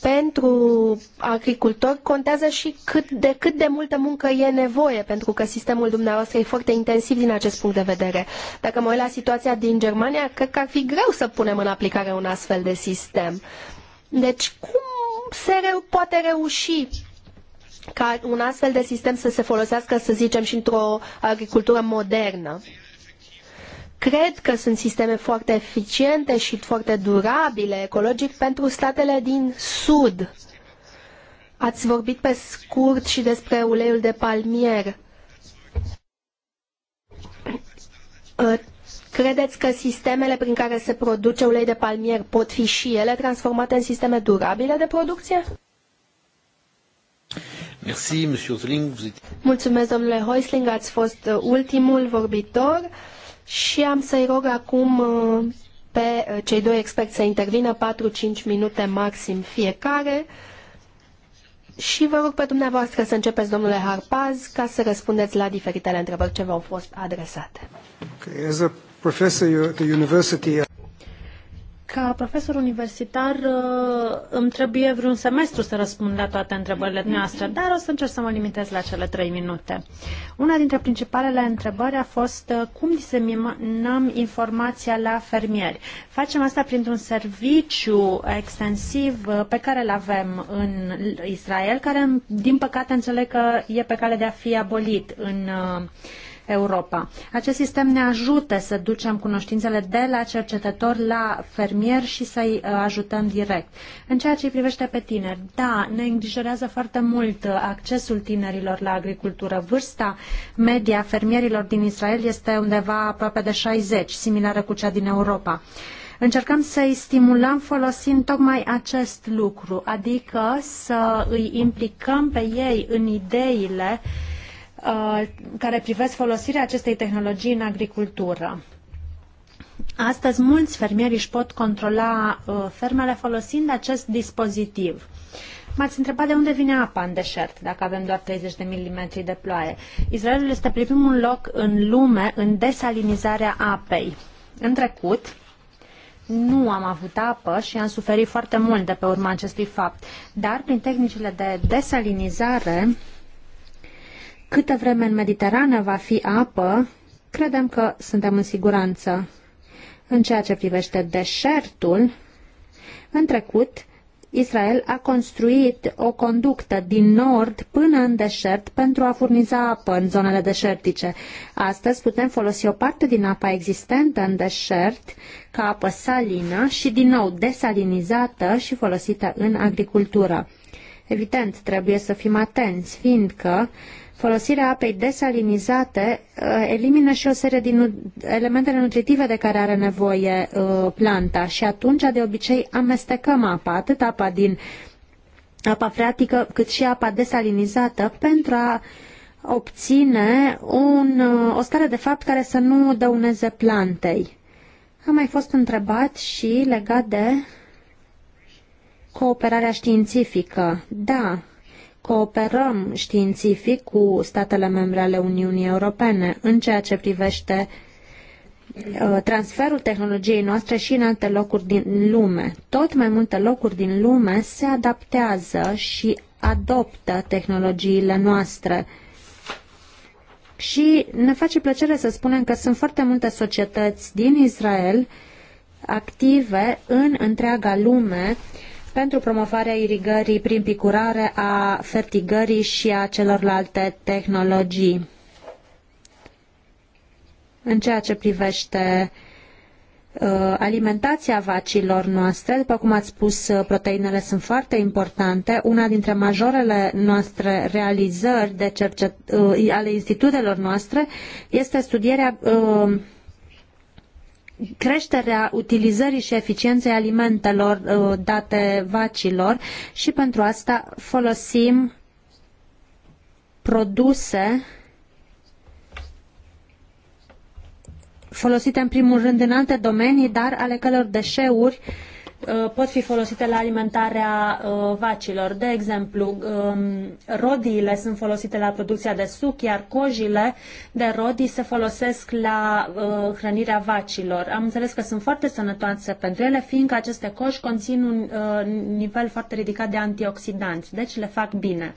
pentru agricultori contează și cât de, cât de multă muncă e nevoie, pentru că sistemul dumneavoastră e foarte intensiv din acest punct de vedere. Dacă mă uit la situația din Germania, cred că ar fi greu să punem în aplicare un astfel de sistem. Deci cum se re- poate reuși ca un astfel de sistem să se folosească, să zicem, și într-o agricultură modernă? Cred că sunt sisteme foarte eficiente și foarte durabile ecologic pentru statele din sud. Ați vorbit pe scurt și despre uleiul de palmier. Ă, credeți că sistemele prin care se produce ulei de palmier pot fi și ele transformate în sisteme durabile de producție? Mulțumesc, domnule Hoisling, ați fost ultimul vorbitor și am să-i rog acum uh, pe uh, cei doi experți să intervină 4-5 minute maxim fiecare și vă rog pe dumneavoastră să începeți, domnule Harpaz, ca să răspundeți la diferitele întrebări ce v-au fost adresate. Okay, as a professor at the university, ca profesor universitar uh, îmi trebuie vreun semestru să răspund la toate întrebările noastre, dar o să încerc să mă limitez la cele trei minute. Una dintre principalele întrebări a fost uh, cum diseminăm informația la fermieri. Facem asta printr-un serviciu extensiv uh, pe care îl avem în Israel, care din păcate înțeleg că e pe cale de a fi abolit în Europa. Acest sistem ne ajută să ducem cunoștințele de la cercetători la fermier și să-i uh, ajutăm direct. În ceea ce îi privește pe tineri, da, ne îngrijorează foarte mult uh, accesul tinerilor la agricultură. Vârsta media fermierilor din Israel este undeva aproape de 60, similară cu cea din Europa. Încercăm să îi stimulăm folosind tocmai acest lucru, adică să îi implicăm pe ei în ideile uh, Uh, care privesc folosirea acestei tehnologii în agricultură. Astăzi, mulți fermieri își pot controla uh, fermele folosind acest dispozitiv. M-ați întrebat de unde vine apa în deșert, dacă avem doar 30 de milimetri de ploaie. Israelul este primul loc în lume în desalinizarea apei. În trecut, nu am avut apă și am suferit foarte mult de pe urma acestui fapt. Dar prin tehnicile de desalinizare Câtă vreme în Mediterană va fi apă, credem că suntem în siguranță. În ceea ce privește deșertul, în trecut, Israel a construit o conductă din nord până în deșert pentru a furniza apă în zonele deșertice. Astăzi putem folosi o parte din apa existentă în deșert ca apă salină și din nou desalinizată și folosită în agricultură. Evident, trebuie să fim atenți, fiindcă folosirea apei desalinizate uh, elimină și o serie din elementele nutritive de care are nevoie uh, planta și atunci de obicei amestecăm apa, atât apa din apa freatică cât și apa desalinizată pentru a obține un, uh, o stare de fapt care să nu dăuneze plantei. Am mai fost întrebat și legat de Cooperarea științifică. Da, cooperăm științific cu statele membre ale Uniunii Europene în ceea ce privește uh, transferul tehnologiei noastre și în alte locuri din lume. Tot mai multe locuri din lume se adaptează și adoptă tehnologiile noastre. Și ne face plăcere să spunem că sunt foarte multe societăți din Israel active în întreaga lume uh, pentru promovarea irigării prin picurare a fertigării și a celorlalte tehnologii. În ceea ce privește uh, alimentația vacilor noastre, după cum ați spus, uh, proteinele sunt foarte importante. Una dintre majorele noastre realizări de cercet, uh, ale institutelor noastre este studierea uh, creșterea utilizării și eficienței alimentelor uh, date vacilor și pentru asta folosim produse folosite în primul rând în alte domenii, dar ale căror deșeuri uh, Uh, pot fi folosite la alimentarea uh, vacilor. De exemplu, um, rodiile sunt folosite la producția de suc, iar cojile de rodii se folosesc la uh, hrănirea vacilor. Am înțeles că sunt foarte sănătoase pentru ele, fiindcă aceste coji conțin un nivel foarte ridicat de antioxidanți, deci le fac bine.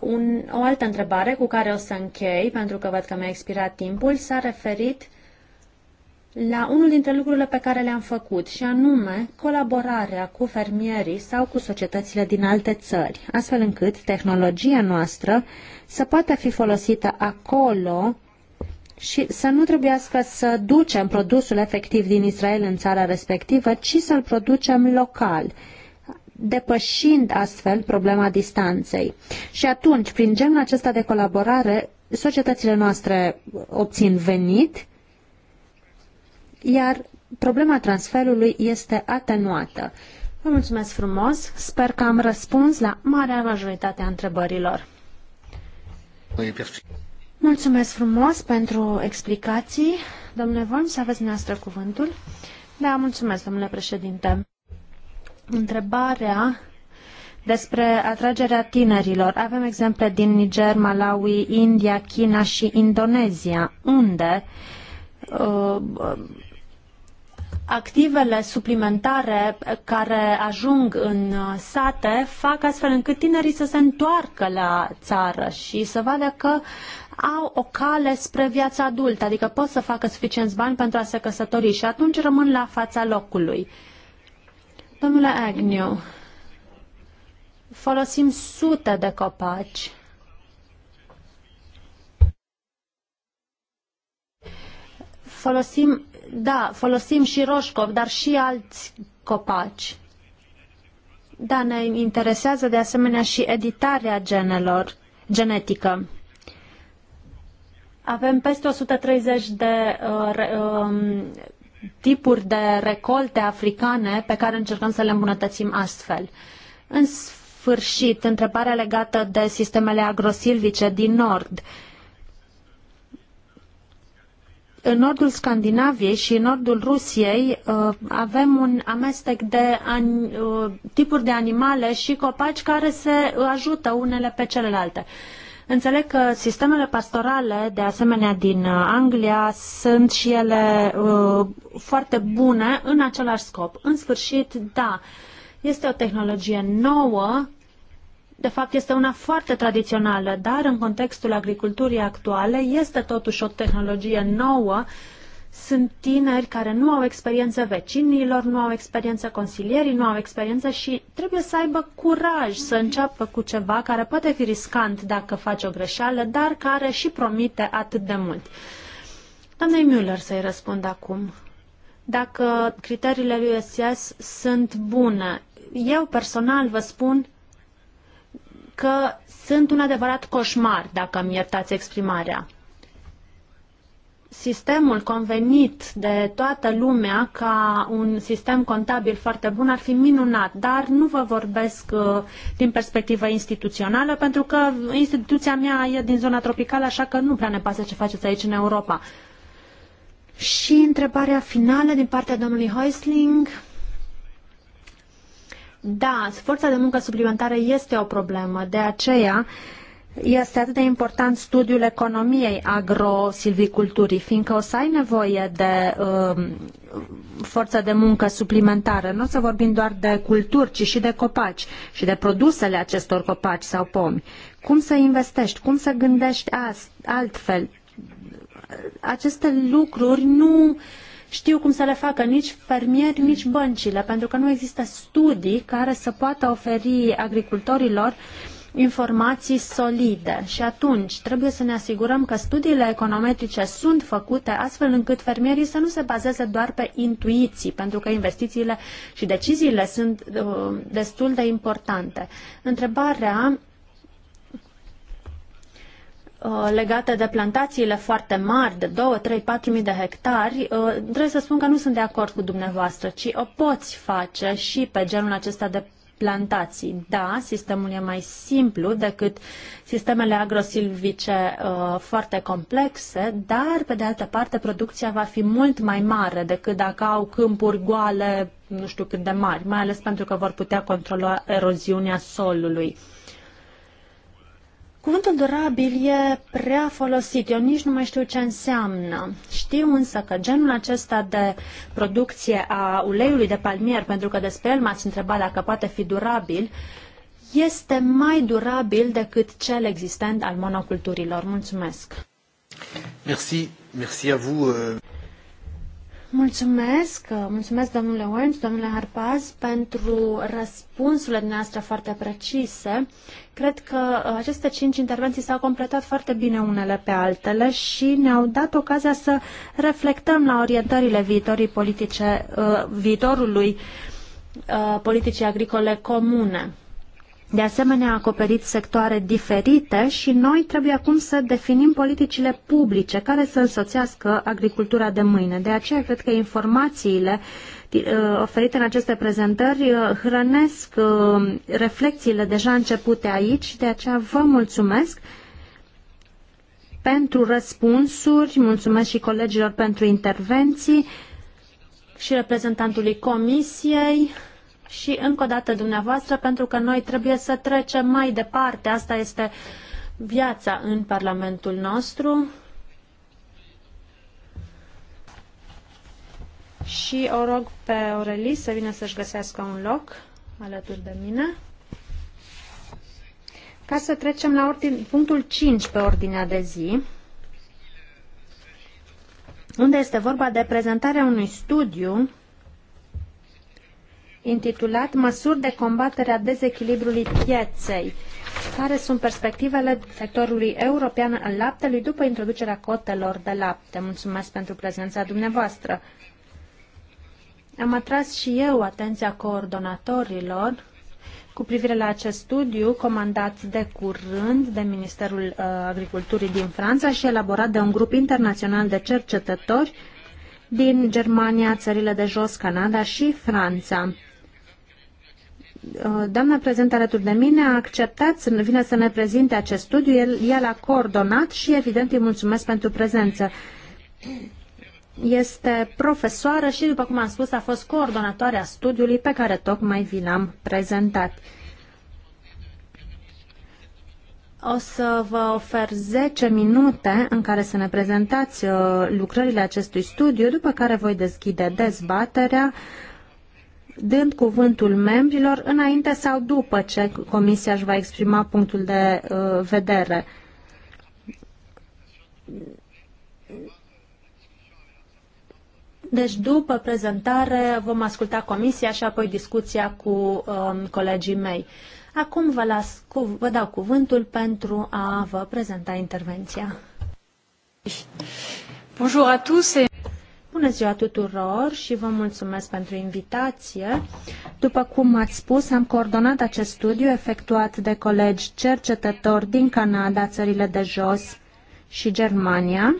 Un, o altă întrebare cu care o să închei, pentru că văd că mi-a expirat timpul, s-a referit la unul dintre lucrurile pe care le-am făcut, și anume colaborarea cu fermierii sau cu societățile din alte țări, astfel încât tehnologia noastră să poată fi folosită acolo și să nu trebuiască să ducem produsul efectiv din Israel în țara respectivă, ci să-l producem local depășind astfel problema distanței. Și atunci, prin genul acesta de colaborare, societățile noastre obțin venit, iar problema transferului este atenuată. Vă mulțumesc frumos, sper că am răspuns la marea majoritate a întrebărilor. Mulțumesc frumos pentru explicații. Domnule Vom, să aveți noastră cuvântul. Da, mulțumesc, domnule președinte. Întrebarea despre atragerea tinerilor. Avem exemple din Niger, Malawi, India, China și Indonezia, unde uh, activele suplimentare care ajung în uh, sate fac astfel încât tinerii să se întoarcă la țară și să vadă că au o cale spre viața adultă, adică pot să facă suficienți bani pentru a se căsători și atunci rămân la fața locului. Domnule Agnew, folosim sute de copaci folosim da, folosim și roșcov, dar și alți copaci. Da, ne interesează de asemenea și editarea genelor, genetică. Avem peste 130 de uh, um, tipuri de recolte africane pe care încercăm să le îmbunătățim astfel. În sfârșit, întrebarea legată de sistemele agrosilvice din nord. Uh, în nordul Scandinaviei și în nordul Rusiei uh, avem un amestec de uh, tipuri de animale și copaci care se ajută unele pe celelalte. Înțeleg că sistemele pastorale, de asemenea din uh, Anglia, sunt și ele uh, foarte bune în același scop. În sfârșit, da, este o tehnologie nouă de fapt, este una foarte tradițională, dar în contextul agriculturii actuale este totuși o tehnologie nouă. Sunt tineri care nu au experiență vecinilor, nu au experiență consilierii, nu au experiență și trebuie să aibă curaj să înceapă cu ceva care poate fi riscant dacă faci o greșeală, dar care și promite atât de mult. Doamnei Müller să-i răspund acum. Dacă criteriile USS sunt bune, eu personal vă spun că sunt un adevărat coșmar, dacă îmi iertați exprimarea. Sistemul convenit de toată lumea ca un sistem contabil foarte bun ar fi minunat, dar nu vă vorbesc uh, din perspectivă instituțională, pentru că instituția mea e din zona tropicală, așa că nu prea ne pasă ce faceți aici în Europa. Și întrebarea finală din partea domnului Heusling. Da, forța de muncă suplimentară este o problemă, de aceea este atât de important studiul economiei agro-silviculturii, fiindcă o să ai nevoie de um, forță de muncă suplimentară. Nu o să vorbim doar de culturi, ci și de copaci și de produsele acestor copaci sau pomi. Cum să investești? Cum să gândești altfel? Aceste lucruri nu uh, știu cum să le facă nici fermieri, nici băncile, pentru că nu există studii care să poată oferi agricultorilor informații solide și atunci trebuie să ne asigurăm că studiile econometrice sunt făcute astfel încât fermierii să nu se bazeze doar pe intuiții, pentru că investițiile și deciziile sunt uh, destul de importante. Întrebarea Uh, legate de plantațiile foarte mari, de 2, 3, 4 mii de hectari, uh, trebuie să spun că nu sunt de acord cu dumneavoastră, ci o poți face și pe genul acesta de plantații. Da, sistemul e mai simplu decât sistemele agrosilvice uh, foarte complexe, dar, pe de altă parte, producția va fi mult mai mare decât dacă au câmpuri goale, nu știu cât de mari, mai ales pentru că vor putea controla eroziunea solului. Cuvântul durabil e prea folosit, eu nici nu mai știu ce înseamnă. Știu însă că genul acesta de producție a uleiului de palmier, pentru că despre el m-ați întrebat dacă poate fi durabil, este mai durabil decât cel existent al monoculturilor. Mulțumesc! Merci, merci à vous. Euh. Mulțumesc, mulțumesc domnule Wenz, domnule Harpaz, pentru răspunsurile noastre foarte precise. Cred că uh, aceste cinci intervenții s-au completat foarte bine unele pe altele și ne-au dat ocazia să reflectăm la orientările viitorii politice, uh, viitorului uh, politicii agricole comune de asemenea a acoperit sectoare diferite și noi trebuie acum să definim politicile publice care să însoțească agricultura de mâine. De aceea cred că informațiile uh, oferite în aceste prezentări uh, hrănesc uh, reflexiile deja începute aici și de aceea vă mulțumesc pentru răspunsuri, mulțumesc și colegilor pentru intervenții și reprezentantului comisiei și încă o dată dumneavoastră, pentru că noi trebuie să trecem mai departe. Asta este viața în Parlamentul nostru. Și o rog pe Aureli să vină să-și găsească un loc alături de mine. Ca să trecem la ordin, punctul 5 pe ordinea de zi, unde este vorba de prezentarea unui studiu intitulat Măsuri de combatere a dezechilibrului pieței. Care sunt perspectivele sectorului european al laptelui după introducerea cotelor de lapte? Mulțumesc pentru prezența dumneavoastră. Am atras și eu atenția coordonatorilor cu privire la acest studiu comandat de curând de Ministerul uh, Agriculturii din Franța și elaborat de un grup internațional de cercetători din Germania, țările de jos, Canada și Franța. Uh, doamna prezentă alături de mine a acceptat să vină să ne prezinte acest studiu. El, el a coordonat și, evident, îi mulțumesc pentru prezență. Este profesoară și, după cum am spus, a fost coordonatoarea studiului pe care tocmai vi l-am prezentat. O să vă ofer 10 minute în care să ne prezentați uh, lucrările acestui studiu, după care voi deschide dezbaterea dând cuvântul membrilor înainte sau după ce Comisia își va exprima punctul de uh, vedere. Deci după prezentare vom asculta comisia și apoi discuția cu uh, colegii mei. Acum vă, las, cu, vă dau cuvântul pentru a vă prezenta intervenția. Bonjour à tous et... Bună ziua tuturor și vă mulțumesc pentru invitație. După cum ați spus, am coordonat acest studiu efectuat de colegi cercetători din Canada, țările de jos și Germania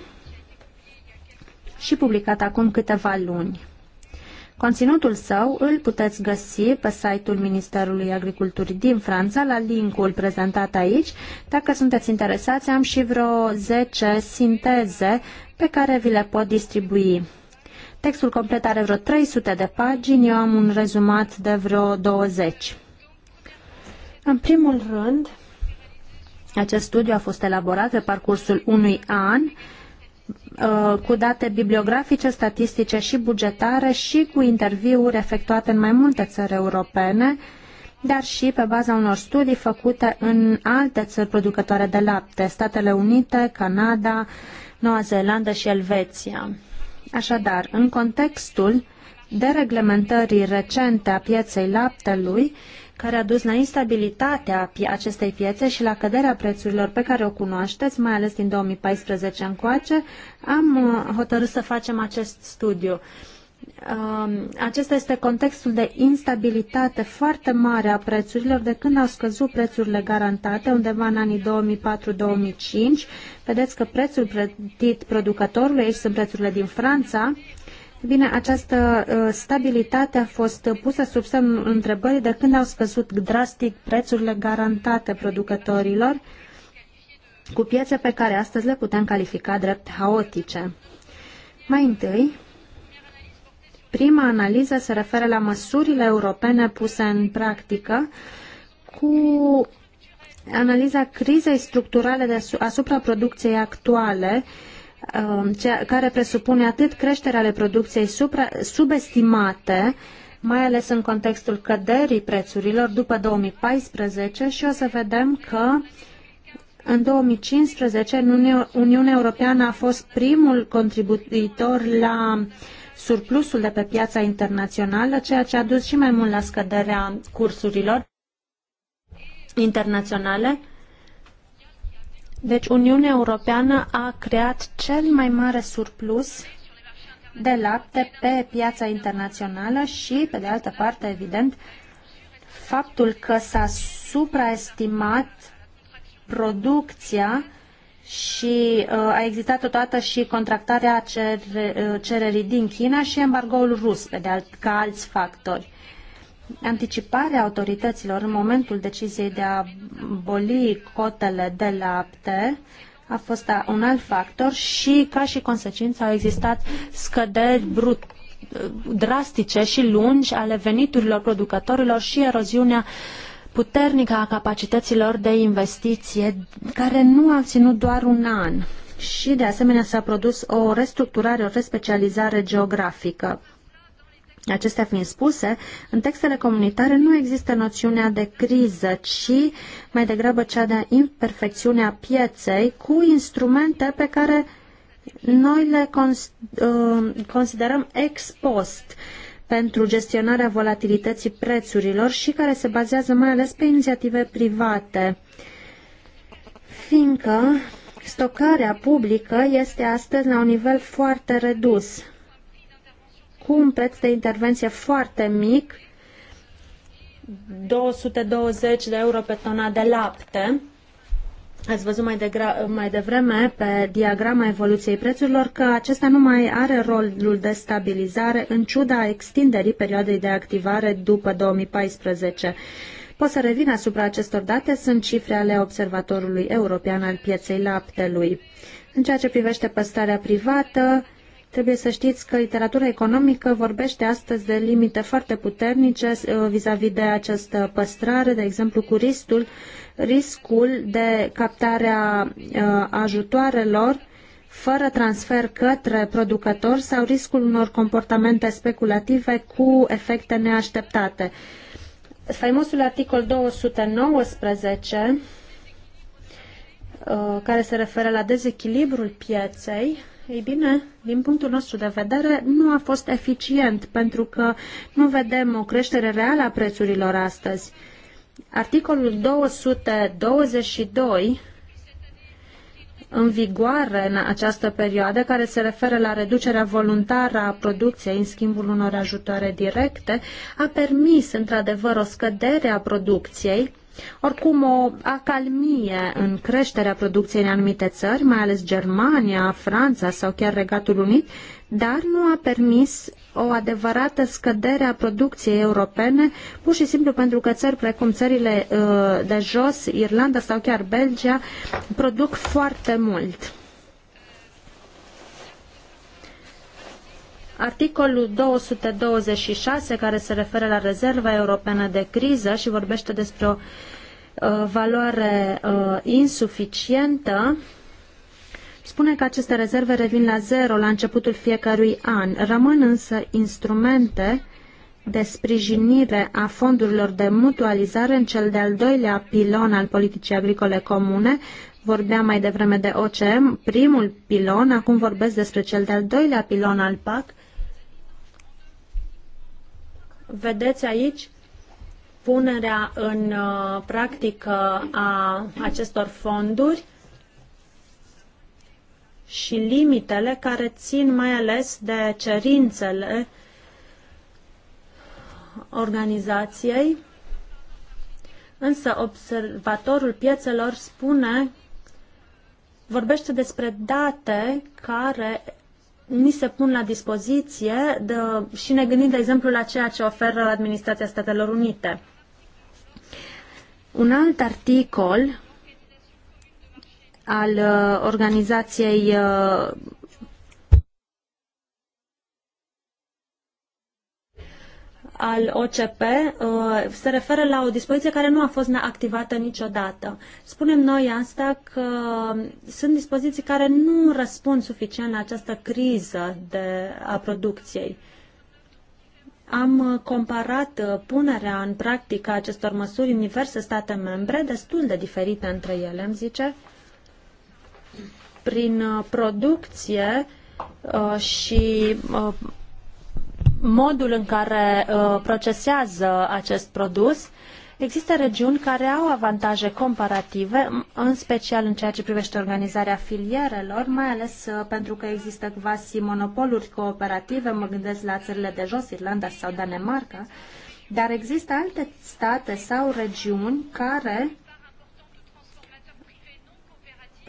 și publicat acum câteva luni. Conținutul său îl puteți găsi pe site-ul Ministerului Agriculturii din Franța, la linkul prezentat aici. Dacă sunteți interesați, am și vreo 10 sinteze pe care vi le pot distribui. Textul complet are vreo 300 de pagini, eu am un rezumat de vreo 20. În primul rând, acest studiu a fost elaborat pe parcursul unui an uh, cu date bibliografice, statistice și bugetare și cu interviuri efectuate în mai multe țări europene, dar și pe baza unor studii făcute în alte țări producătoare de lapte, Statele Unite, Canada, Noua Zeelandă și Elveția. Așadar, în contextul dereglementării recente a pieței laptelui, care a dus la instabilitatea acestei piețe și la căderea prețurilor pe care o cunoașteți, mai ales din 2014 încoace, am uh, hotărât să facem acest studiu. Um, acesta este contextul de instabilitate foarte mare a prețurilor de când au scăzut prețurile garantate undeva în anii 2004-2005. Vedeți că prețul plătit producătorului, aici sunt prețurile din Franța, Bine, această uh, stabilitate a fost pusă sub semnul întrebării de când au scăzut drastic prețurile garantate producătorilor, cu piețe pe care astăzi le putem califica drept haotice. Mai întâi, Prima analiză se referă la măsurile europene puse în practică cu analiza crizei structurale asupra producției actuale, um, care presupune atât creșterea ale producției subestimate, mai ales în contextul căderii prețurilor după 2014 și o să vedem că în 2015 Uniunea Europeană a fost primul contribuitor la surplusul de pe piața internațională, ceea ce a dus și mai mult la scăderea cursurilor internaționale. Deci Uniunea Europeană a creat cel mai mare surplus de lapte pe piața internațională și, pe de altă parte, evident, faptul că s-a supraestimat producția și uh, a existat totodată și contractarea cer, uh, cererii din China și embargoul rus, pe de alt, ca alți factori. Anticiparea autorităților în momentul deciziei de a boli cotele de lapte a fost un alt factor și ca și consecință au existat scăderi brut, uh, drastice și lungi ale veniturilor producătorilor și eroziunea uh, puternică a capacităților de investiție, care nu a ținut doar un an. Și, de asemenea, s-a produs o restructurare, o respecializare geografică. Acestea fiind spuse, în textele comunitare nu există noțiunea de criză, ci mai degrabă cea de imperfecțiune a pieței cu instrumente pe care noi le uh, considerăm ex post pentru gestionarea volatilității prețurilor și care se bazează mai ales pe inițiative private, fiindcă stocarea publică este astăzi la un nivel foarte redus, cu un preț de intervenție foarte mic, 220 de euro pe tona de lapte, Ați văzut mai, degra- mai devreme pe diagrama evoluției prețurilor că acesta nu mai are rolul de stabilizare în ciuda extinderii perioadei de activare după 2014. Pot să revin asupra acestor date, sunt cifre ale Observatorului European al Pieței Laptelui. În ceea ce privește păstarea privată, Trebuie să știți că literatura economică vorbește astăzi de limite foarte puternice uh, vis-a-vis -vis de această păstrare, de exemplu cu riscul de captarea uh, ajutoarelor fără transfer către producători sau riscul unor comportamente speculative cu efecte neașteptate. Faimosul articol 219 uh, care se referă la dezechilibrul pieței, ei bine, din punctul nostru de vedere, nu a fost eficient pentru că nu vedem o creștere reală a prețurilor astăzi. Articolul 222 în vigoare în această perioadă, care se referă la reducerea voluntară a producției în schimbul unor ajutoare directe, a permis într-adevăr o scădere a producției, oricum o acalmie în creșterea producției în anumite țări, mai ales Germania, Franța sau chiar Regatul Unit, dar nu a permis o adevărată scădere a producției europene, pur și simplu pentru că țări precum țările uh, de jos, Irlanda sau chiar Belgia, produc foarte mult. Articolul 226, care se referă la rezerva europeană de criză și vorbește despre o uh, valoare uh, insuficientă, spune că aceste rezerve revin la zero la începutul fiecărui an. Rămân însă instrumente de sprijinire a fondurilor de mutualizare în cel de-al doilea pilon al politicii agricole comune. Vorbeam mai devreme de OCM, primul pilon, acum vorbesc despre cel de-al doilea pilon al PAC. Vedeți aici punerea în uh, practică a acestor fonduri și limitele care țin mai ales de cerințele organizației, însă observatorul piețelor spune, vorbește despre date care ni se pun la dispoziție de, și ne gândim, de exemplu, la ceea ce oferă Administrația Statelor Unite. Un alt articol al uh, organizației uh, al OCP uh, se referă la o dispoziție care nu a fost activată niciodată. Spunem noi asta că sunt dispoziții care nu răspund suficient la această criză de, a producției. Am comparat punerea în practică acestor măsuri în diverse state membre, destul de diferite între ele, îmi zice, uh, prin uh, producție uh, și uh, modul în care procesează acest produs, Există regiuni care au avantaje comparative, în special în ceea ce privește organizarea filierelor, mai ales pentru că există quasi monopoluri cooperative, mă gândesc la țările de jos, Irlanda sau Danemarca, dar există alte state sau regiuni care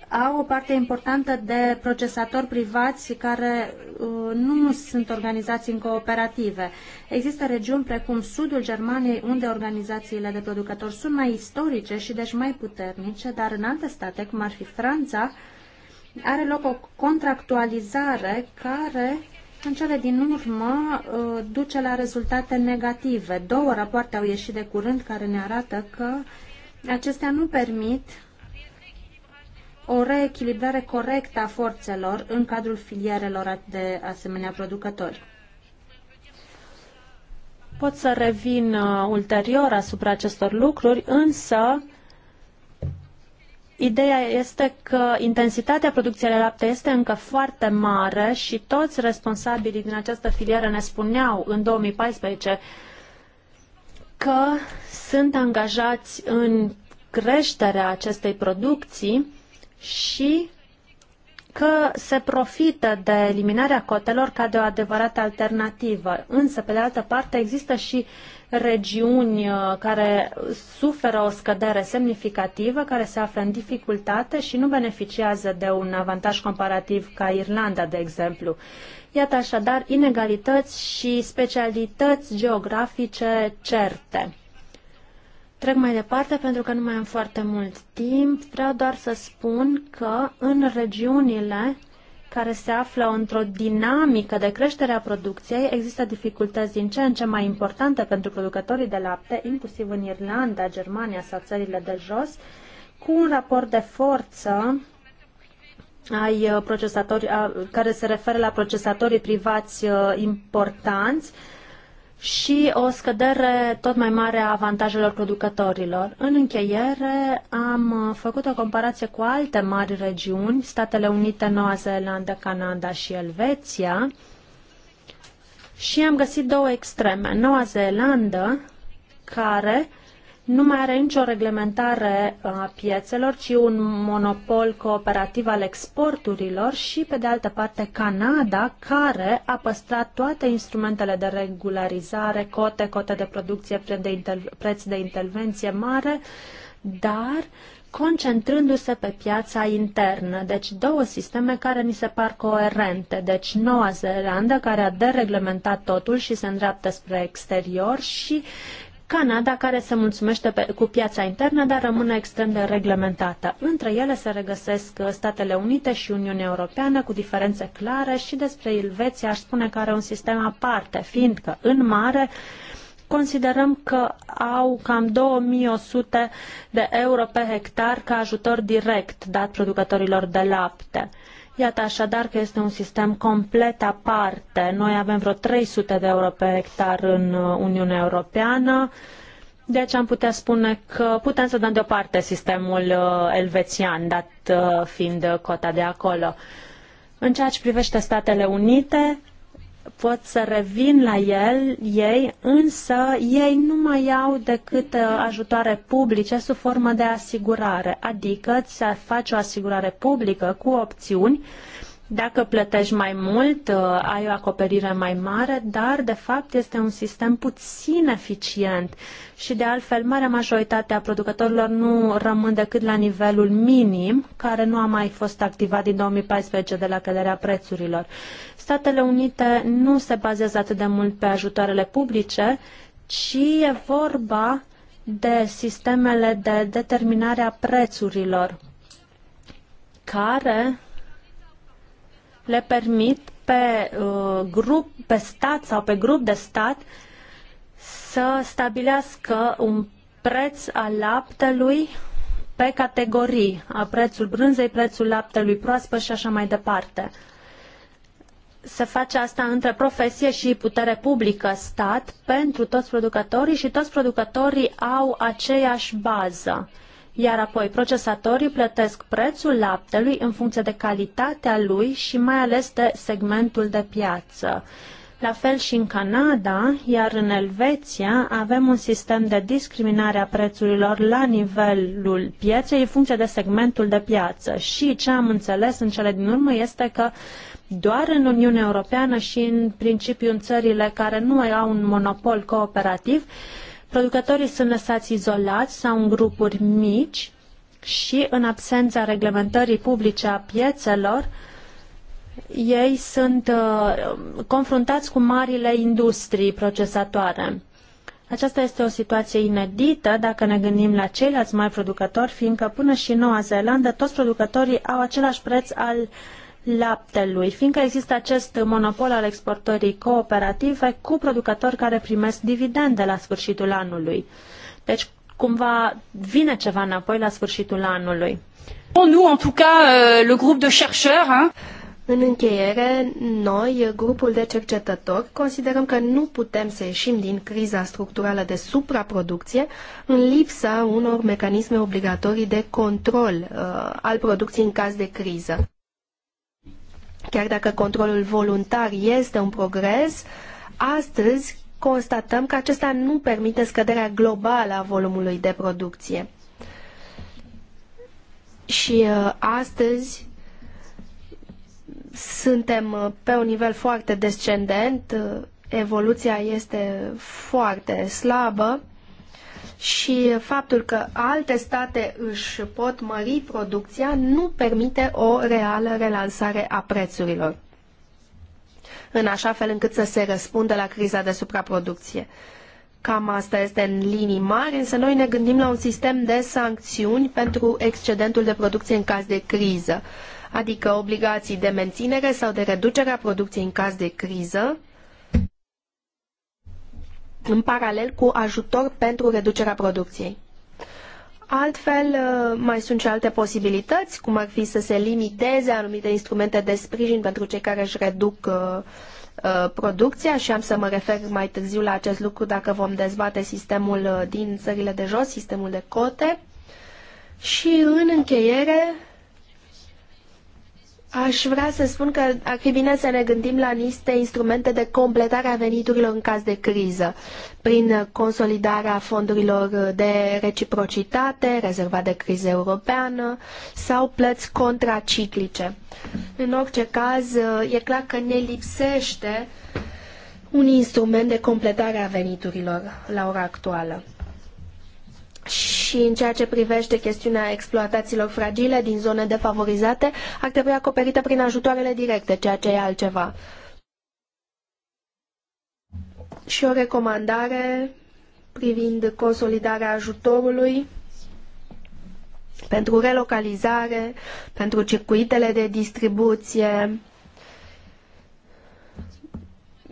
au o parte importantă de procesatori privați care uh, nu sunt organizați în cooperative. Există regiuni precum sudul Germaniei unde organizațiile de producători sunt mai istorice și deci mai puternice, dar în alte state, cum ar fi Franța, are loc o contractualizare care în cele din urmă uh, duce la rezultate negative. Două rapoarte au ieșit de curând care ne arată că acestea nu permit o reechilibrare corectă a forțelor în cadrul filierelor de asemenea producători. Pot să revin uh, ulterior asupra acestor lucruri, însă Ideea este că intensitatea producției de lapte este încă foarte mare și toți responsabilii din această filieră ne spuneau în 2014 că sunt angajați în creșterea acestei producții și că se profită de eliminarea cotelor ca de o adevărată alternativă. Însă, pe de altă parte, există și regiuni uh, care suferă o scădere semnificativă, care se află în dificultate și nu beneficiază de un avantaj comparativ ca Irlanda, de exemplu. Iată așadar inegalități și specialități geografice certe. Trec mai departe pentru că nu mai am foarte mult timp. Vreau doar să spun că în regiunile care se află într-o dinamică de creștere a producției, există dificultăți din ce în ce mai importante pentru producătorii de lapte, inclusiv în Irlanda, Germania sau țările de jos, cu un raport de forță ai uh, procesatorii, care se referă la procesatorii privați uh, importanți, și o scădere tot mai mare a avantajelor producătorilor. În încheiere, am făcut o comparație cu alte mari regiuni, Statele Unite, Noua Zeelandă, Canada și Elveția, și am găsit două extreme. Noua Zeelandă, care uh, nu mai are nicio reglementare uh, a piețelor, ci un monopol cooperativ al exporturilor și, pe de altă parte, Canada, care a păstrat toate instrumentele de regularizare, cote, cote de producție, preț de, inter- preț de intervenție mare, dar concentrându-se pe piața internă. Deci două sisteme care mi se par coerente. Deci Noua Zeelandă, care a dereglementat totul și se îndreaptă spre exterior și Canada, care se mulțumește pe, cu piața internă, dar rămâne extrem de reglementată. Între ele se regăsesc uh, Statele Unite și Uniunea Europeană, cu diferențe clare și despre Elveția aș spune că are un sistem aparte, fiindcă în mare considerăm că au cam 2100 de euro pe hectar ca ajutor direct dat producătorilor de lapte. Iată așadar că este un sistem complet aparte. Noi avem vreo 300 de euro pe hectar în uh, Uniunea Europeană. Deci am putea spune că putem să dăm deoparte sistemul uh, elvețian, dat uh, fiind cota de acolo. În ceea ce privește Statele Unite, pot să revin la el, ei, însă ei nu mai iau decât uh, ajutoare publice sub formă de asigurare, adică să faci o asigurare publică cu opțiuni dacă plătești mai mult, uh, ai o acoperire mai mare, dar de fapt este un sistem puțin eficient și de altfel marea majoritate a producătorilor nu rămân decât la nivelul minim, care nu a mai fost activat din 2014 de la căderea prețurilor. Statele Unite nu se bazează atât de mult pe ajutoarele publice, ci e vorba de sistemele de determinare a prețurilor care le permit pe uh, grup, pe stat sau pe grup de stat să stabilească un preț al laptelui pe categorii, a prețul brânzei, prețul laptelui proaspăt și așa mai departe. Se face asta între profesie și putere publică, stat, pentru toți producătorii și toți producătorii au aceeași bază iar apoi procesatorii plătesc prețul laptelui în funcție de calitatea lui și mai ales de segmentul de piață. La fel și în Canada, iar în Elveția, avem un sistem de discriminare a prețurilor la nivelul pieței în funcție de segmentul de piață. Și ce am înțeles în cele din urmă este că doar în Uniunea Europeană și în principiu în țările care nu au un monopol cooperativ, Producătorii sunt lăsați izolați sau în grupuri mici și, în absența reglementării publice a piețelor, ei sunt uh, confruntați cu marile industrii procesatoare. Aceasta este o situație inedită dacă ne gândim la ceilalți mari producători, fiindcă până și în Noua Zeelandă toți producătorii au același preț al uh, laptelui, fiindcă există acest monopol al exportării cooperative cu producători care primesc dividende la sfârșitul anului. Deci, cumva, vine ceva înapoi la sfârșitul anului. Bon, nous, en tout cas, euh, le grup de chercheurs, hein? În încheiere, noi, grupul de cercetători, considerăm că nu putem să ieșim din criza structurală de supraproducție în lipsa unor mecanisme obligatorii de control uh, al producției în caz de criză. Chiar dacă controlul voluntar este un progres, astăzi constatăm că acesta nu permite scăderea globală a volumului de producție. Și uh, astăzi suntem uh, pe un nivel foarte descendent, uh, evoluția este foarte slabă și faptul că alte state își pot mări producția nu permite o reală relansare a prețurilor, în așa fel încât să se răspundă la criza de supraproducție. Cam asta este în linii mari, însă noi ne gândim la un sistem de sancțiuni pentru excedentul de producție în caz de criză, adică obligații de menținere sau de reducere a producției în caz de criză, în paralel cu ajutor pentru reducerea producției. Altfel, uh, mai sunt și alte posibilități, cum ar fi să se limiteze anumite instrumente de sprijin pentru cei care își reduc uh, uh, producția și am să mă refer mai târziu la acest lucru dacă vom dezbate sistemul din țările de jos, sistemul de cote. Și în încheiere, Aș vrea să spun că ar fi bine să ne gândim la niște instrumente de completare a veniturilor în caz de criză, prin consolidarea fondurilor de reciprocitate, rezerva de criză europeană sau plăți contraciclice. În orice caz, e clar că ne lipsește un instrument de completare a veniturilor la ora actuală și în ceea ce privește chestiunea exploatațiilor fragile din zone defavorizate, ar trebui acoperită prin ajutoarele directe, ceea ce e altceva. Și o recomandare privind consolidarea ajutorului pentru relocalizare, pentru circuitele de distribuție,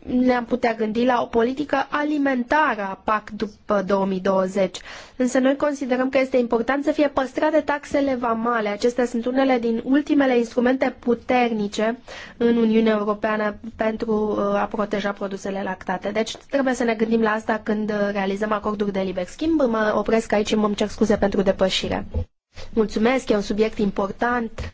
ne-am putea gândi la o politică alimentară a PAC după 2020. Însă noi considerăm că este important să fie păstrate taxele vamale. Acestea sunt unele din ultimele instrumente puternice în Uniunea Europeană pentru uh, a proteja produsele lactate. Deci trebuie să ne gândim la asta când realizăm acorduri de liber schimb. Mă opresc aici și mă cer scuze pentru depășire. Mulțumesc, e un subiect important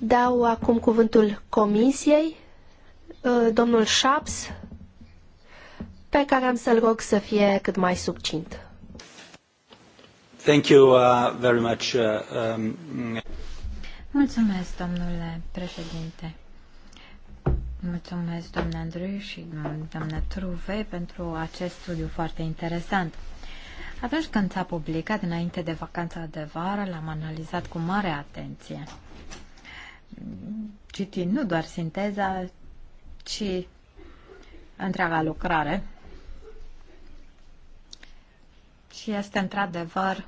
Dau acum cuvântul comisiei, uh, domnul Șaps, pe care am să-l rog să fie cât mai succint. Thank you uh, very much. Uh, um... Mulțumesc, domnule președinte. Mulțumesc, domnule Andrei și doamna Truve, pentru acest studiu foarte interesant. Atunci când s-a publicat înainte de vacanța de vară, l-am analizat cu mare atenție. Citind nu doar sinteza, ci întreaga lucrare. Și este într-adevăr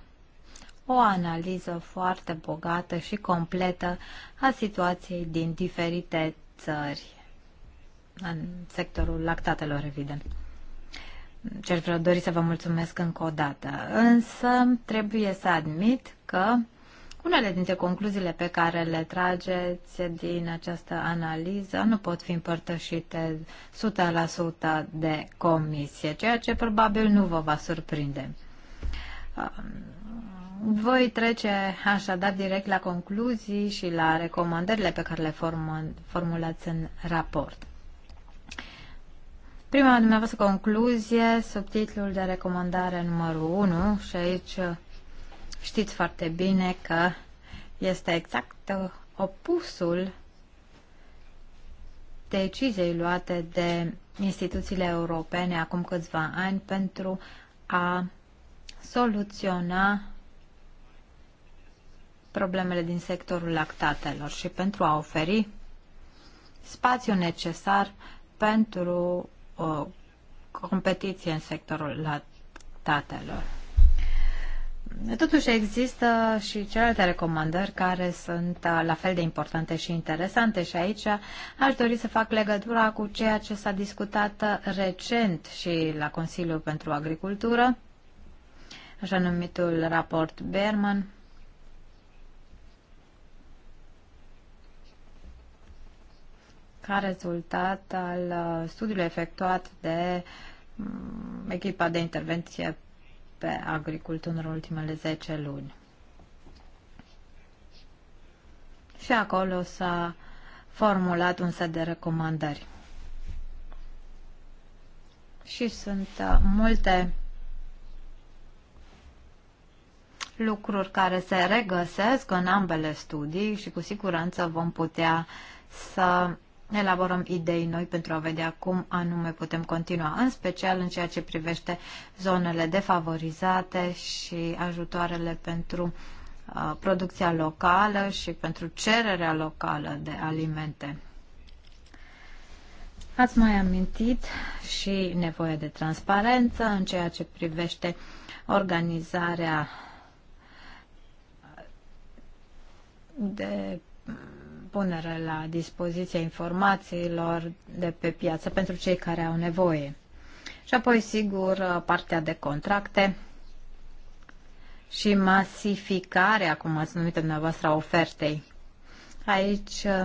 o analiză foarte bogată și completă a situației din diferite țări în sectorul lactatelor, evident cel vreau dori să vă mulțumesc încă o dată. Însă trebuie să admit că unele dintre concluziile pe care le trageți din această analiză nu pot fi împărtășite 100% de comisie, ceea ce probabil nu vă va surprinde. Um, voi trece așadar direct la concluzii și la recomandările pe care le formulați în raport. Prima dumneavoastră concluzie, subtitlul de recomandare numărul 1 și aici știți foarte bine că este exact opusul deciziei luate de instituțiile europene acum câțiva ani pentru a soluționa problemele din sectorul lactatelor și pentru a oferi spațiu necesar pentru o competiție în sectorul lactatelor. Totuși există și celelalte recomandări care sunt uh, la fel de importante și interesante și aici aș dori să fac legătura cu ceea ce s-a discutat uh, recent și la Consiliul pentru Agricultură, așa numitul raport Berman, ca rezultat al uh, studiului efectuat de mm, echipa de intervenție pe agricultură în ultimele 10 luni. Și acolo s-a formulat un set de recomandări. Și sunt uh, multe lucruri care se regăsesc în ambele studii și cu siguranță vom putea să elaborăm idei noi pentru a vedea cum anume putem continua, în special în ceea ce privește zonele defavorizate și ajutoarele pentru uh, producția locală și pentru cererea locală de alimente. Ați mai amintit și nevoia de transparență în ceea ce privește organizarea de punere la dispoziție informațiilor de pe piață pentru cei care au nevoie. Și apoi, sigur, partea de contracte și masificarea, cum ați numit dumneavoastră, a ofertei. Aici uh,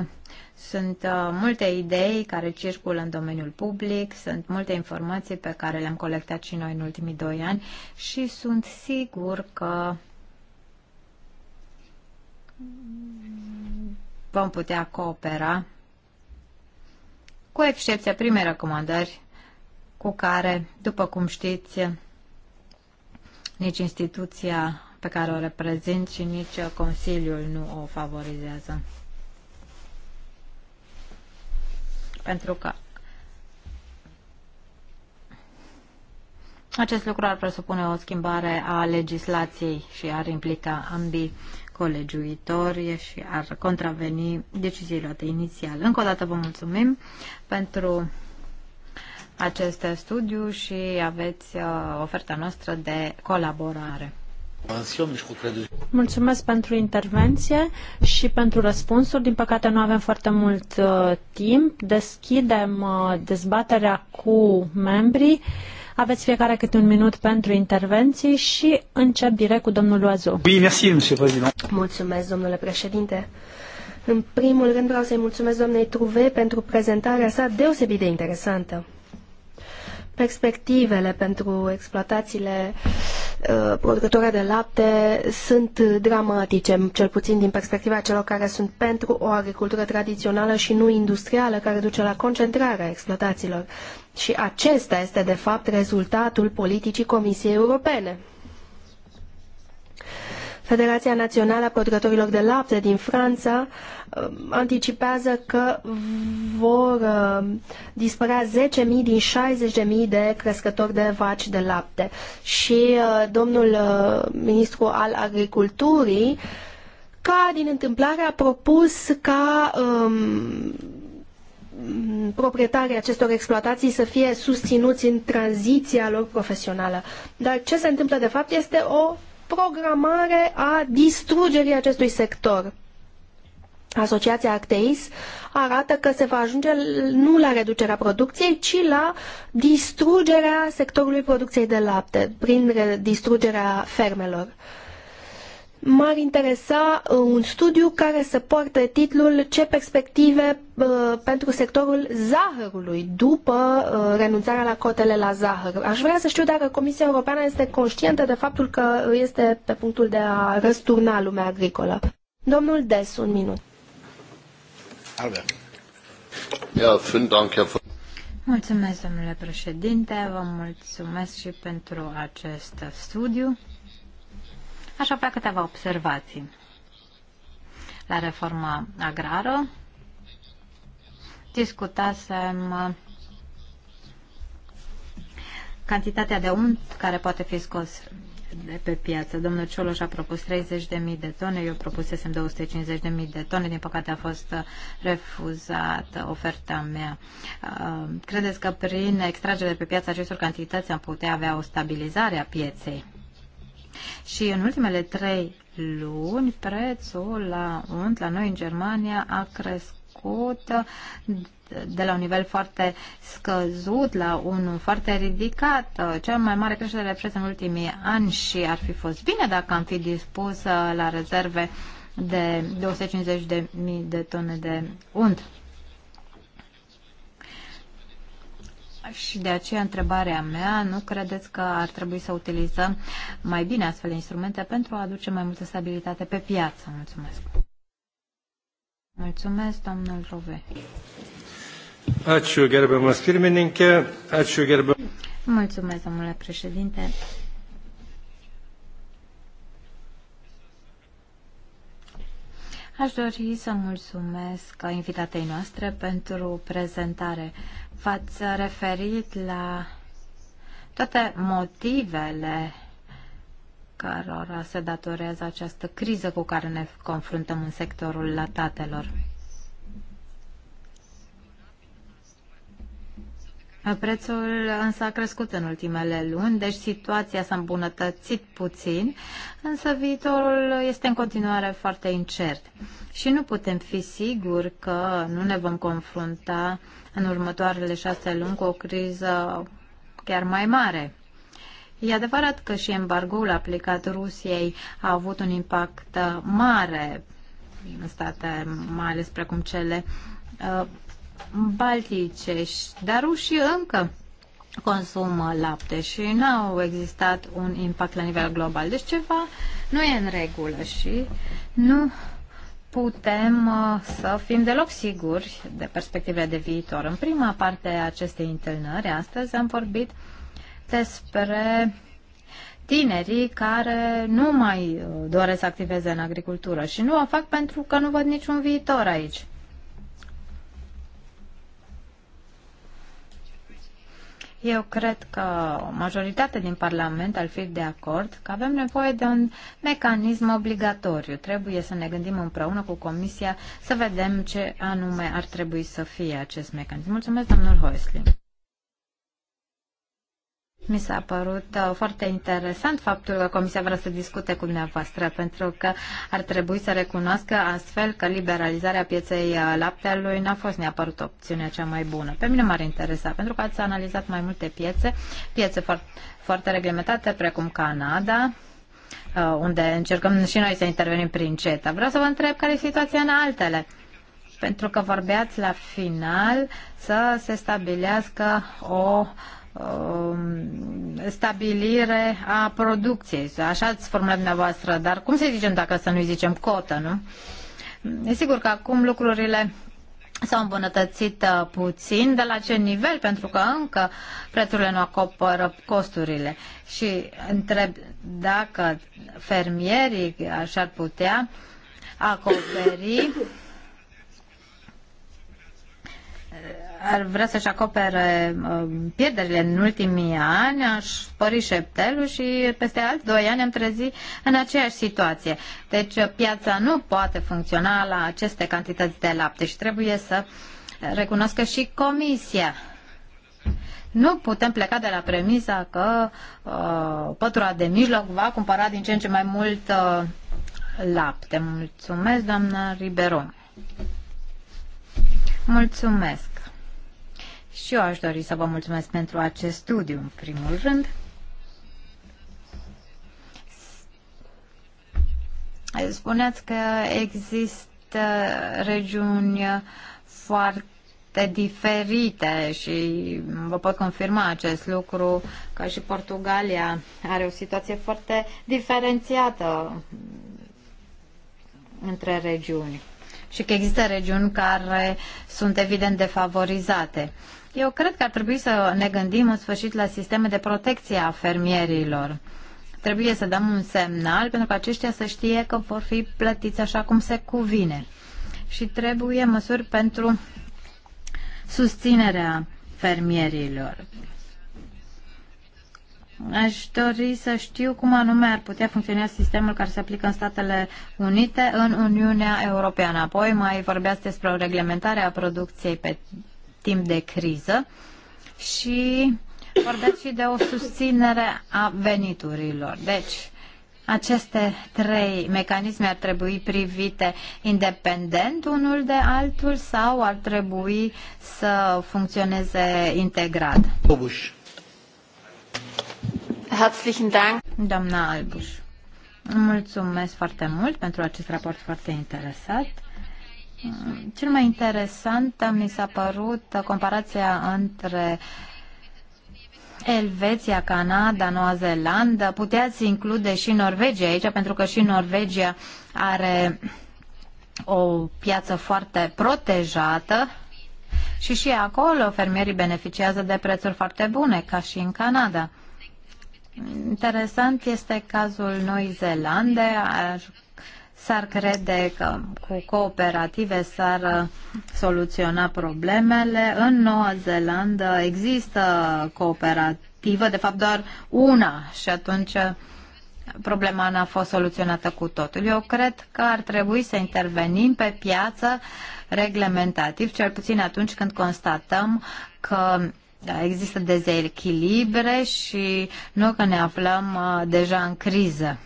sunt uh, multe idei care circulă în domeniul public, sunt multe informații pe care le-am colectat și noi în ultimii doi ani și sunt sigur că vom putea coopera, cu excepția primei recomandări cu care, după cum știți, nici instituția pe care o reprezint și nici Consiliul nu o favorizează. Pentru că acest lucru ar presupune o schimbare a legislației și ar implica ambii colegiuitori și ar contraveni deciziei luate inițial. Încă o dată vă mulțumim pentru acest studiu și aveți uh, oferta noastră de colaborare. Mulțumesc pentru intervenție și pentru răspunsuri. Din păcate nu avem foarte mult uh, timp. Deschidem uh, dezbaterea cu membrii. Uh, aveți fiecare câte un minut pentru intervenții și încep direct cu domnul Loazu. Mulțumesc, domnule președinte. În primul rând vreau să-i mulțumesc doamnei Truve pentru prezentarea sa deosebit de interesantă. Perspectivele pentru exploatațiile Uh, producătoare de lapte sunt dramatice, cel puțin din perspectiva celor care sunt pentru o agricultură tradițională și nu industrială, care duce la concentrarea exploatațiilor. Și acesta este, de fapt, rezultatul politicii Comisiei Europene. Federația Națională a Producătorilor de Lapte din Franța um, anticipează că vor um, dispărea 10.000 din 60.000 de crescători de vaci de lapte. Și uh, domnul uh, ministru al Agriculturii, ca din întâmplare, a propus ca um, proprietarii acestor exploatații să fie susținuți în tranziția lor profesională. Dar ce se întâmplă de fapt este o programare a distrugerii acestui sector. Asociația Acteis arată că se va ajunge nu la reducerea producției, ci la distrugerea sectorului producției de lapte, prin distrugerea fermelor. Uh, m-ar interesa uh, un studiu care să poartă titlul Ce perspective uh, pentru sectorul zahărului după uh, renunțarea la cotele la zahăr. Aș vrea să știu dacă Comisia Europeană este conștientă de faptul că este pe punctul de a răsturna lumea agricolă. Domnul Des, un minut. Mulțumesc, domnule președinte, vă mulțumesc și pentru acest studiu. Aș avea câteva observații. La reforma agrară discutasem uh, cantitatea de unt care poate fi scos de pe piață. Domnul Cioloș a propus 30.000 de tone, eu propusesem 250.000 de tone, din păcate a fost uh, refuzată oferta mea. Uh, credeți că prin extragerea pe piață acestor cantități am putea avea o stabilizare a pieței? Și în ultimele trei luni, prețul la unt la noi în Germania a crescut de la un nivel foarte scăzut la unul foarte ridicat, cea mai mare creștere de preț în ultimii ani și ar fi fost bine dacă am fi dispus la rezerve de 250.000 de tone de unt. Și de aceea întrebarea mea, nu credeți că ar trebui să utilizăm mai bine astfel de instrumente pentru a aduce mai multă stabilitate pe piață? Mulțumesc. Mulțumesc, domnul Rove. Ačiū, gerbiamas pirmininkė, ačiū, gerbiamas. Mulțumesc, domnule președinte. Aș dori să mulțumesc invitatei noastre pentru prezentare. V-ați referit la toate motivele cărora se datorează această criză cu care ne confruntăm în sectorul lactatelor. Prețul însă a crescut în ultimele luni, deci situația s-a îmbunătățit puțin, însă viitorul este în continuare foarte incert. Și nu putem fi siguri că nu ne vom confrunta în următoarele șase luni cu o criză chiar mai mare. E adevărat că și embargoul aplicat Rusiei a avut un impact mare în state, mai ales precum cele uh, balticești, dar rușii încă consumă lapte și nu au existat un impact la nivel global. Deci ceva nu e în regulă și nu putem uh, să fim deloc siguri de perspectivele de viitor. În prima parte a acestei întâlnări, astăzi, am vorbit despre tinerii care nu mai uh, doresc să activeze în agricultură și nu o fac pentru că nu văd niciun viitor aici. Eu cred că o majoritate din Parlament ar fi de acord că avem nevoie de un mecanism obligatoriu. Trebuie să ne gândim împreună cu Comisia să vedem ce anume ar trebui să fie acest mecanism. Mulțumesc, domnul Hoisling. Mi s-a părut uh, foarte interesant faptul că Comisia vrea să discute cu dumneavoastră, pentru că ar trebui să recunoască astfel că liberalizarea pieței uh, laptelui n-a fost neapărut opțiunea cea mai bună. Pe mine m-ar interesa, pentru că ați analizat mai multe piețe, piețe foarte, foarte reglementate, precum Canada, uh, unde încercăm și noi să intervenim prin CETA. Vreau să vă întreb care e situația în altele pentru că vorbeați la final să se stabilească o uh, Um, stabilire a producției. Așa ați formulat dumneavoastră, dar cum să zicem dacă să nu zicem cotă, nu? E sigur că acum lucrurile s-au îmbunătățit uh, puțin, de la ce nivel, pentru că încă prețurile nu acoperă costurile. Și întreb dacă fermierii așa ar putea acoperi ar vrea să-și acopere um, pierderile în ultimii ani, aș spări șeptelul și peste alți doi ani am trezit în aceeași situație. Deci uh, piața nu poate funcționa la aceste cantități de lapte și trebuie să uh, recunoască și comisia. Nu putem pleca de la premisa că uh, pătura de mijloc va cumpăra din ce în ce mai mult uh, lapte. Mulțumesc, doamna Riberon. Mulțumesc. Și eu aș dori să vă mulțumesc pentru acest studiu, în primul rând. Spuneați că există regiuni foarte diferite și vă pot confirma acest lucru că și Portugalia are o situație foarte diferențiată între regiuni și că există regiuni care sunt evident defavorizate. Eu cred că ar trebui să ne gândim în sfârșit la sisteme de protecție a fermierilor. Trebuie să dăm un semnal pentru că aceștia să știe că vor fi plătiți așa cum se cuvine. Și trebuie măsuri pentru susținerea fermierilor. Aș dori să știu cum anume ar putea funcționa sistemul care se aplică în Statele Unite, în Uniunea Europeană. Apoi mai vorbeați despre o reglementare a producției pe timp de criză și vorbeați și de o susținere a veniturilor. Deci, aceste trei mecanisme ar trebui privite independent unul de altul sau ar trebui să funcționeze integrat? Obuș. Herzlichen Dank. Doamna Albuș, mulțumesc foarte mult pentru acest raport foarte interesat. Mm, cel mai interesant mi s-a părut comparația între Elveția, Canada, Noua Zeelandă. Puteați include și Norvegia aici, pentru că și Norvegia are o piață foarte protejată și și acolo fermierii beneficiază de prețuri foarte bune, ca și în Canada. Interesant este cazul Noii Zeelande, S-ar crede că cu cooperative s-ar uh, soluționa problemele. În Noua Zeelandă există cooperativă, de fapt doar una și atunci uh, problema n-a fost soluționată cu totul. Eu cred că ar trebui să intervenim pe piață reglementativ, cel puțin atunci când constatăm că există dezechilibre și nu că ne aflăm uh, deja în criză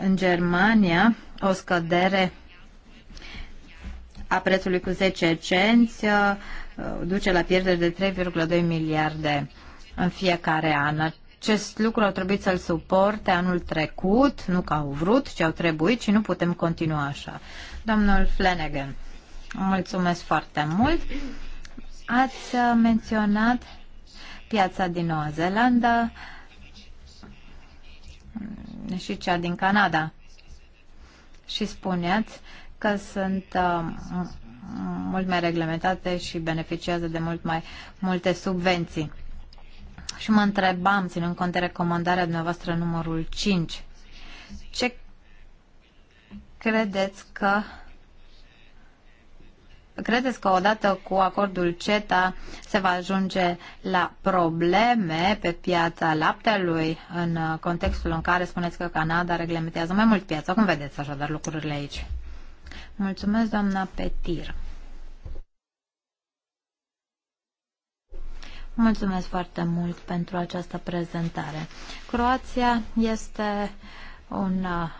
în Germania o scădere a prețului cu 10 cenți uh, duce la pierdere de 3,2 miliarde în fiecare an. Acest lucru au trebuit să-l suporte anul trecut, nu că au vrut, ci au trebuit și nu putem continua așa. Domnul Flanagan, mulțumesc foarte mult. Ați menționat piața din Noua Zeelandă. Uh, Mm, și cea din Canada. Și spuneați că sunt uh, mult mai reglementate și beneficiază de mult mai multe subvenții. Și mă întrebam, ținând cont de recomandarea dumneavoastră numărul 5, ce credeți că credeți că odată cu acordul CETA se va ajunge la probleme pe piața laptelui în contextul în care spuneți că Canada reglementează mai mult piața? Cum vedeți așadar lucrurile aici? Mulțumesc, doamna Petir. Mulțumesc foarte mult pentru această prezentare. Croația este un uh,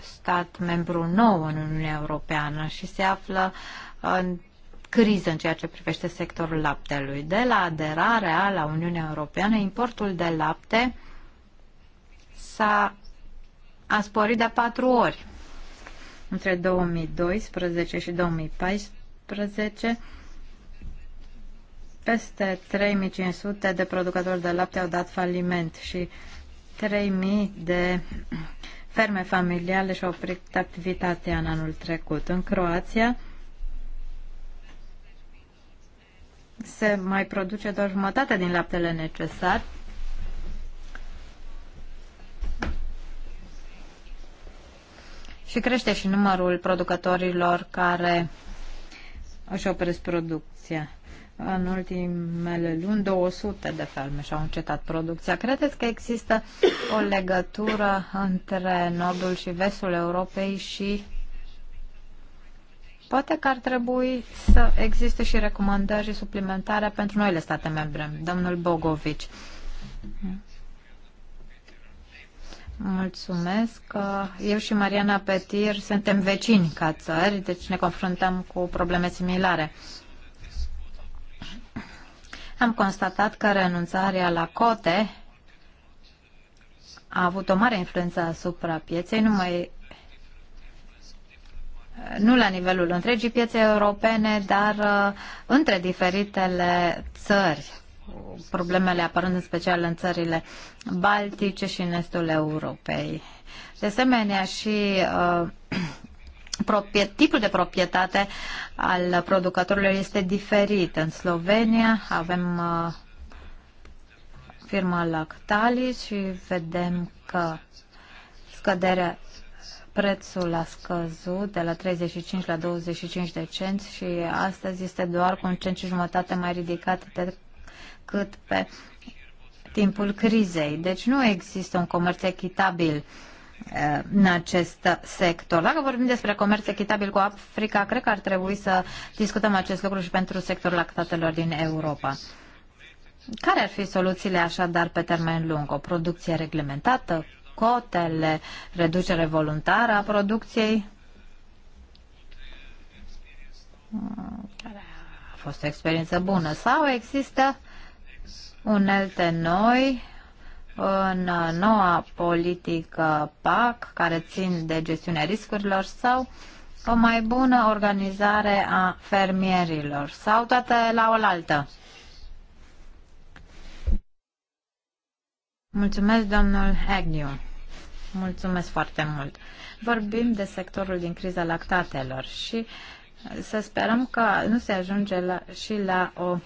stat membru nou în Uniunea Europeană și se află în criză în ceea ce privește sectorul laptelui. De la aderarea la Uniunea Europeană, importul de lapte s-a a sporit de patru ori. Între 2012 și 2014, peste 3500 de producători de lapte au dat faliment și 3000 de ferme familiale și-au oprit activitatea în anul trecut. În Croația, se mai produce doar jumătate din laptele necesar. Și crește și numărul producătorilor care își opresc producția. În ultimele luni, 200 de ferme și-au încetat producția. Credeți că există o legătură între nordul și vestul Europei și Poate că ar trebui să existe și recomandări suplimentare pentru noile state membre. Domnul Bogovici. Mulțumesc. Eu și Mariana Petir suntem vecini ca țări, deci ne confruntăm cu probleme similare. Am constatat că renunțarea la cote a avut o mare influență asupra pieței. Nu mai Uh, nu la nivelul întregii piețe europene, dar uh, între diferitele țări, problemele apărând în special în țările baltice și în estul Europei. De asemenea și uh, tipul de proprietate al producătorilor este diferit. În Slovenia avem uh, firma Lactali și vedem că scăderea prețul a scăzut de la 35 la 25 de cenți și astăzi este doar cu un cent și jumătate mai ridicat decât pe timpul crizei. Deci nu există un comerț echitabil eh, în acest sector. Dacă vorbim despre comerț echitabil cu Africa, cred că ar trebui să discutăm acest lucru și pentru sectorul lactatelor din Europa. Care ar fi soluțiile așadar pe termen lung? O producție reglementată, cotele, reducere voluntară a producției, a fost o experiență bună, sau există unelte noi în noua politică PAC care țin de gestiunea riscurilor sau o mai bună organizare a fermierilor sau toate la oaltă. Mulțumesc, domnul Agnew. Mulțumesc foarte mult. Vorbim de sectorul din criza lactatelor și să sperăm că nu se ajunge la, și la o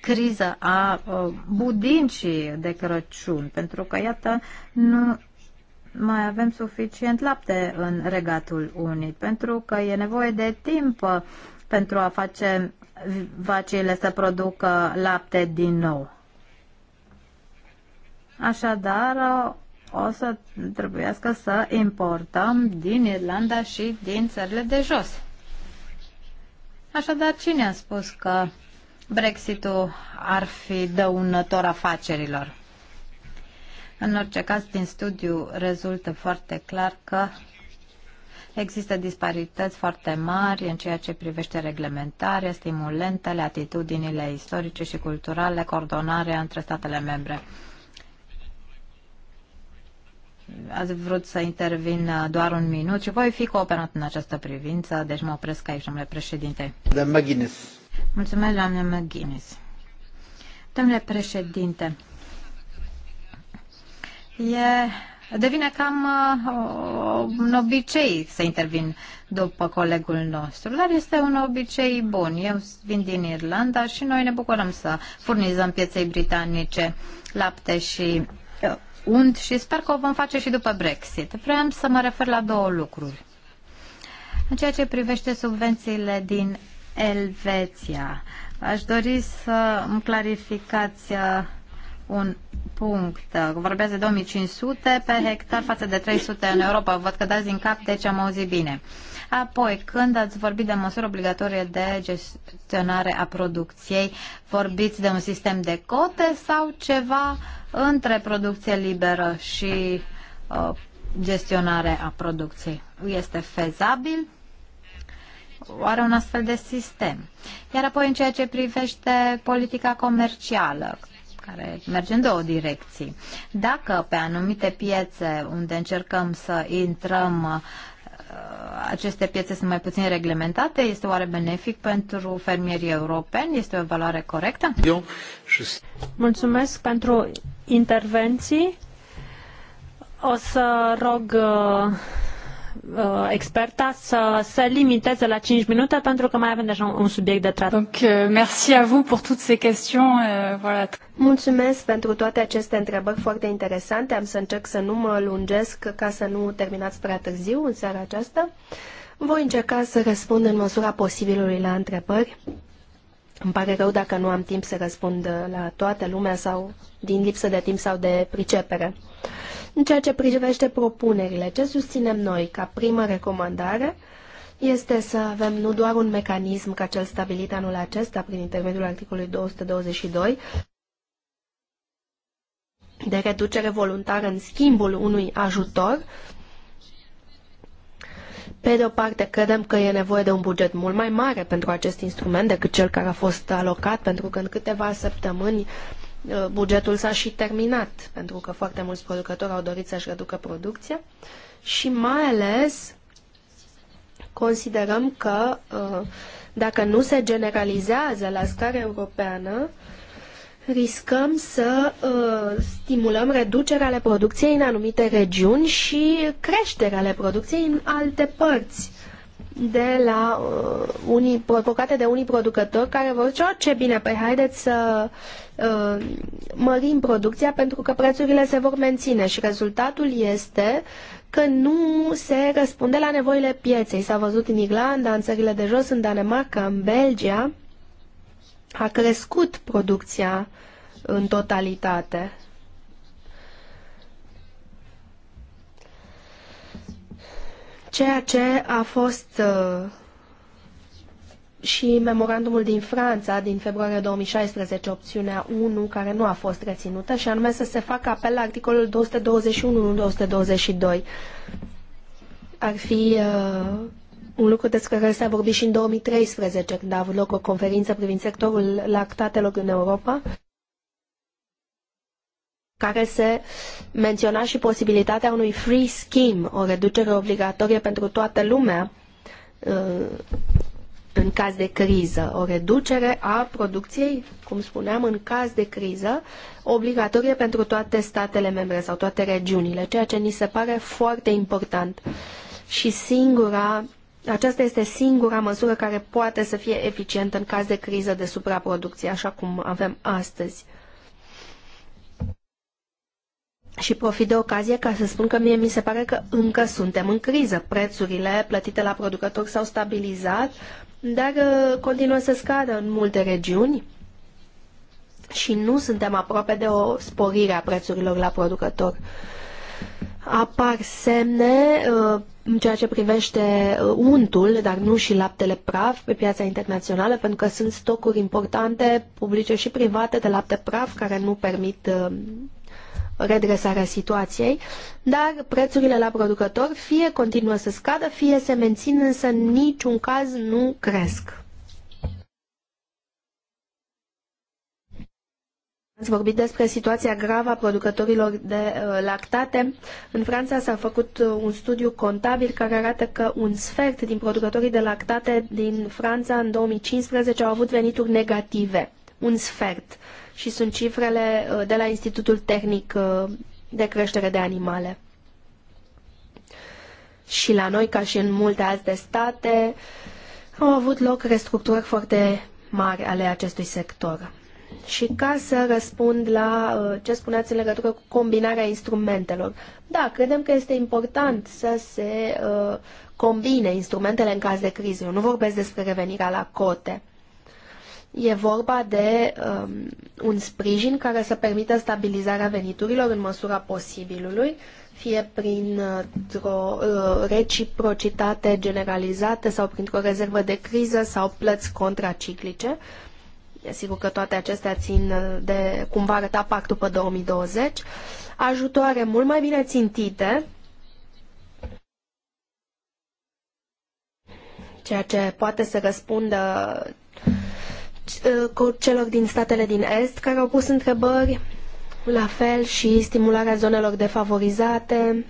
criză a budincii de Crăciun, pentru că, iată, nu mai avem suficient lapte în regatul unit, pentru că e nevoie de timp uh, pentru a face vacile să producă lapte din nou. Așadar, uh, o să trebuiască să importăm din Irlanda și din țările de jos. Așadar, cine a spus că Brexitul ar fi dăunător afacerilor? În orice caz, din studiu rezultă foarte clar că există disparități foarte mari în ceea ce privește reglementarea, stimulentele, atitudinile istorice și culturale, coordonarea între statele membre ați vrut să intervin uh, doar un minut și voi fi cooperat în această privință, deci mă opresc aici, domnule președinte. Doamna McGuinness. Mulțumesc, doamne McGuinness. Domnule președinte, e, devine cam uh, un obicei să intervin după colegul nostru, dar este un obicei bun. Eu vin din Irlanda și noi ne bucurăm să furnizăm pieței britanice lapte și uh, und și sper că o vom face și după Brexit. Vreau să mă refer la două lucruri. În ceea ce privește subvențiile din Elveția, aș dori să îmi clarificați uh, un punct. Vorbează de 2500 pe hectar față de 300 în Europa. Văd că dați din cap, deci am auzit bine. Uh, Apoi, când ați vorbit de măsuri obligatorie de gestionare a producției, vorbiți de un sistem de cote sau ceva între producție liberă și uh, gestionare a producției? Este fezabil? Oare un astfel de sistem? Iar apoi, în ceea ce privește politica comercială, care merge în două direcții. Dacă pe anumite piețe unde încercăm să intrăm Uh, aceste piețe sunt mai puțin reglementate? Este oare benefic pentru fermierii europeni? Este o valoare corectă? Mulțumesc pentru intervenții. O să rog uh, Uh, experta să se limiteze la 5 minute pentru că mai avem deja un, un subiect de tratat. Donc, euh, merci à vous pour toutes ces questions. Euh, voilà. Mulțumesc pentru toate aceste întrebări foarte interesante. Am să încerc să nu mă lungesc ca să nu terminați prea târziu în seara aceasta. Voi încerca să răspund în măsura posibilului la întrebări. Îmi pare rău dacă nu am timp să răspund la toată lumea sau din lipsă de timp sau de pricepere. În ceea ce privește propunerile, ce susținem noi ca primă recomandare este să avem nu doar un mecanism ca cel stabilit anul acesta prin intermediul articolului 222 de reducere voluntară în schimbul unui ajutor, pe de o parte, credem că e nevoie de un buget mult mai mare pentru acest instrument decât cel care a fost alocat, pentru că în câteva săptămâni uh, bugetul s-a și terminat, pentru că foarte mulți producători au dorit să-și reducă producția și mai ales considerăm că uh, dacă nu se generalizează la scară europeană, riscăm să uh, stimulăm reducerea ale producției în anumite regiuni și creșterea ale producției în alte părți de la uh, unii provocate de unii producători care vor zice, oh, ce bine, păi haideți să uh, mărim producția pentru că prețurile se vor menține și rezultatul este că nu se răspunde la nevoile pieței. S-a văzut în Irlanda, în țările de jos, în Danemarca, în Belgia, uh, a crescut producția în totalitate. Ceea ce a fost uh, și memorandumul din Franța din februarie 2016, opțiunea 1, care nu a fost reținută, și anume să se facă apel la articolul 221, 222. Ar fi uh, un lucru despre care s-a vorbit și în 2013, când a avut loc o conferință privind sectorul lactatelor în Europa, care se menționa și posibilitatea unui free scheme, o reducere obligatorie pentru toată lumea uh, în caz de criză, o reducere a producției, cum spuneam, în caz de criză, obligatorie pentru toate statele membre sau toate regiunile, ceea ce ni se pare foarte important. Și singura aceasta este singura măsură care poate să fie eficientă în caz de criză de supraproducție, așa cum avem astăzi. Și profit de ocazie ca să spun că mie mi se pare că încă suntem în criză. Prețurile plătite la producători s-au stabilizat, dar uh, continuă să scadă în multe regiuni și nu suntem aproape de o sporire a prețurilor la producător. Apar semne uh, în ceea ce privește uh, untul, dar nu și laptele praf pe piața internațională, pentru că sunt stocuri importante, publice și private, de lapte praf care nu permit uh, redresarea situației, dar prețurile la producător fie continuă să scadă, fie se mențin, însă în niciun caz nu cresc. Ați vorbit despre situația gravă a producătorilor de uh, lactate. În Franța s-a făcut uh, un studiu contabil care arată că un sfert din producătorii de lactate din Franța în 2015 au avut venituri negative. Un sfert. Și sunt cifrele uh, de la Institutul Tehnic de Creștere de Animale. Și la noi, ca și în multe alte state, au avut loc restructurări foarte mari ale acestui sector. Și ca să răspund la uh, ce spuneați în legătură cu combinarea instrumentelor, da, credem că este important să se uh, combine instrumentele în caz de criză. Eu nu vorbesc despre revenirea la cote. E vorba de um, un sprijin care să permită stabilizarea veniturilor în măsura posibilului, fie printr-o uh, reciprocitate generalizată sau printr-o rezervă de criză sau plăți contraciclice. Uh, Sigur că toate acestea țin uh, de cum va arăta pactul pe 2020. Ajutoare mult mai bine țintite, ceea ce poate să răspundă uh, celor din statele din Est care au pus întrebări, la fel și stimularea zonelor defavorizate,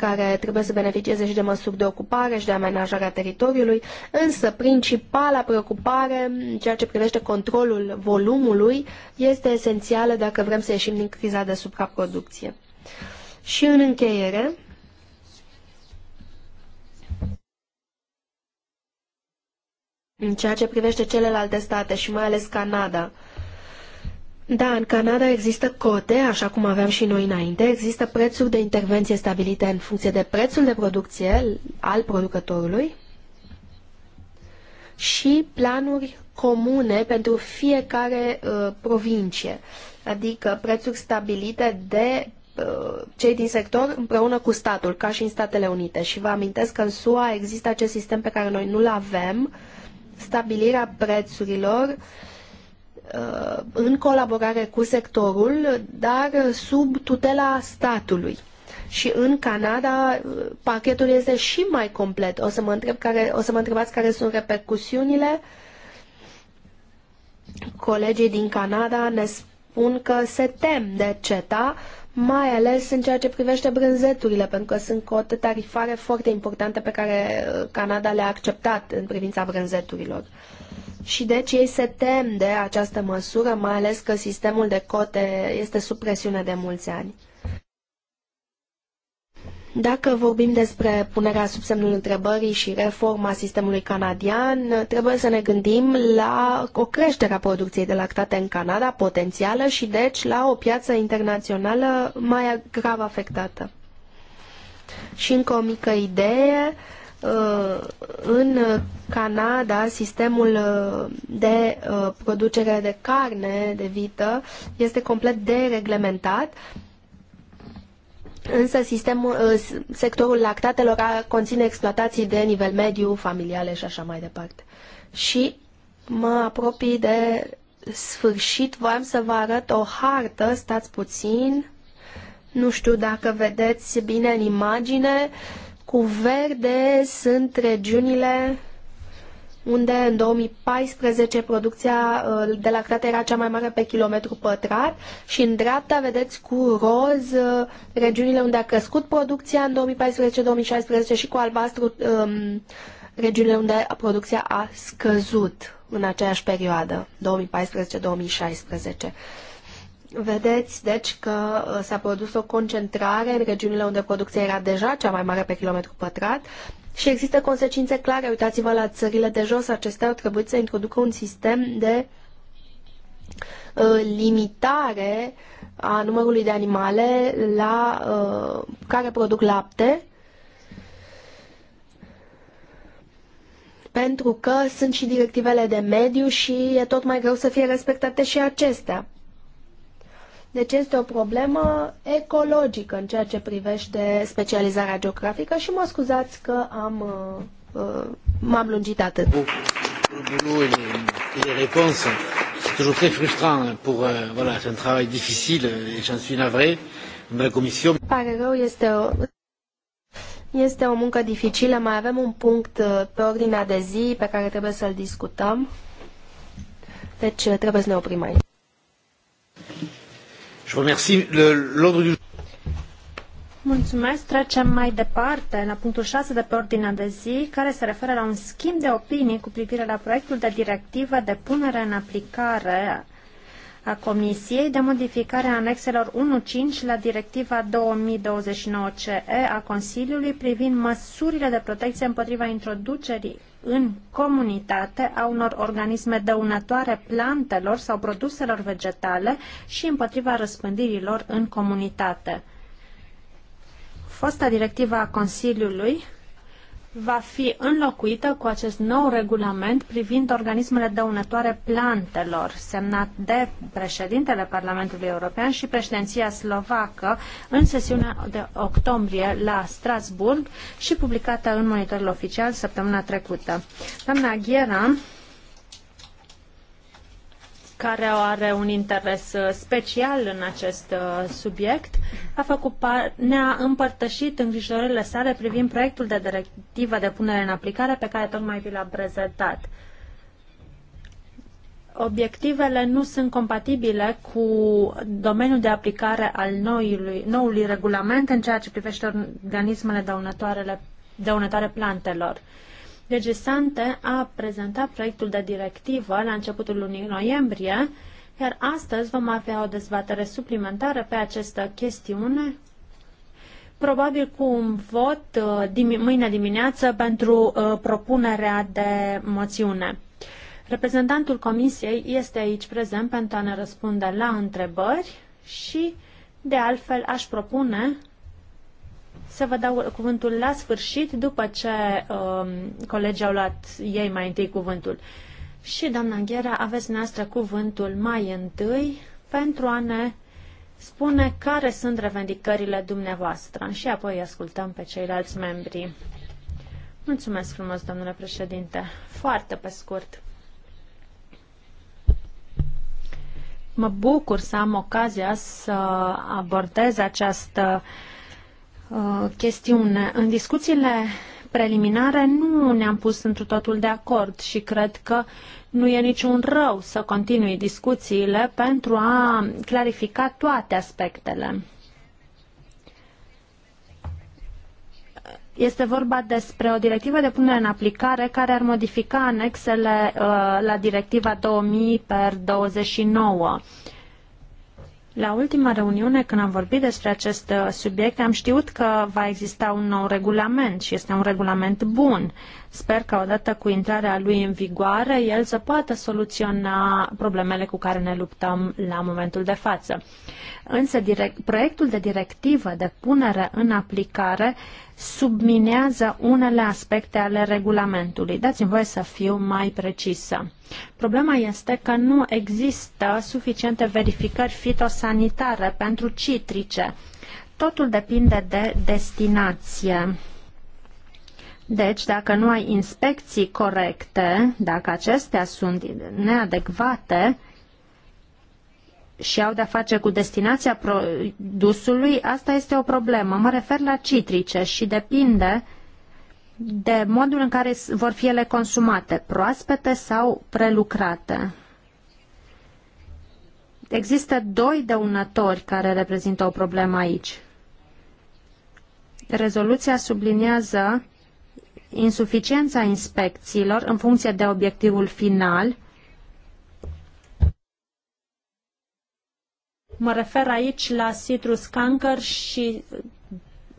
care trebuie să beneficieze și de măsuri de ocupare și de amenajare a teritoriului, însă principala preocupare în ceea ce privește controlul volumului este esențială dacă vrem să ieșim din criza de supraproducție. Și în încheiere, în ceea ce privește celelalte state și mai ales Canada, da, în Canada există cote, așa cum aveam și noi înainte. Există prețuri de intervenție stabilite în funcție de prețul de producție al producătorului și planuri comune pentru fiecare uh, provincie, adică prețuri stabilite de uh, cei din sector împreună cu statul, ca și în Statele Unite. Și vă amintesc că în SUA există acest sistem pe care noi nu-l avem, stabilirea prețurilor uh, Uh, în colaborare cu sectorul, dar sub tutela statului. Și în Canada uh, pachetul este și mai complet. O să mă, întreb care, o să mă întrebați care sunt repercusiunile. Colegii din Canada ne spun că se tem de CETA, mai ales în ceea ce privește brânzeturile, pentru că sunt cote tarifare foarte importante pe care uh, Canada le-a acceptat în privința brânzeturilor. Uh, și deci ei se tem de această măsură, mai ales că sistemul de cote este sub presiune de mulți ani. Dacă vorbim despre punerea sub semnul întrebării și reforma sistemului canadian, trebuie să ne gândim la o creștere a producției de lactate în Canada potențială și deci la o piață internațională mai grav afectată. Și încă o mică idee, Uh, în Canada sistemul uh, de uh, producere de carne de vită este complet dereglementat, însă sistemul, sectorul lactatelor conține exploatații de nivel mediu, familiale și așa mai departe. Și mă apropii de sfârșit, voiam să vă arăt o hartă, stați puțin, nu știu dacă vedeți bine în imagine, uh, cu verde sunt regiunile unde în 2014 producția uh, de lactate era cea mai mare pe kilometru pătrat și în dreapta vedeți cu roz uh, regiunile unde a crescut producția în 2014-2016 și cu albastru um, regiunile unde producția a scăzut în aceeași perioadă, 2014-2016. Vedeți, deci, că uh, s-a produs o concentrare în regiunile unde producția era deja cea mai mare pe kilometru pătrat și există consecințe clare. Uitați-vă la țările de jos, acestea au trebuit să introducă un sistem de uh, limitare a numărului de animale la, uh, care produc lapte pentru că sunt și directivele de mediu și e tot mai greu să fie respectate și acestea. Deci este o problemă ecologică în ceea ce privește specializarea geografică și mă scuzați că am, uh, uh, m-am lungit atât. frustrant euh, un Pare rău, este o, este o muncă dificilă. Mai avem un punct uh, pe ordinea de zi pe care trebuie să-l discutăm. Deci trebuie să ne oprim aici. Trecem mai departe la punctul 6 de pe ordinea de zi, care se referă la un schimb de opinii cu privire la proiectul de directivă de punere în aplicare a Comisiei de modificare a anexelor 1.5 la Directiva 2029-CE a Consiliului privind măsurile de protecție împotriva introducerii în comunitate a unor organisme dăunătoare plantelor sau produselor vegetale și împotriva răspândirii lor în comunitate. Fosta directiva a Consiliului va fi înlocuită cu acest nou regulament privind organismele dăunătoare plantelor, semnat de președintele Parlamentului European și președinția slovacă în sesiunea de octombrie la Strasburg și publicată în monitorul oficial săptămâna trecută. Doamna Ghiera, care are un interes uh, special în acest uh, subiect, a făcut par- ne-a împărtășit îngrijorările sale privind proiectul de directivă de punere în aplicare pe care tocmai vi l-am prezentat. Obiectivele nu sunt compatibile cu domeniul de aplicare al noului, noului regulament în ceea ce privește organismele dăunătoare plantelor. Uh, DG Sante a prezentat proiectul de directivă la începutul lunii noiembrie, iar astăzi vom avea o dezbatere suplimentară pe această chestiune, probabil cu un vot uh, mâine dimineață pentru uh, propunerea de moțiune. Reprezentantul Comisiei este aici prezent pentru a ne răspunde la întrebări și, de altfel, aș propune să vă dau cuvântul la sfârșit, după ce um, colegii au luat ei mai întâi cuvântul. Și, doamna Înghera, aveți noastră cuvântul mai întâi pentru a ne spune care sunt revendicările dumneavoastră și apoi ascultăm pe ceilalți membri. Mulțumesc frumos, domnule președinte. Foarte pe scurt. Mă bucur să am ocazia să abordez această uh, Uh, chestiune. În discuțiile preliminare nu ne-am pus într totul de acord și cred că nu e niciun rău să continui discuțiile pentru a clarifica toate aspectele. Este vorba despre o directivă de punere în aplicare care ar modifica anexele uh, la directiva 2000 per 29 la ultima reuniune, când am vorbit despre acest uh, subiect, am știut că va exista un nou regulament și este un regulament bun, Sper că odată cu intrarea lui în vigoare, el să poată soluționa problemele cu care ne luptăm la momentul de față. Însă direct, proiectul de directivă de punere în aplicare subminează unele aspecte ale regulamentului. Dați-mi voie să fiu mai precisă. Problema este că nu există suficiente verificări fitosanitare pentru citrice. Totul depinde de destinație. Deci, dacă nu ai inspecții corecte, dacă acestea sunt neadecvate și au de-a face cu destinația produsului, asta este o problemă. Mă refer la citrice și depinde de modul în care vor fi ele consumate, proaspete sau prelucrate. Există doi dăunători care reprezintă o problemă aici. Rezoluția subliniază insuficiența inspecțiilor în funcție de obiectivul final. Mă refer aici la citrus cancer și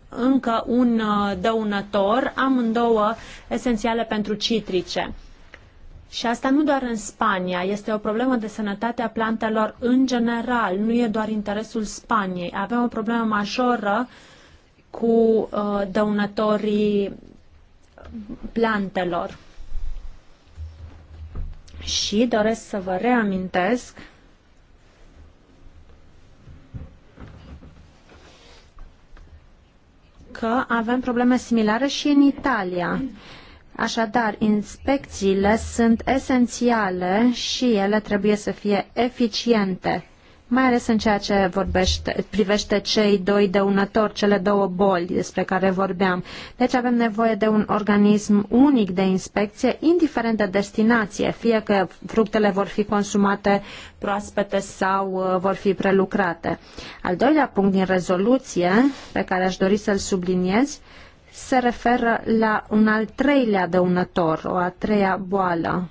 încă un uh, dăunător, amândouă esențiale pentru citrice. Și asta nu doar în Spania, este o problemă de sănătate a plantelor în general, nu e doar interesul Spaniei. Avem o problemă majoră cu uh, dăunătorii plantelor. Și doresc să vă reamintesc că avem probleme similare și în Italia. Așadar, inspecțiile sunt esențiale și ele trebuie să fie eficiente mai ales în ceea ce vorbește, privește cei doi dăunători, cele două boli despre care vorbeam. Deci avem nevoie de un organism unic de inspecție, indiferent de destinație, fie că fructele vor fi consumate proaspete sau uh, vor fi prelucrate. Al doilea punct din rezoluție, pe care aș dori să-l subliniez, se referă la un al treilea dăunător, o a treia boală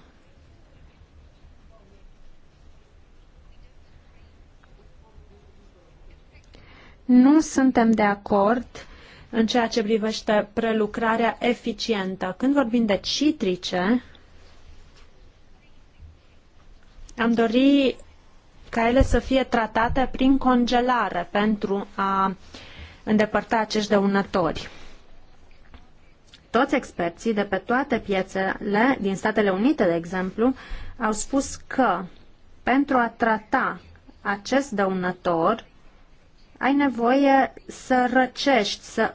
nu suntem de acord în ceea ce privește prelucrarea eficientă. Când vorbim de citrice, am dori ca ele să fie tratate prin congelare pentru a îndepărta acești dăunători. Toți experții de pe toate piețele, din Statele Unite, de exemplu, au spus că pentru a trata acest dăunător, ai nevoie să răcești, să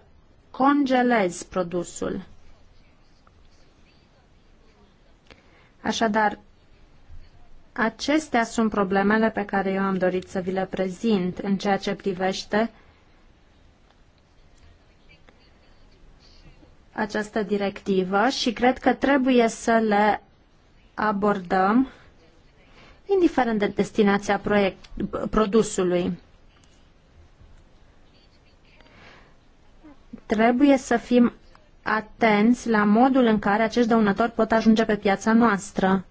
congelezi produsul. Așadar, acestea sunt problemele pe care eu am dorit să vi le prezint în ceea ce privește această directivă și cred că trebuie să le abordăm indiferent de destinația proiect, produsului. trebuie să fim atenți la modul în care acești dăunători pot ajunge pe piața noastră.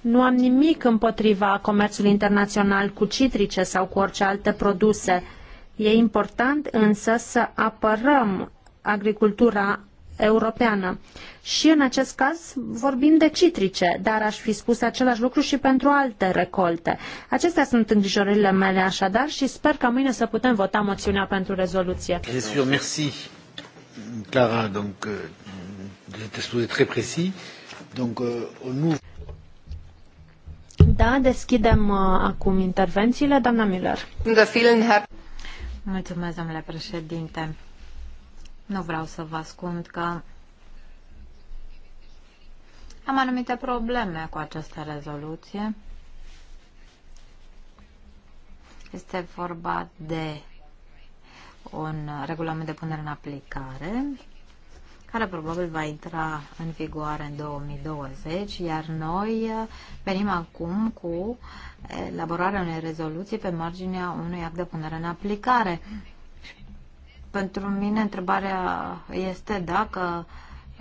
Nu am nimic împotriva comerțului internațional cu citrice sau cu orice alte produse. E important însă să apărăm agricultura europeană. Și în acest caz vorbim de citrice, dar aș fi spus același lucru și pentru alte recolte. Acestea sunt îngrijorările mele așadar și sper ca mâine să putem vota moțiunea pentru rezoluție. Sûr, merci. Clara, donc, euh, Donc, euh, nous... Da, deschidem uh, acum intervențiile. Doamna Miller. Da, Mulțumesc, domnule președinte. Nu vreau să vă ascund că am anumite probleme cu această rezoluție. Este vorba de un regulament de punere în aplicare care probabil va intra în vigoare în 2020, iar noi venim acum cu elaborarea unei rezoluții pe marginea unui act de punere în aplicare. Pentru mine întrebarea este dacă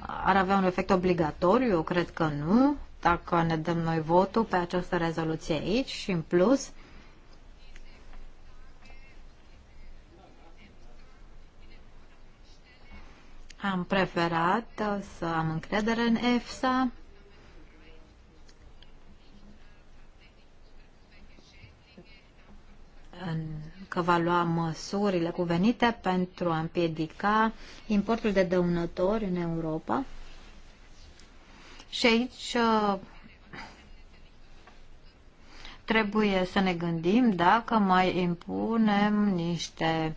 ar avea un efect obligatoriu, eu cred că nu, dacă ne dăm noi votul pe această rezoluție aici și în plus am preferat să am încredere în EFSA în că va lua măsurile cuvenite pentru a împiedica importul de dăunători în Europa. Și aici uh, trebuie să ne gândim dacă mai impunem niște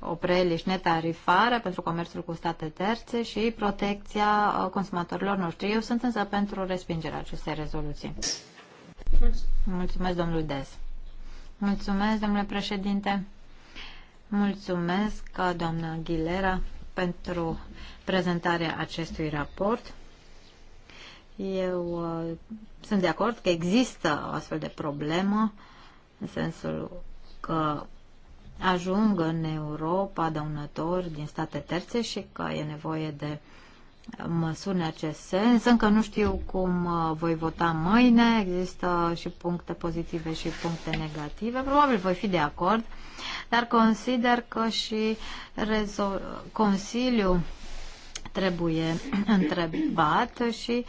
opreliști netarifare pentru comerțul cu state terțe și protecția uh, consumatorilor noștri. Eu sunt însă pentru respingerea acestei rezoluții. Mulțumesc, domnul Des. Mulțumesc, domnule președinte. Mulțumesc, doamna Aguilera, pentru prezentarea acestui raport. Eu uh, sunt de acord că există o astfel de problemă, în sensul că ajung în Europa dăunători din state terțe și că e nevoie de uh, măsuri în acest sens. Încă nu știu cum uh, voi vota mâine. Există și puncte pozitive și puncte negative. Probabil voi fi de acord, dar consider că și Consiliul trebuie întrebat și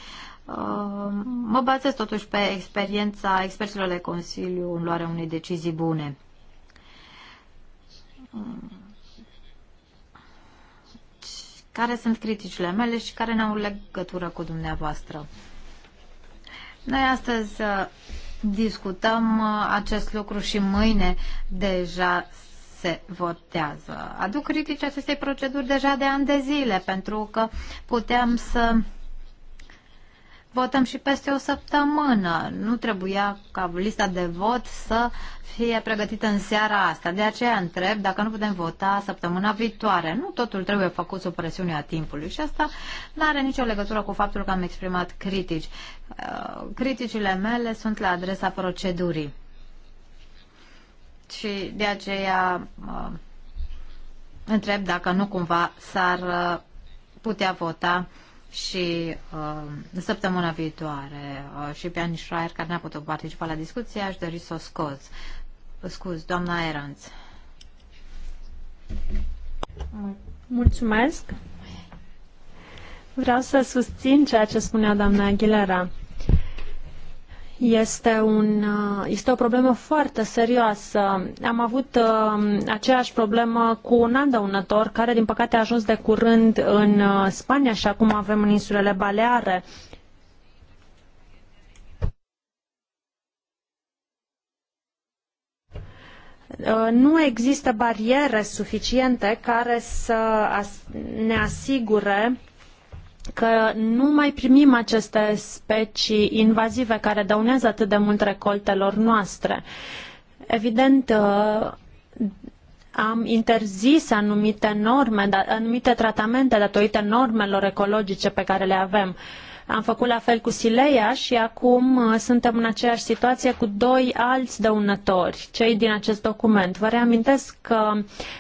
uh, mă bazez totuși pe experiența experților de Consiliu în luarea unei decizii bune care sunt criticile mele și care n-au legătură cu dumneavoastră. Noi astăzi uh, discutăm uh, acest lucru și mâine deja se votează. Aduc critici acestei proceduri deja de ani de zile, pentru că putem să votăm și peste o săptămână. Nu trebuia ca lista de vot să fie pregătită în seara asta. De aceea întreb dacă nu putem vota săptămâna viitoare. Nu totul trebuie făcut sub presiunea timpului și asta nu are nicio legătură cu faptul că am exprimat critici. Uh, criticile mele sunt la adresa procedurii. Și de aceea uh, întreb dacă nu cumva s-ar uh, putea vota și uh, săptămâna viitoare uh, și pe Annie Schreier, care n-a putut participa la discuție, aș dori să o scoz. Scuz, doamna Eranț. Mulțumesc. Vreau să susțin ceea ce spunea doamna Aguilera. Este, un, uh, este o problemă foarte serioasă. Am avut uh, aceeași problemă cu un an dăunător, care din păcate a ajuns de curând în uh, Spania și acum avem în insulele Baleare. Uh, nu există bariere suficiente care să ne asigure că nu mai primim aceste specii invazive care dăunează atât de mult recoltelor noastre. Evident, uh, am interzis anumite norme, da, anumite tratamente datorită normelor ecologice pe care le avem. Am făcut la fel cu Sileia și acum uh, suntem în aceeași situație cu doi alți dăunători, cei din acest document. Vă reamintesc că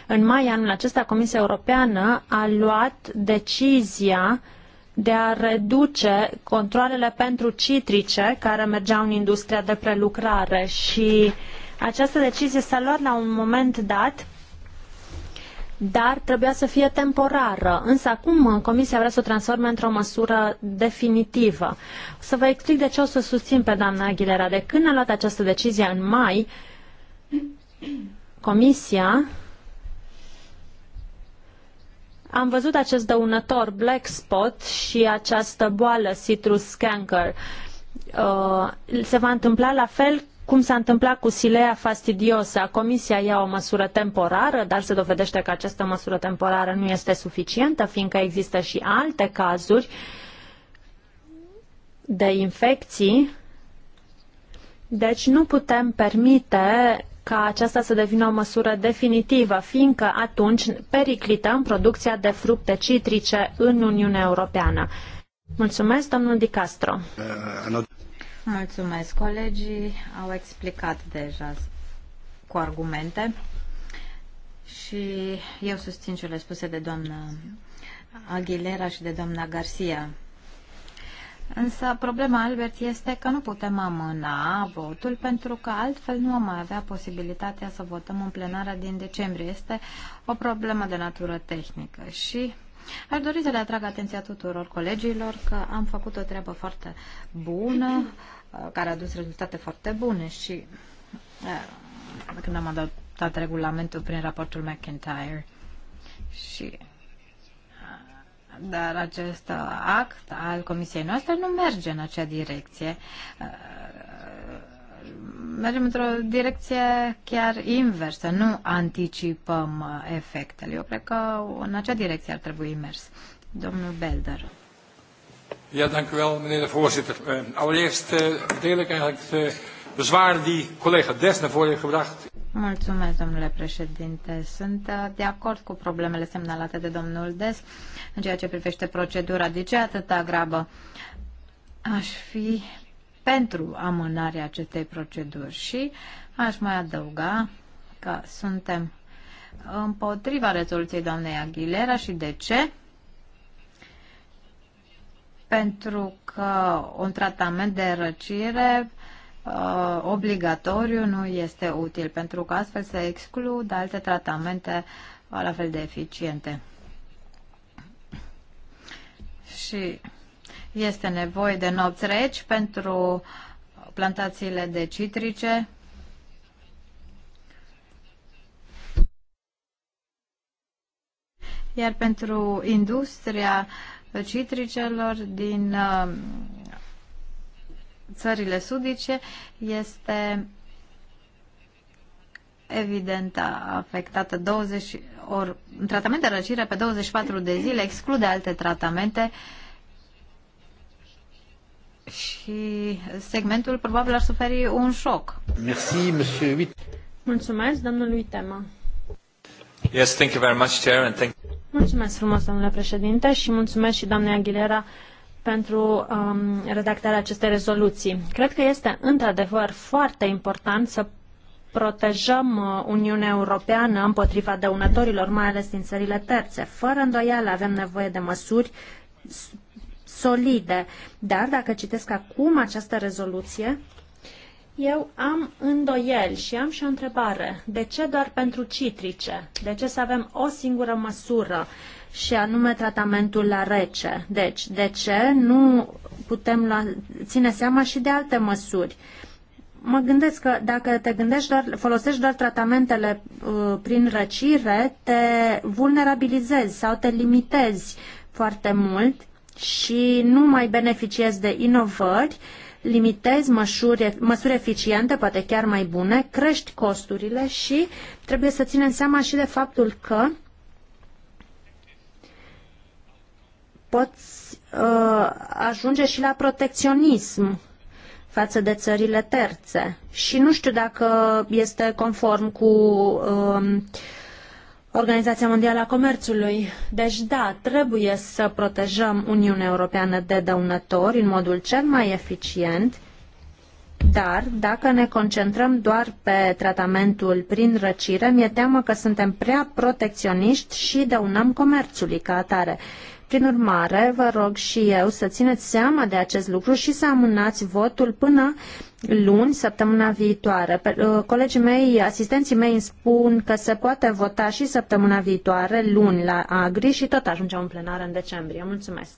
în mai anul acesta Comisia Europeană a luat decizia uh, de a reduce controlele pentru citrice care mergeau în industria de prelucrare și această decizie s-a luat la un moment dat dar trebuia să fie temporară. Însă acum Comisia vrea să o transforme într-o măsură definitivă. Să vă explic de ce o să susțin pe doamna Aguilera. De când a luat această decizie în mai, Comisia am văzut acest dăunător black spot și această boală citrus canker. Uh, se va întâmpla la fel cum s-a întâmplat cu silea fastidiosa. Comisia ia o măsură temporară, dar se dovedește că această măsură temporară nu este suficientă, fiindcă există și alte cazuri de infecții. Deci nu putem permite ca aceasta să devină o măsură definitivă, fiindcă atunci periclităm producția de fructe citrice în Uniunea Europeană. Mulțumesc, domnul Di Castro. Mulțumesc. Colegii au explicat deja cu argumente și eu susțin cele spuse de doamna Aguilera și de doamna Garcia. Însă problema, Albert, este că nu putem amâna votul pentru că altfel nu am mai avea posibilitatea să votăm în plenară din decembrie. Este o problemă de natură tehnică și aș dori să le atrag atenția tuturor colegilor că am făcut o treabă foarte bună, uh, care a dus rezultate foarte bune și uh, când am adoptat regulamentul prin raportul McIntyre și dar acest act al comisiei noastre nu merge în acea direcție. Uh, mergem într-o direcție chiar inversă, nu anticipăm efectele. Eu cred că în acea direcție ar trebui mers. Domnul Belder. Ja, dank u wel, meneer de voorzitter. Uh, allereerst uh, deel ik eigenlijk de eh, bezwaren die collega Des naar voren heeft gebracht. Mulțumesc, domnule președinte. Sunt uh, de acord cu problemele semnalate de domnul Des în ceea ce privește procedura. De ce atâta grabă? Aș fi pentru amânarea acestei proceduri și aș mai adăuga că suntem împotriva rezoluției doamnei Aguilera și de ce? Pentru că un tratament de răcire uh, obligatoriu nu este util, pentru că astfel se exclud alte tratamente uh, la fel de eficiente. Și este nevoie de nopți reci pentru plantațiile de citrice, iar pentru industria citricelor din uh, țările sudice este evident afectată 20 ori tratament de răcire pe 24 de zile exclude alte tratamente și segmentul probabil ar suferi un șoc. Merci, monsieur. Mulțumesc, domnul Uitema. Yes, thank you very much, Chair, and thank... Mulțumesc frumos, domnule președinte, și mulțumesc și doamnei Aguilera pentru um, redactarea acestei rezoluții. Cred că este într-adevăr foarte important să protejăm uh, Uniunea Europeană împotriva dăunătorilor, mai ales din țările terțe. Fără îndoială avem nevoie de măsuri solide. Dar dacă citesc acum această rezoluție, eu am îndoieli și am și o întrebare. De ce doar pentru citrice? De ce să avem o singură măsură? Uh, și anume tratamentul la rece. Deci, de ce nu putem lua, ține seama și de alte măsuri? Mă gândesc că dacă te gândești doar, folosești doar tratamentele uh, prin răcire, te vulnerabilizezi sau te limitezi foarte mult și nu mai beneficiezi de inovări, limitezi măsuri, măsuri eficiente, poate chiar mai bune, crești costurile și trebuie să ținem seama și de faptul că poți uh, ajunge și la protecționism față de țările terțe. Și nu știu dacă este conform cu uh, Organizația Mondială a Comerțului. Deci da, trebuie să protejăm Uniunea Europeană de dăunători în modul cel mai eficient, dar dacă ne concentrăm doar pe tratamentul prin răcire, mi-e teamă că suntem prea protecționiști și dăunăm comerțului ca atare. Prin urmare, vă rog și eu să țineți seama de acest lucru și să amânați votul până luni, săptămâna viitoare. Uh, colegii mei, asistenții mei îmi spun că se poate vota și săptămâna viitoare, luni, la Agri și tot ajungem în plenară în decembrie. Mulțumesc.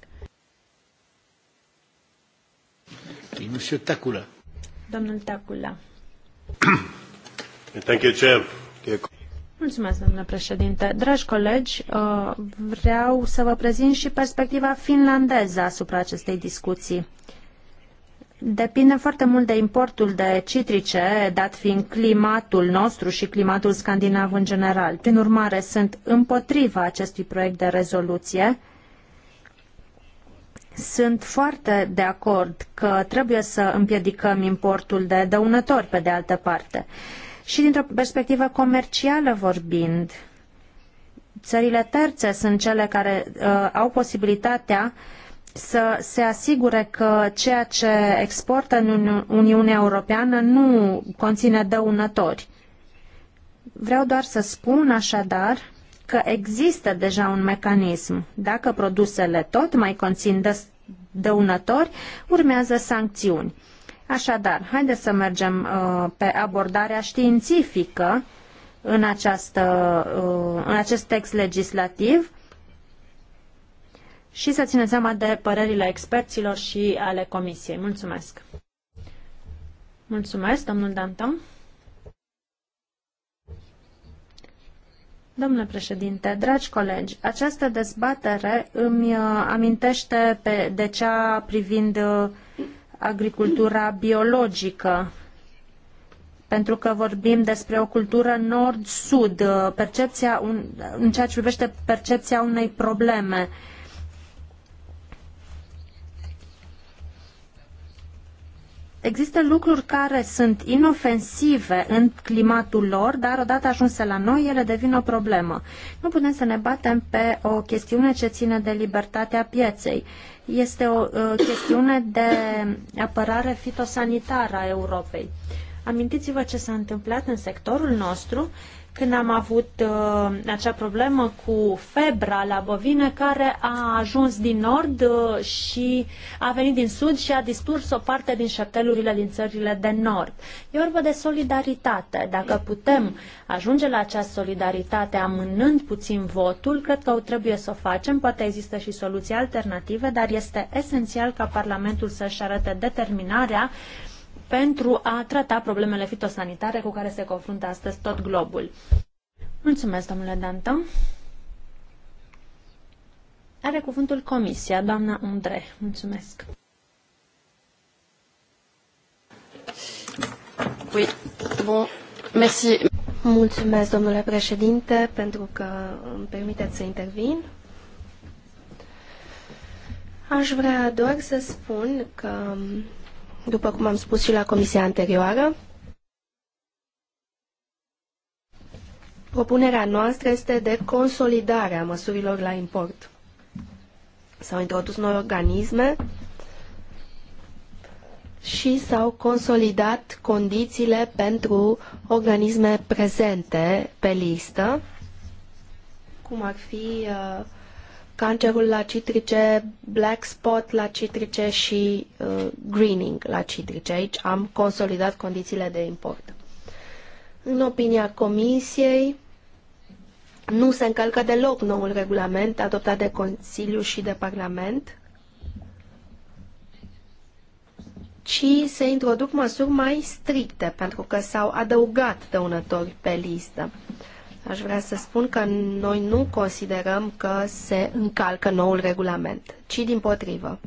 Monsieur Tacula. Domnul Tacula. Thank you, Chair. Mulțumesc, domnule președinte. Dragi colegi, uh, vreau să vă prezint și perspectiva finlandeză asupra acestei discuții. Depinde foarte mult de importul de citrice, dat fiind climatul nostru și climatul scandinav în general. Prin urmare, sunt împotriva acestui proiect de rezoluție. Sunt foarte de acord că trebuie să împiedicăm importul de dăunători, pe de altă parte și dintr-o perspectivă comercială vorbind. Țările terțe sunt cele care uh, au posibilitatea să se asigure că ceea ce exportă în Uniunea Europeană nu conține dăunători. Vreau doar să spun așadar că există deja un mecanism. Dacă produsele tot mai conțin dăunători, urmează sancțiuni. Așadar, haideți să mergem uh, pe abordarea științifică în, această, uh, în acest text legislativ și să ținem seama de părerile experților și ale Comisiei. Mulțumesc! Mulțumesc, domnul Danton. Domnule președinte, dragi colegi, această dezbatere îmi uh, amintește pe, de cea privind uh, agricultura biologică, pentru că vorbim despre o cultură nord-sud, percepția un, în ceea ce privește percepția unei probleme. Uh, Există lucruri care sunt inofensive în climatul lor, dar odată ajunse la noi, ele devin o problemă. Nu putem să ne batem pe o chestiune ce ține de libertatea pieței. Este o uh, chestiune de apărare fitosanitară a Europei. Amintiți-vă ce s-a întâmplat în sectorul nostru când am avut uh, acea problemă cu febra la bovine care a ajuns din nord uh, și a venit din sud și a distrus o parte din șeptelurile din țările de nord. E vorba de solidaritate. Dacă putem ajunge la această solidaritate amânând puțin votul, cred că o trebuie să o facem. Poate există și soluții alternative, dar este esențial ca Parlamentul să-și arate determinarea uh, pentru a trata problemele fitosanitare cu care se confruntă astăzi tot globul. Mulțumesc, domnule Dantă. Are cuvântul Comisia, doamna Undre. Mulțumesc. Oui. Bon. Merci. Mulțumesc, domnule președinte, pentru că îmi permiteți să intervin. Aș vrea doar să spun că după cum am spus și la comisia anterioară. Propunerea noastră este de consolidare a măsurilor la import. S-au introdus noi organisme și s-au consolidat condițiile pentru organisme prezente pe listă, cum ar fi uh, cancerul la citrice, black spot la citrice și uh, greening la citrice. Aici am consolidat condițiile de import. În opinia Comisiei, nu se încălcă deloc noul regulament adoptat de Consiliu și de Parlament, ci se introduc măsuri mai stricte, pentru că s-au adăugat dăunători pe listă. Uh, Aș vrea să spun că noi nu considerăm că se încalcă noul regulament, ci din potrivă.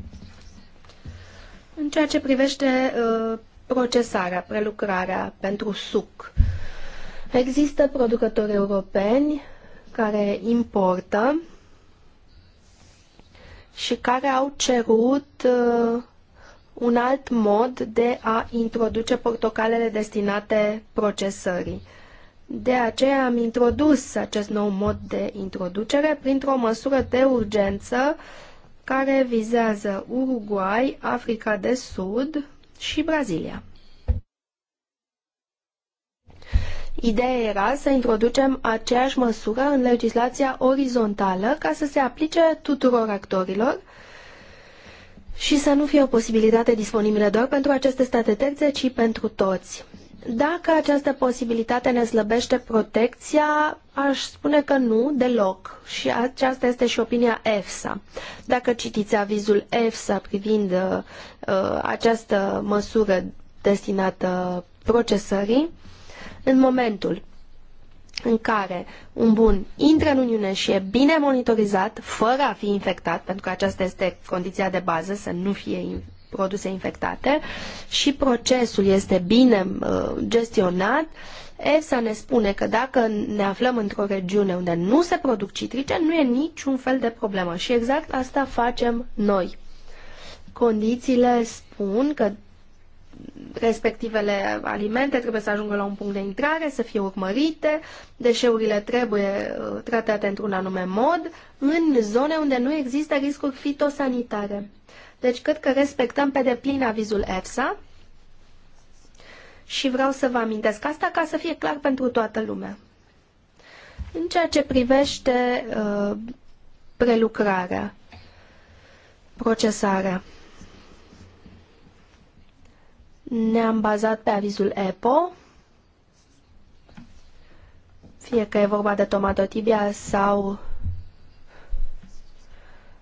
În ceea ce privește uh, procesarea, prelucrarea pentru suc, există producători europeni care importă și care au cerut uh, un alt mod de a introduce portocalele destinate procesării. Uh, de aceea am introdus acest nou mod de introducere printr-o măsură de urgență care vizează Uruguay, Africa de Sud și Brazilia. Ideea era să introducem aceeași măsură în legislația orizontală ca să se aplice tuturor actorilor și să nu fie o posibilitate disponibilă doar pentru aceste state terțe, ci pentru toți. Dacă această posibilitate ne slăbește protecția, aș spune că nu, deloc. Și aceasta este și opinia EFSA. Dacă citiți avizul EFSA privind uh, uh, această măsură destinată procesării, în momentul în care un bun intră în Uniune și e bine monitorizat, fără a fi infectat, pentru că aceasta este condiția de bază, să nu fie produse infectate și procesul este bine uh, gestionat, ESA ne spune că dacă ne aflăm într-o regiune unde nu se produc citrice, nu e niciun fel de problemă. Și exact asta facem noi. Condițiile spun că respectivele alimente trebuie să ajungă la un punct de intrare, să fie urmărite, deșeurile trebuie uh, tratate într-un anume mod, în zone unde nu există riscuri fitosanitare. Deci cred că respectăm pe deplin avizul EFSA și vreau să vă amintesc asta ca să fie clar pentru toată lumea. În ceea ce privește uh, prelucrarea, procesarea, ne-am bazat pe avizul EPO, fie că e vorba de tomatotibia sau,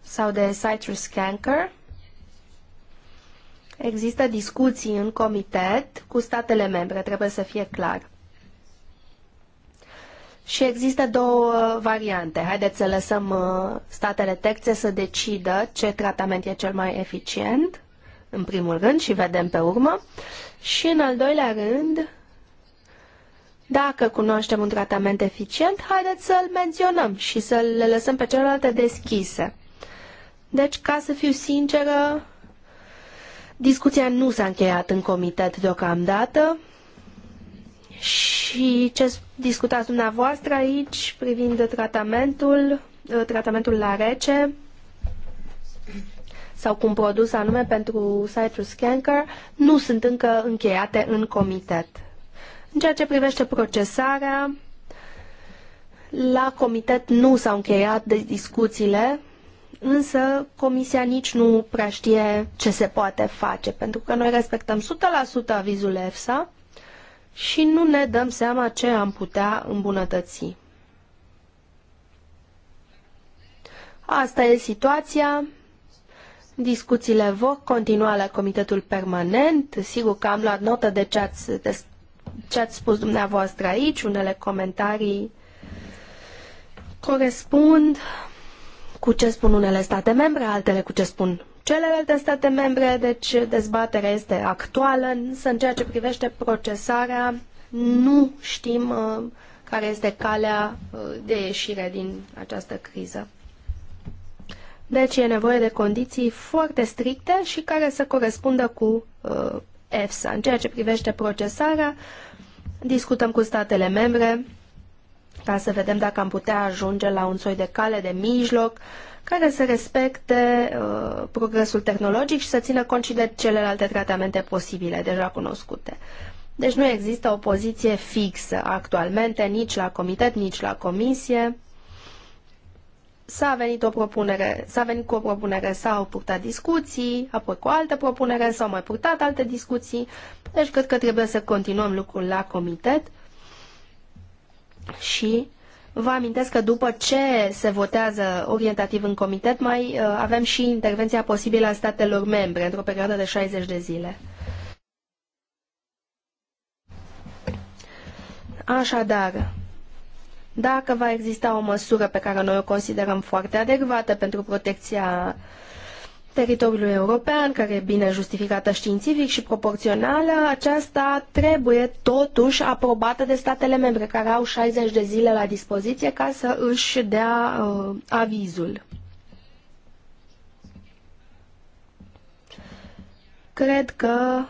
sau de citrus canker. Există discuții în comitet cu statele membre, trebuie să fie clar. Și există două variante. Haideți să lăsăm uh, statele terțe să decidă ce tratament e cel mai eficient, în primul rând, și vedem pe urmă. Și în al doilea rând, dacă cunoaștem un tratament eficient, haideți să-l menționăm și să le lăsăm pe celelalte deschise. Deci, ca să fiu sinceră, Discuția nu s-a încheiat în comitet deocamdată și ce discutați dumneavoastră aici privind tratamentul, uh, tratamentul la rece sau cum produs anume pentru Citrus Canker, nu sunt încă încheiate în comitet. În ceea ce privește procesarea, la comitet nu s-au încheiat de discuțiile Însă comisia nici nu prea știe ce se poate face, pentru că noi respectăm 100% avizul EFSA și nu ne dăm seama ce am putea îmbunătăți. Asta e situația. Discuțiile vor continua la Comitetul Permanent. Sigur că am luat notă de ce ați, de ce ați spus dumneavoastră aici. Unele comentarii corespund, cu ce spun unele state membre, altele cu ce spun celelalte state membre, deci dezbaterea este actuală, însă în ceea ce privește procesarea nu știm uh, care este calea uh, de ieșire din această criză. Deci e nevoie de condiții foarte stricte și care să corespundă cu uh, EFSA. În ceea ce privește procesarea, discutăm cu statele membre ca să vedem dacă am putea ajunge la un soi de cale de mijloc care să respecte uh, progresul tehnologic și să țină cont și de celelalte tratamente posibile deja cunoscute. Deci nu există o poziție fixă actualmente nici la comitet, nici la comisie. S-a venit, o propunere, s-a venit cu o propunere, s-au purtat discuții, apoi cu o altă propunere, s-au mai purtat alte discuții. Deci cred că trebuie să continuăm lucrul la comitet și vă amintesc că după ce se votează orientativ în comitet, mai uh, avem și intervenția posibilă a statelor membre într-o perioadă de 60 de zile. Așadar, dacă va exista o măsură pe care noi o considerăm foarte adecvată pentru protecția uh, teritoriului european, care e bine justificată științific și proporțională, aceasta trebuie totuși aprobată de statele membre, care au 60 de zile la dispoziție ca să își dea uh, avizul. Cred că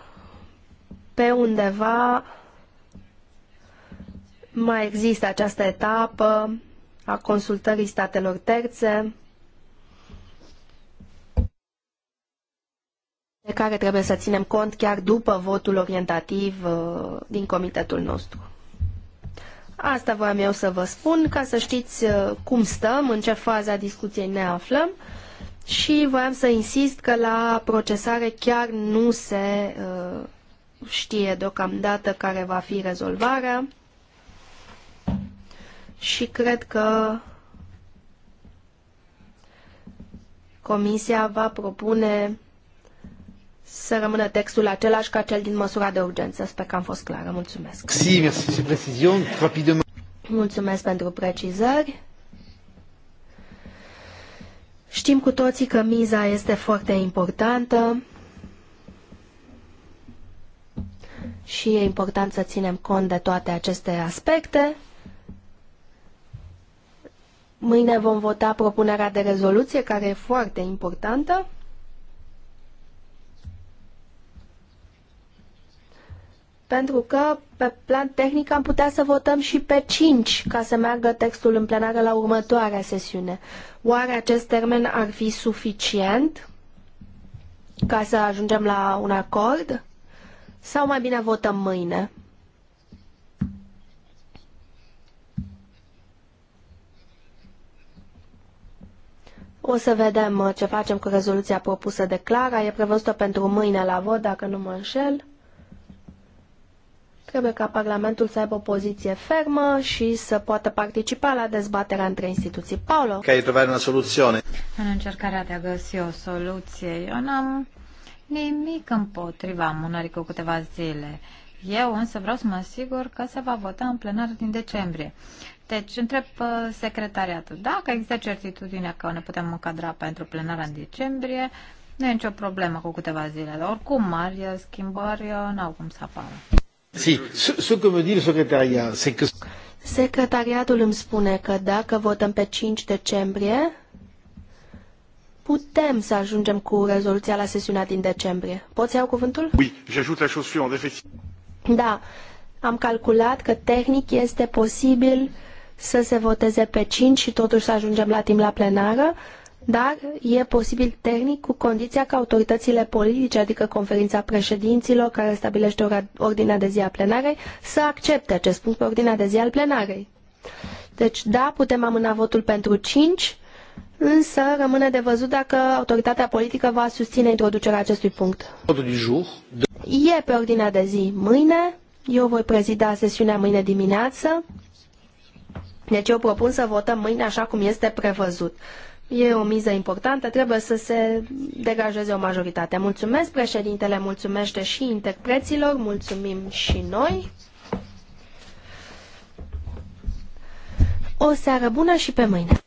pe undeva mai există această etapă a consultării statelor terțe, de care trebuie să ținem cont chiar după votul orientativ uh, din comitetul nostru. Asta voiam eu să vă spun, ca să știți uh, cum stăm, în ce fază a discuției ne aflăm și voiam să insist că la procesare chiar nu se uh, știe deocamdată care va fi rezolvarea și cred că Comisia va propune să rămână textul același ca cel din măsura de urgență. Sper că am fost clară. Mulțumesc. Si, merci, Mulțumesc pentru precizări. Știm cu toții că miza este foarte importantă și e important să ținem cont de toate aceste aspecte. Mâine vom vota propunerea de rezoluție, care e foarte importantă. pentru că pe plan tehnic am putea să votăm și pe 5 ca să meargă textul în plenară la următoarea sesiune. Oare acest termen ar fi suficient ca să ajungem la un acord? Sau mai bine votăm mâine? O să vedem ce facem cu rezoluția propusă de Clara. E prevăzută pentru mâine la vot, dacă nu mă înșel. Trebuie ca Parlamentul să aibă o poziție fermă și să poată participa la dezbaterea între instituții. Paolo? Că ai trovare o soluție. În încercarea de a găsi o soluție, eu n-am nimic împotriva amânării cu câteva zile. Eu însă vreau să mă asigur că se va vota în plenar din decembrie. Deci, întreb uh, secretariatul. Dacă există certitudinea că ne putem încadra pentru plenara în decembrie, nu e nicio problemă cu câteva zile, dar oricum mari schimbări uh, n-au cum să apară. Si, ce que me dit le că Secretariatul îmi spune că dacă votăm pe 5 decembrie, putem să ajungem cu rezoluția la sesiunea din decembrie. Poți iau cuvântul? Oui, j'ajoute la chose suivante, effectivement. Da, am calculat că tehnic este posibil să se voteze pe 5 și totuși să ajungem la timp la plenară, dar e posibil tehnic cu condiția ca autoritățile politice, adică conferința președinților care stabilește ordinea de zi a plenarei, să accepte acest punct pe ordinea de zi al plenarei. Deci, da, putem amâna votul pentru 5, însă rămâne de văzut dacă autoritatea politică va susține introducerea acestui punct. E pe ordinea de zi mâine, eu voi prezida sesiunea mâine dimineață, deci eu propun să votăm mâine așa cum este prevăzut. E o miză importantă, trebuie să se degajeze o majoritate. Mulțumesc, președintele mulțumește și interpreților, mulțumim și noi. O seară bună și pe mâine!